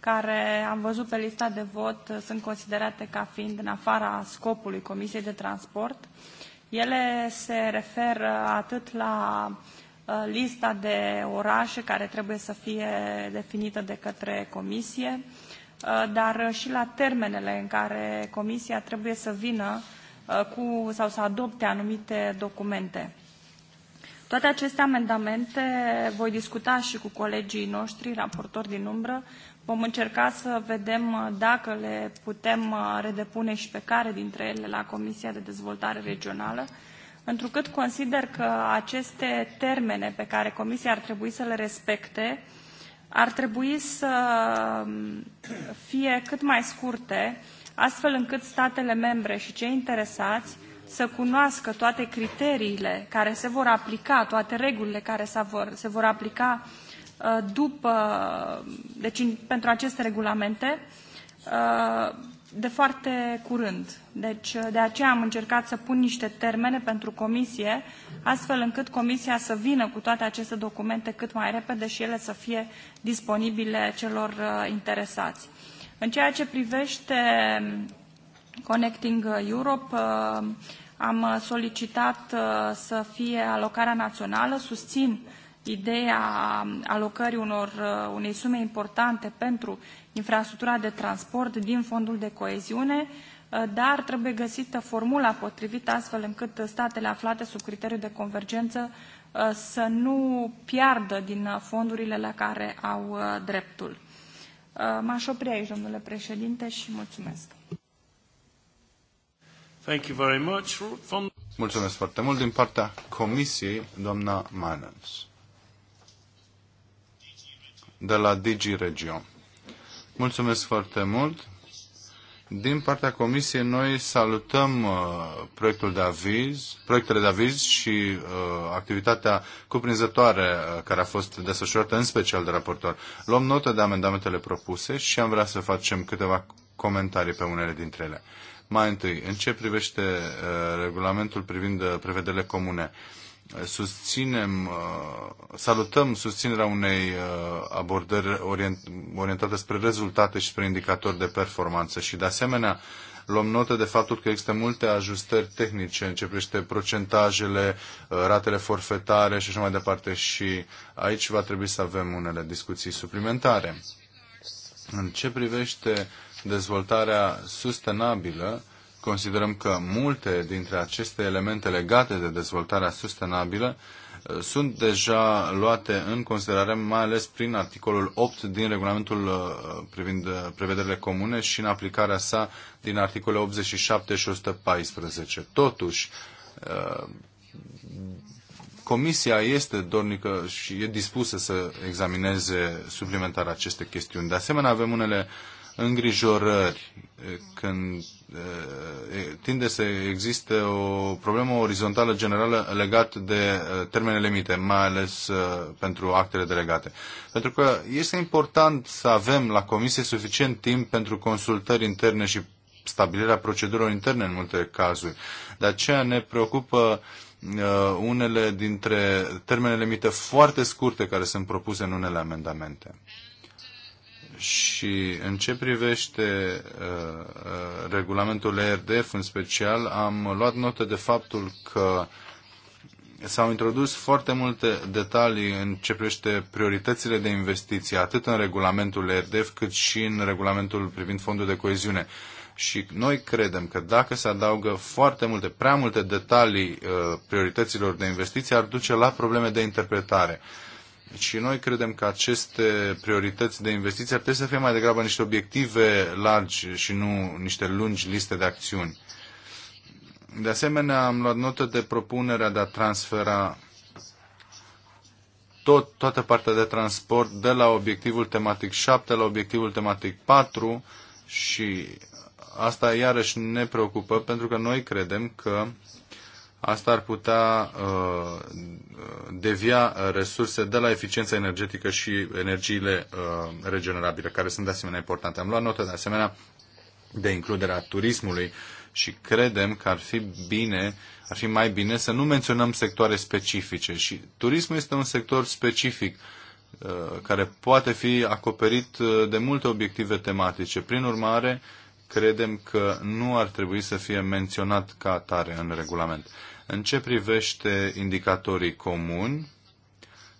care am văzut pe lista de vot uh, sunt considerate ca fiind în afara scopului Comisiei de Transport. Ele se referă atât la uh, lista de orașe care trebuie să fie definită de către Comisie, dar și la termenele în care Comisia trebuie să vină cu sau să adopte anumite documente. Toate aceste amendamente voi discuta și cu colegii noștri, raportori din umbră. Vom încerca să vedem dacă le putem redepune și pe care dintre ele la Comisia de Dezvoltare Regională, întrucât consider că aceste termene pe care Comisia ar trebui să le respecte ar trebui să fie cât mai scurte, astfel încât statele membre și cei interesați să cunoască toate criteriile care se vor aplica, toate regulile care se vor aplica uh, după, deci pentru aceste regulamente uh, de foarte curând. Deci uh, de aceea am încercat să pun niște termene pentru comisie, astfel încât comisia să vină cu toate aceste documente cât mai repede și ele să fie disponibile celor interesați. În ceea ce privește Connecting uh, Europe uh, am solicitat uh, să fie alocarea națională. Susțin ideea alocării unor, unei sume importante pentru infrastructura de transport din fondul de coeziune, dar trebuie găsită formula potrivită astfel încât statele aflate sub criteriul de convergență să nu piardă din fondurile la care au dreptul. M-aș opri aici, domnule președinte, și mulțumesc. Thank you very much. From... Mulțumesc foarte mult din partea Comisiei, doamna Manens. de la Digi Regio. Mulțumesc foarte mult. Din partea Comisiei, noi salutăm uh, proiectul de aviz, proiectele de aviz și uh, activitatea cuprinzătoare uh, care a fost desfășurată în special de raportor. Luăm notă de amendamentele propuse și am vrea să facem câteva comentarii pe unele dintre ele. Mai întâi, în ce privește uh, regulamentul privind uh, prevederile comune? Uh, susținem, salutăm susținerea unei abordări orientate spre rezultate și spre indicatori de performanță și de asemenea luăm notă de faptul că există multe ajustări tehnice în ce privește procentajele, ratele forfetare și așa mai departe și aici va trebui să avem unele discuții suplimentare. În ce privește dezvoltarea sustenabilă, considerăm că multe dintre aceste elemente legate de dezvoltarea sustenabilă uh, sunt deja luate în considerare, mai ales prin articolul 8 din regulamentul uh, privind uh, prevederile comune și în aplicarea sa din articolele 87 și 114. Totuși, Comisia este dornică și e dispusă să examineze suplimentar aceste chestiuni. De asemenea, avem unele uh, îngrijorări când tinde să existe o problemă orizontală generală legată de termenele limite, mai ales pentru actele delegate. Pentru că este important să avem la comisie suficient timp pentru consultări interne și stabilirea procedurilor interne în multe cazuri. De aceea ne preocupă unele dintre termenele limite foarte scurte care sunt propuse în unele amendamente. Și în ce privește uh, uh regulamentul ERDF în special, am luat notă de faptul că s-au introdus foarte multe detalii în ce privește prioritățile de investiții, atât în regulamentul ERDF cât și în regulamentul privind fondul de coeziune. Și noi credem că dacă se adaugă foarte multe, prea multe detalii uh, priorităților de investiții, ar duce la probleme de interpretare. Uh, și noi credem că aceste priorități de investiție ar trebui să fie mai degrabă niște obiective largi și nu niște lungi liste de acțiuni. De asemenea, am luat notă de propunerea de a transfera tot, toată partea de transport de la obiectivul tematic 7 la obiectivul tematic 4 și asta iarăși ne preocupă pentru că noi credem că Asta ar putea uh, devia uh, resurse de la eficiența energetică și energiile uh, regenerabile, care sunt de asemenea importante. Am luat notă de asemenea de includerea turismului și credem că ar fi bine, ar fi mai bine să nu menționăm sectoare specifice și turismul este un sector specific uh, care poate fi acoperit uh, de multe obiective tematice. Prin urmare, credem că nu ar trebui să fie menționat ca atare în regulament. În ce privește indicatorii comuni,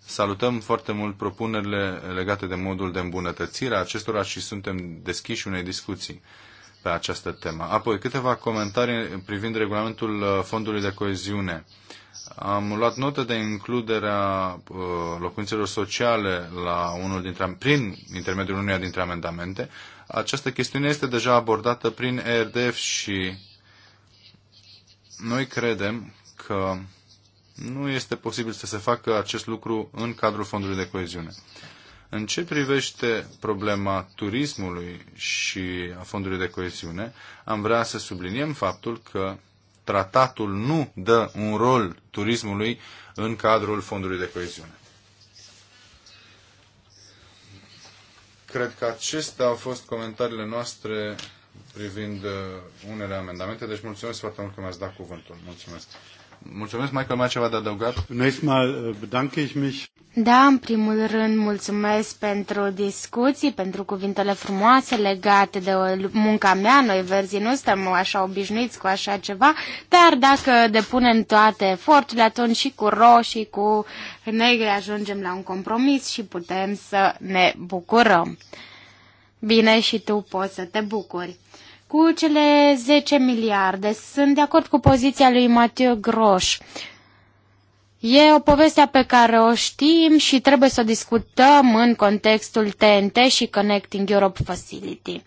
salutăm foarte mult propunerile legate de modul de îmbunătățire a acestora și suntem deschiși unei discuții pe această temă. Apoi, câteva comentarii privind regulamentul uh, Fondului de Coeziune. Am luat notă de includerea uh, locuințelor sociale la unul dintre, prin intermediul uneia dintre amendamente. Această chestiune este deja abordată prin ERDF și noi credem că nu este posibil să se facă acest lucru în cadrul fondului de coeziune. În ce privește problema turismului și a fondului de coeziune, am vrea să subliniem faptul că tratatul nu dă un rol turismului în cadrul fondului de coeziune. Cred că acestea au fost comentariile noastre privind uh, unele amendamente, deci mulțumesc foarte mult că mi-ați dat cuvântul. Mulțumesc. Mulțumesc, Michael, mai ceva de adăugat? Eh, da, în primul rând mulțumesc pentru discuții, pentru cuvintele frumoase legate de munca mea. Noi verzii nu suntem așa obișnuiți cu așa ceva, dar dacă depunem toate eforturile, atunci și cu roșii, cu negri ajungem la un compromis și putem să ne bucurăm. Bine, și tu poți să te bucuri. Cu cele 10 miliarde, sunt de acord cu poziția lui Mathieu Groș. E o poveste pe care o știm și trebuie să o discutăm în contextul TNT și Connecting Europe Facility.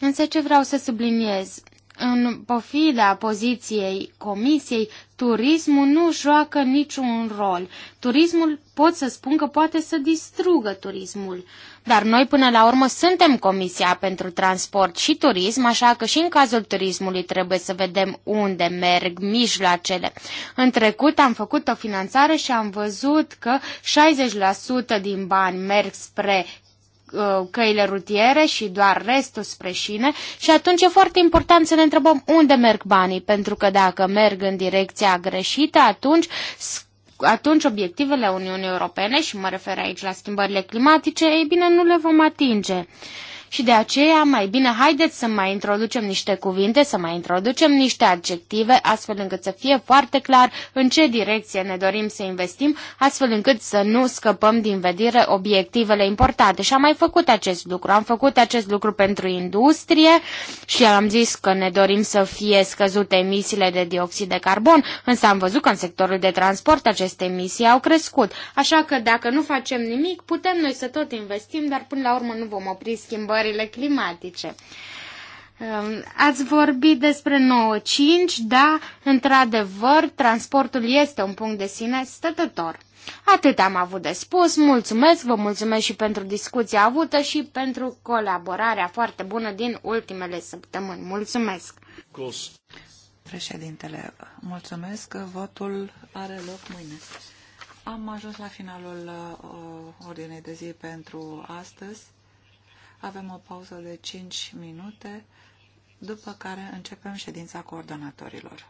Însă ce vreau să subliniez? În pofida poziției comisiei, turismul nu joacă niciun rol. Turismul, pot să spun că poate să distrugă turismul. Dar noi până la urmă suntem Comisia pentru Transport și Turism, așa că și în cazul turismului trebuie să vedem unde merg mijloacele. În trecut am făcut o finanțare și am văzut că 60% din bani merg spre uh, căile rutiere și doar restul spre șine și atunci e foarte important să ne întrebăm unde merg banii, pentru că dacă merg în direcția greșită, atunci atunci obiectivele Uniunii Europene, și mă refer aici la schimbările climatice, ei bine, nu le vom atinge. Și de aceea, mai bine, haideți să mai introducem niște cuvinte, să mai introducem niște adjective, astfel încât să fie foarte clar în ce direcție ne dorim să investim, astfel încât să nu scăpăm din vedere obiectivele importante. Și am mai făcut acest lucru. Am făcut acest lucru pentru industrie și am zis că ne dorim să fie scăzute emisiile de dioxid de carbon, însă am văzut că în sectorul de transport aceste emisii au crescut. Așa că dacă nu facem nimic, putem noi să tot investim, dar până la urmă nu vom opri schimbările schimbările climatice. Um, ați vorbit despre 9.5, da, într-adevăr, transportul este un punct de sine stătător. Atât am avut de spus, mulțumesc, vă mulțumesc și pentru discuția avută și pentru colaborarea foarte bună din ultimele săptămâni. Mulțumesc! Close. Președintele, mulțumesc, votul are loc mâine. Am ajuns la finalul uh, ordinei de zi pentru astăzi. Avem o pauză de 5 minute, după care începem ședința coordonatorilor.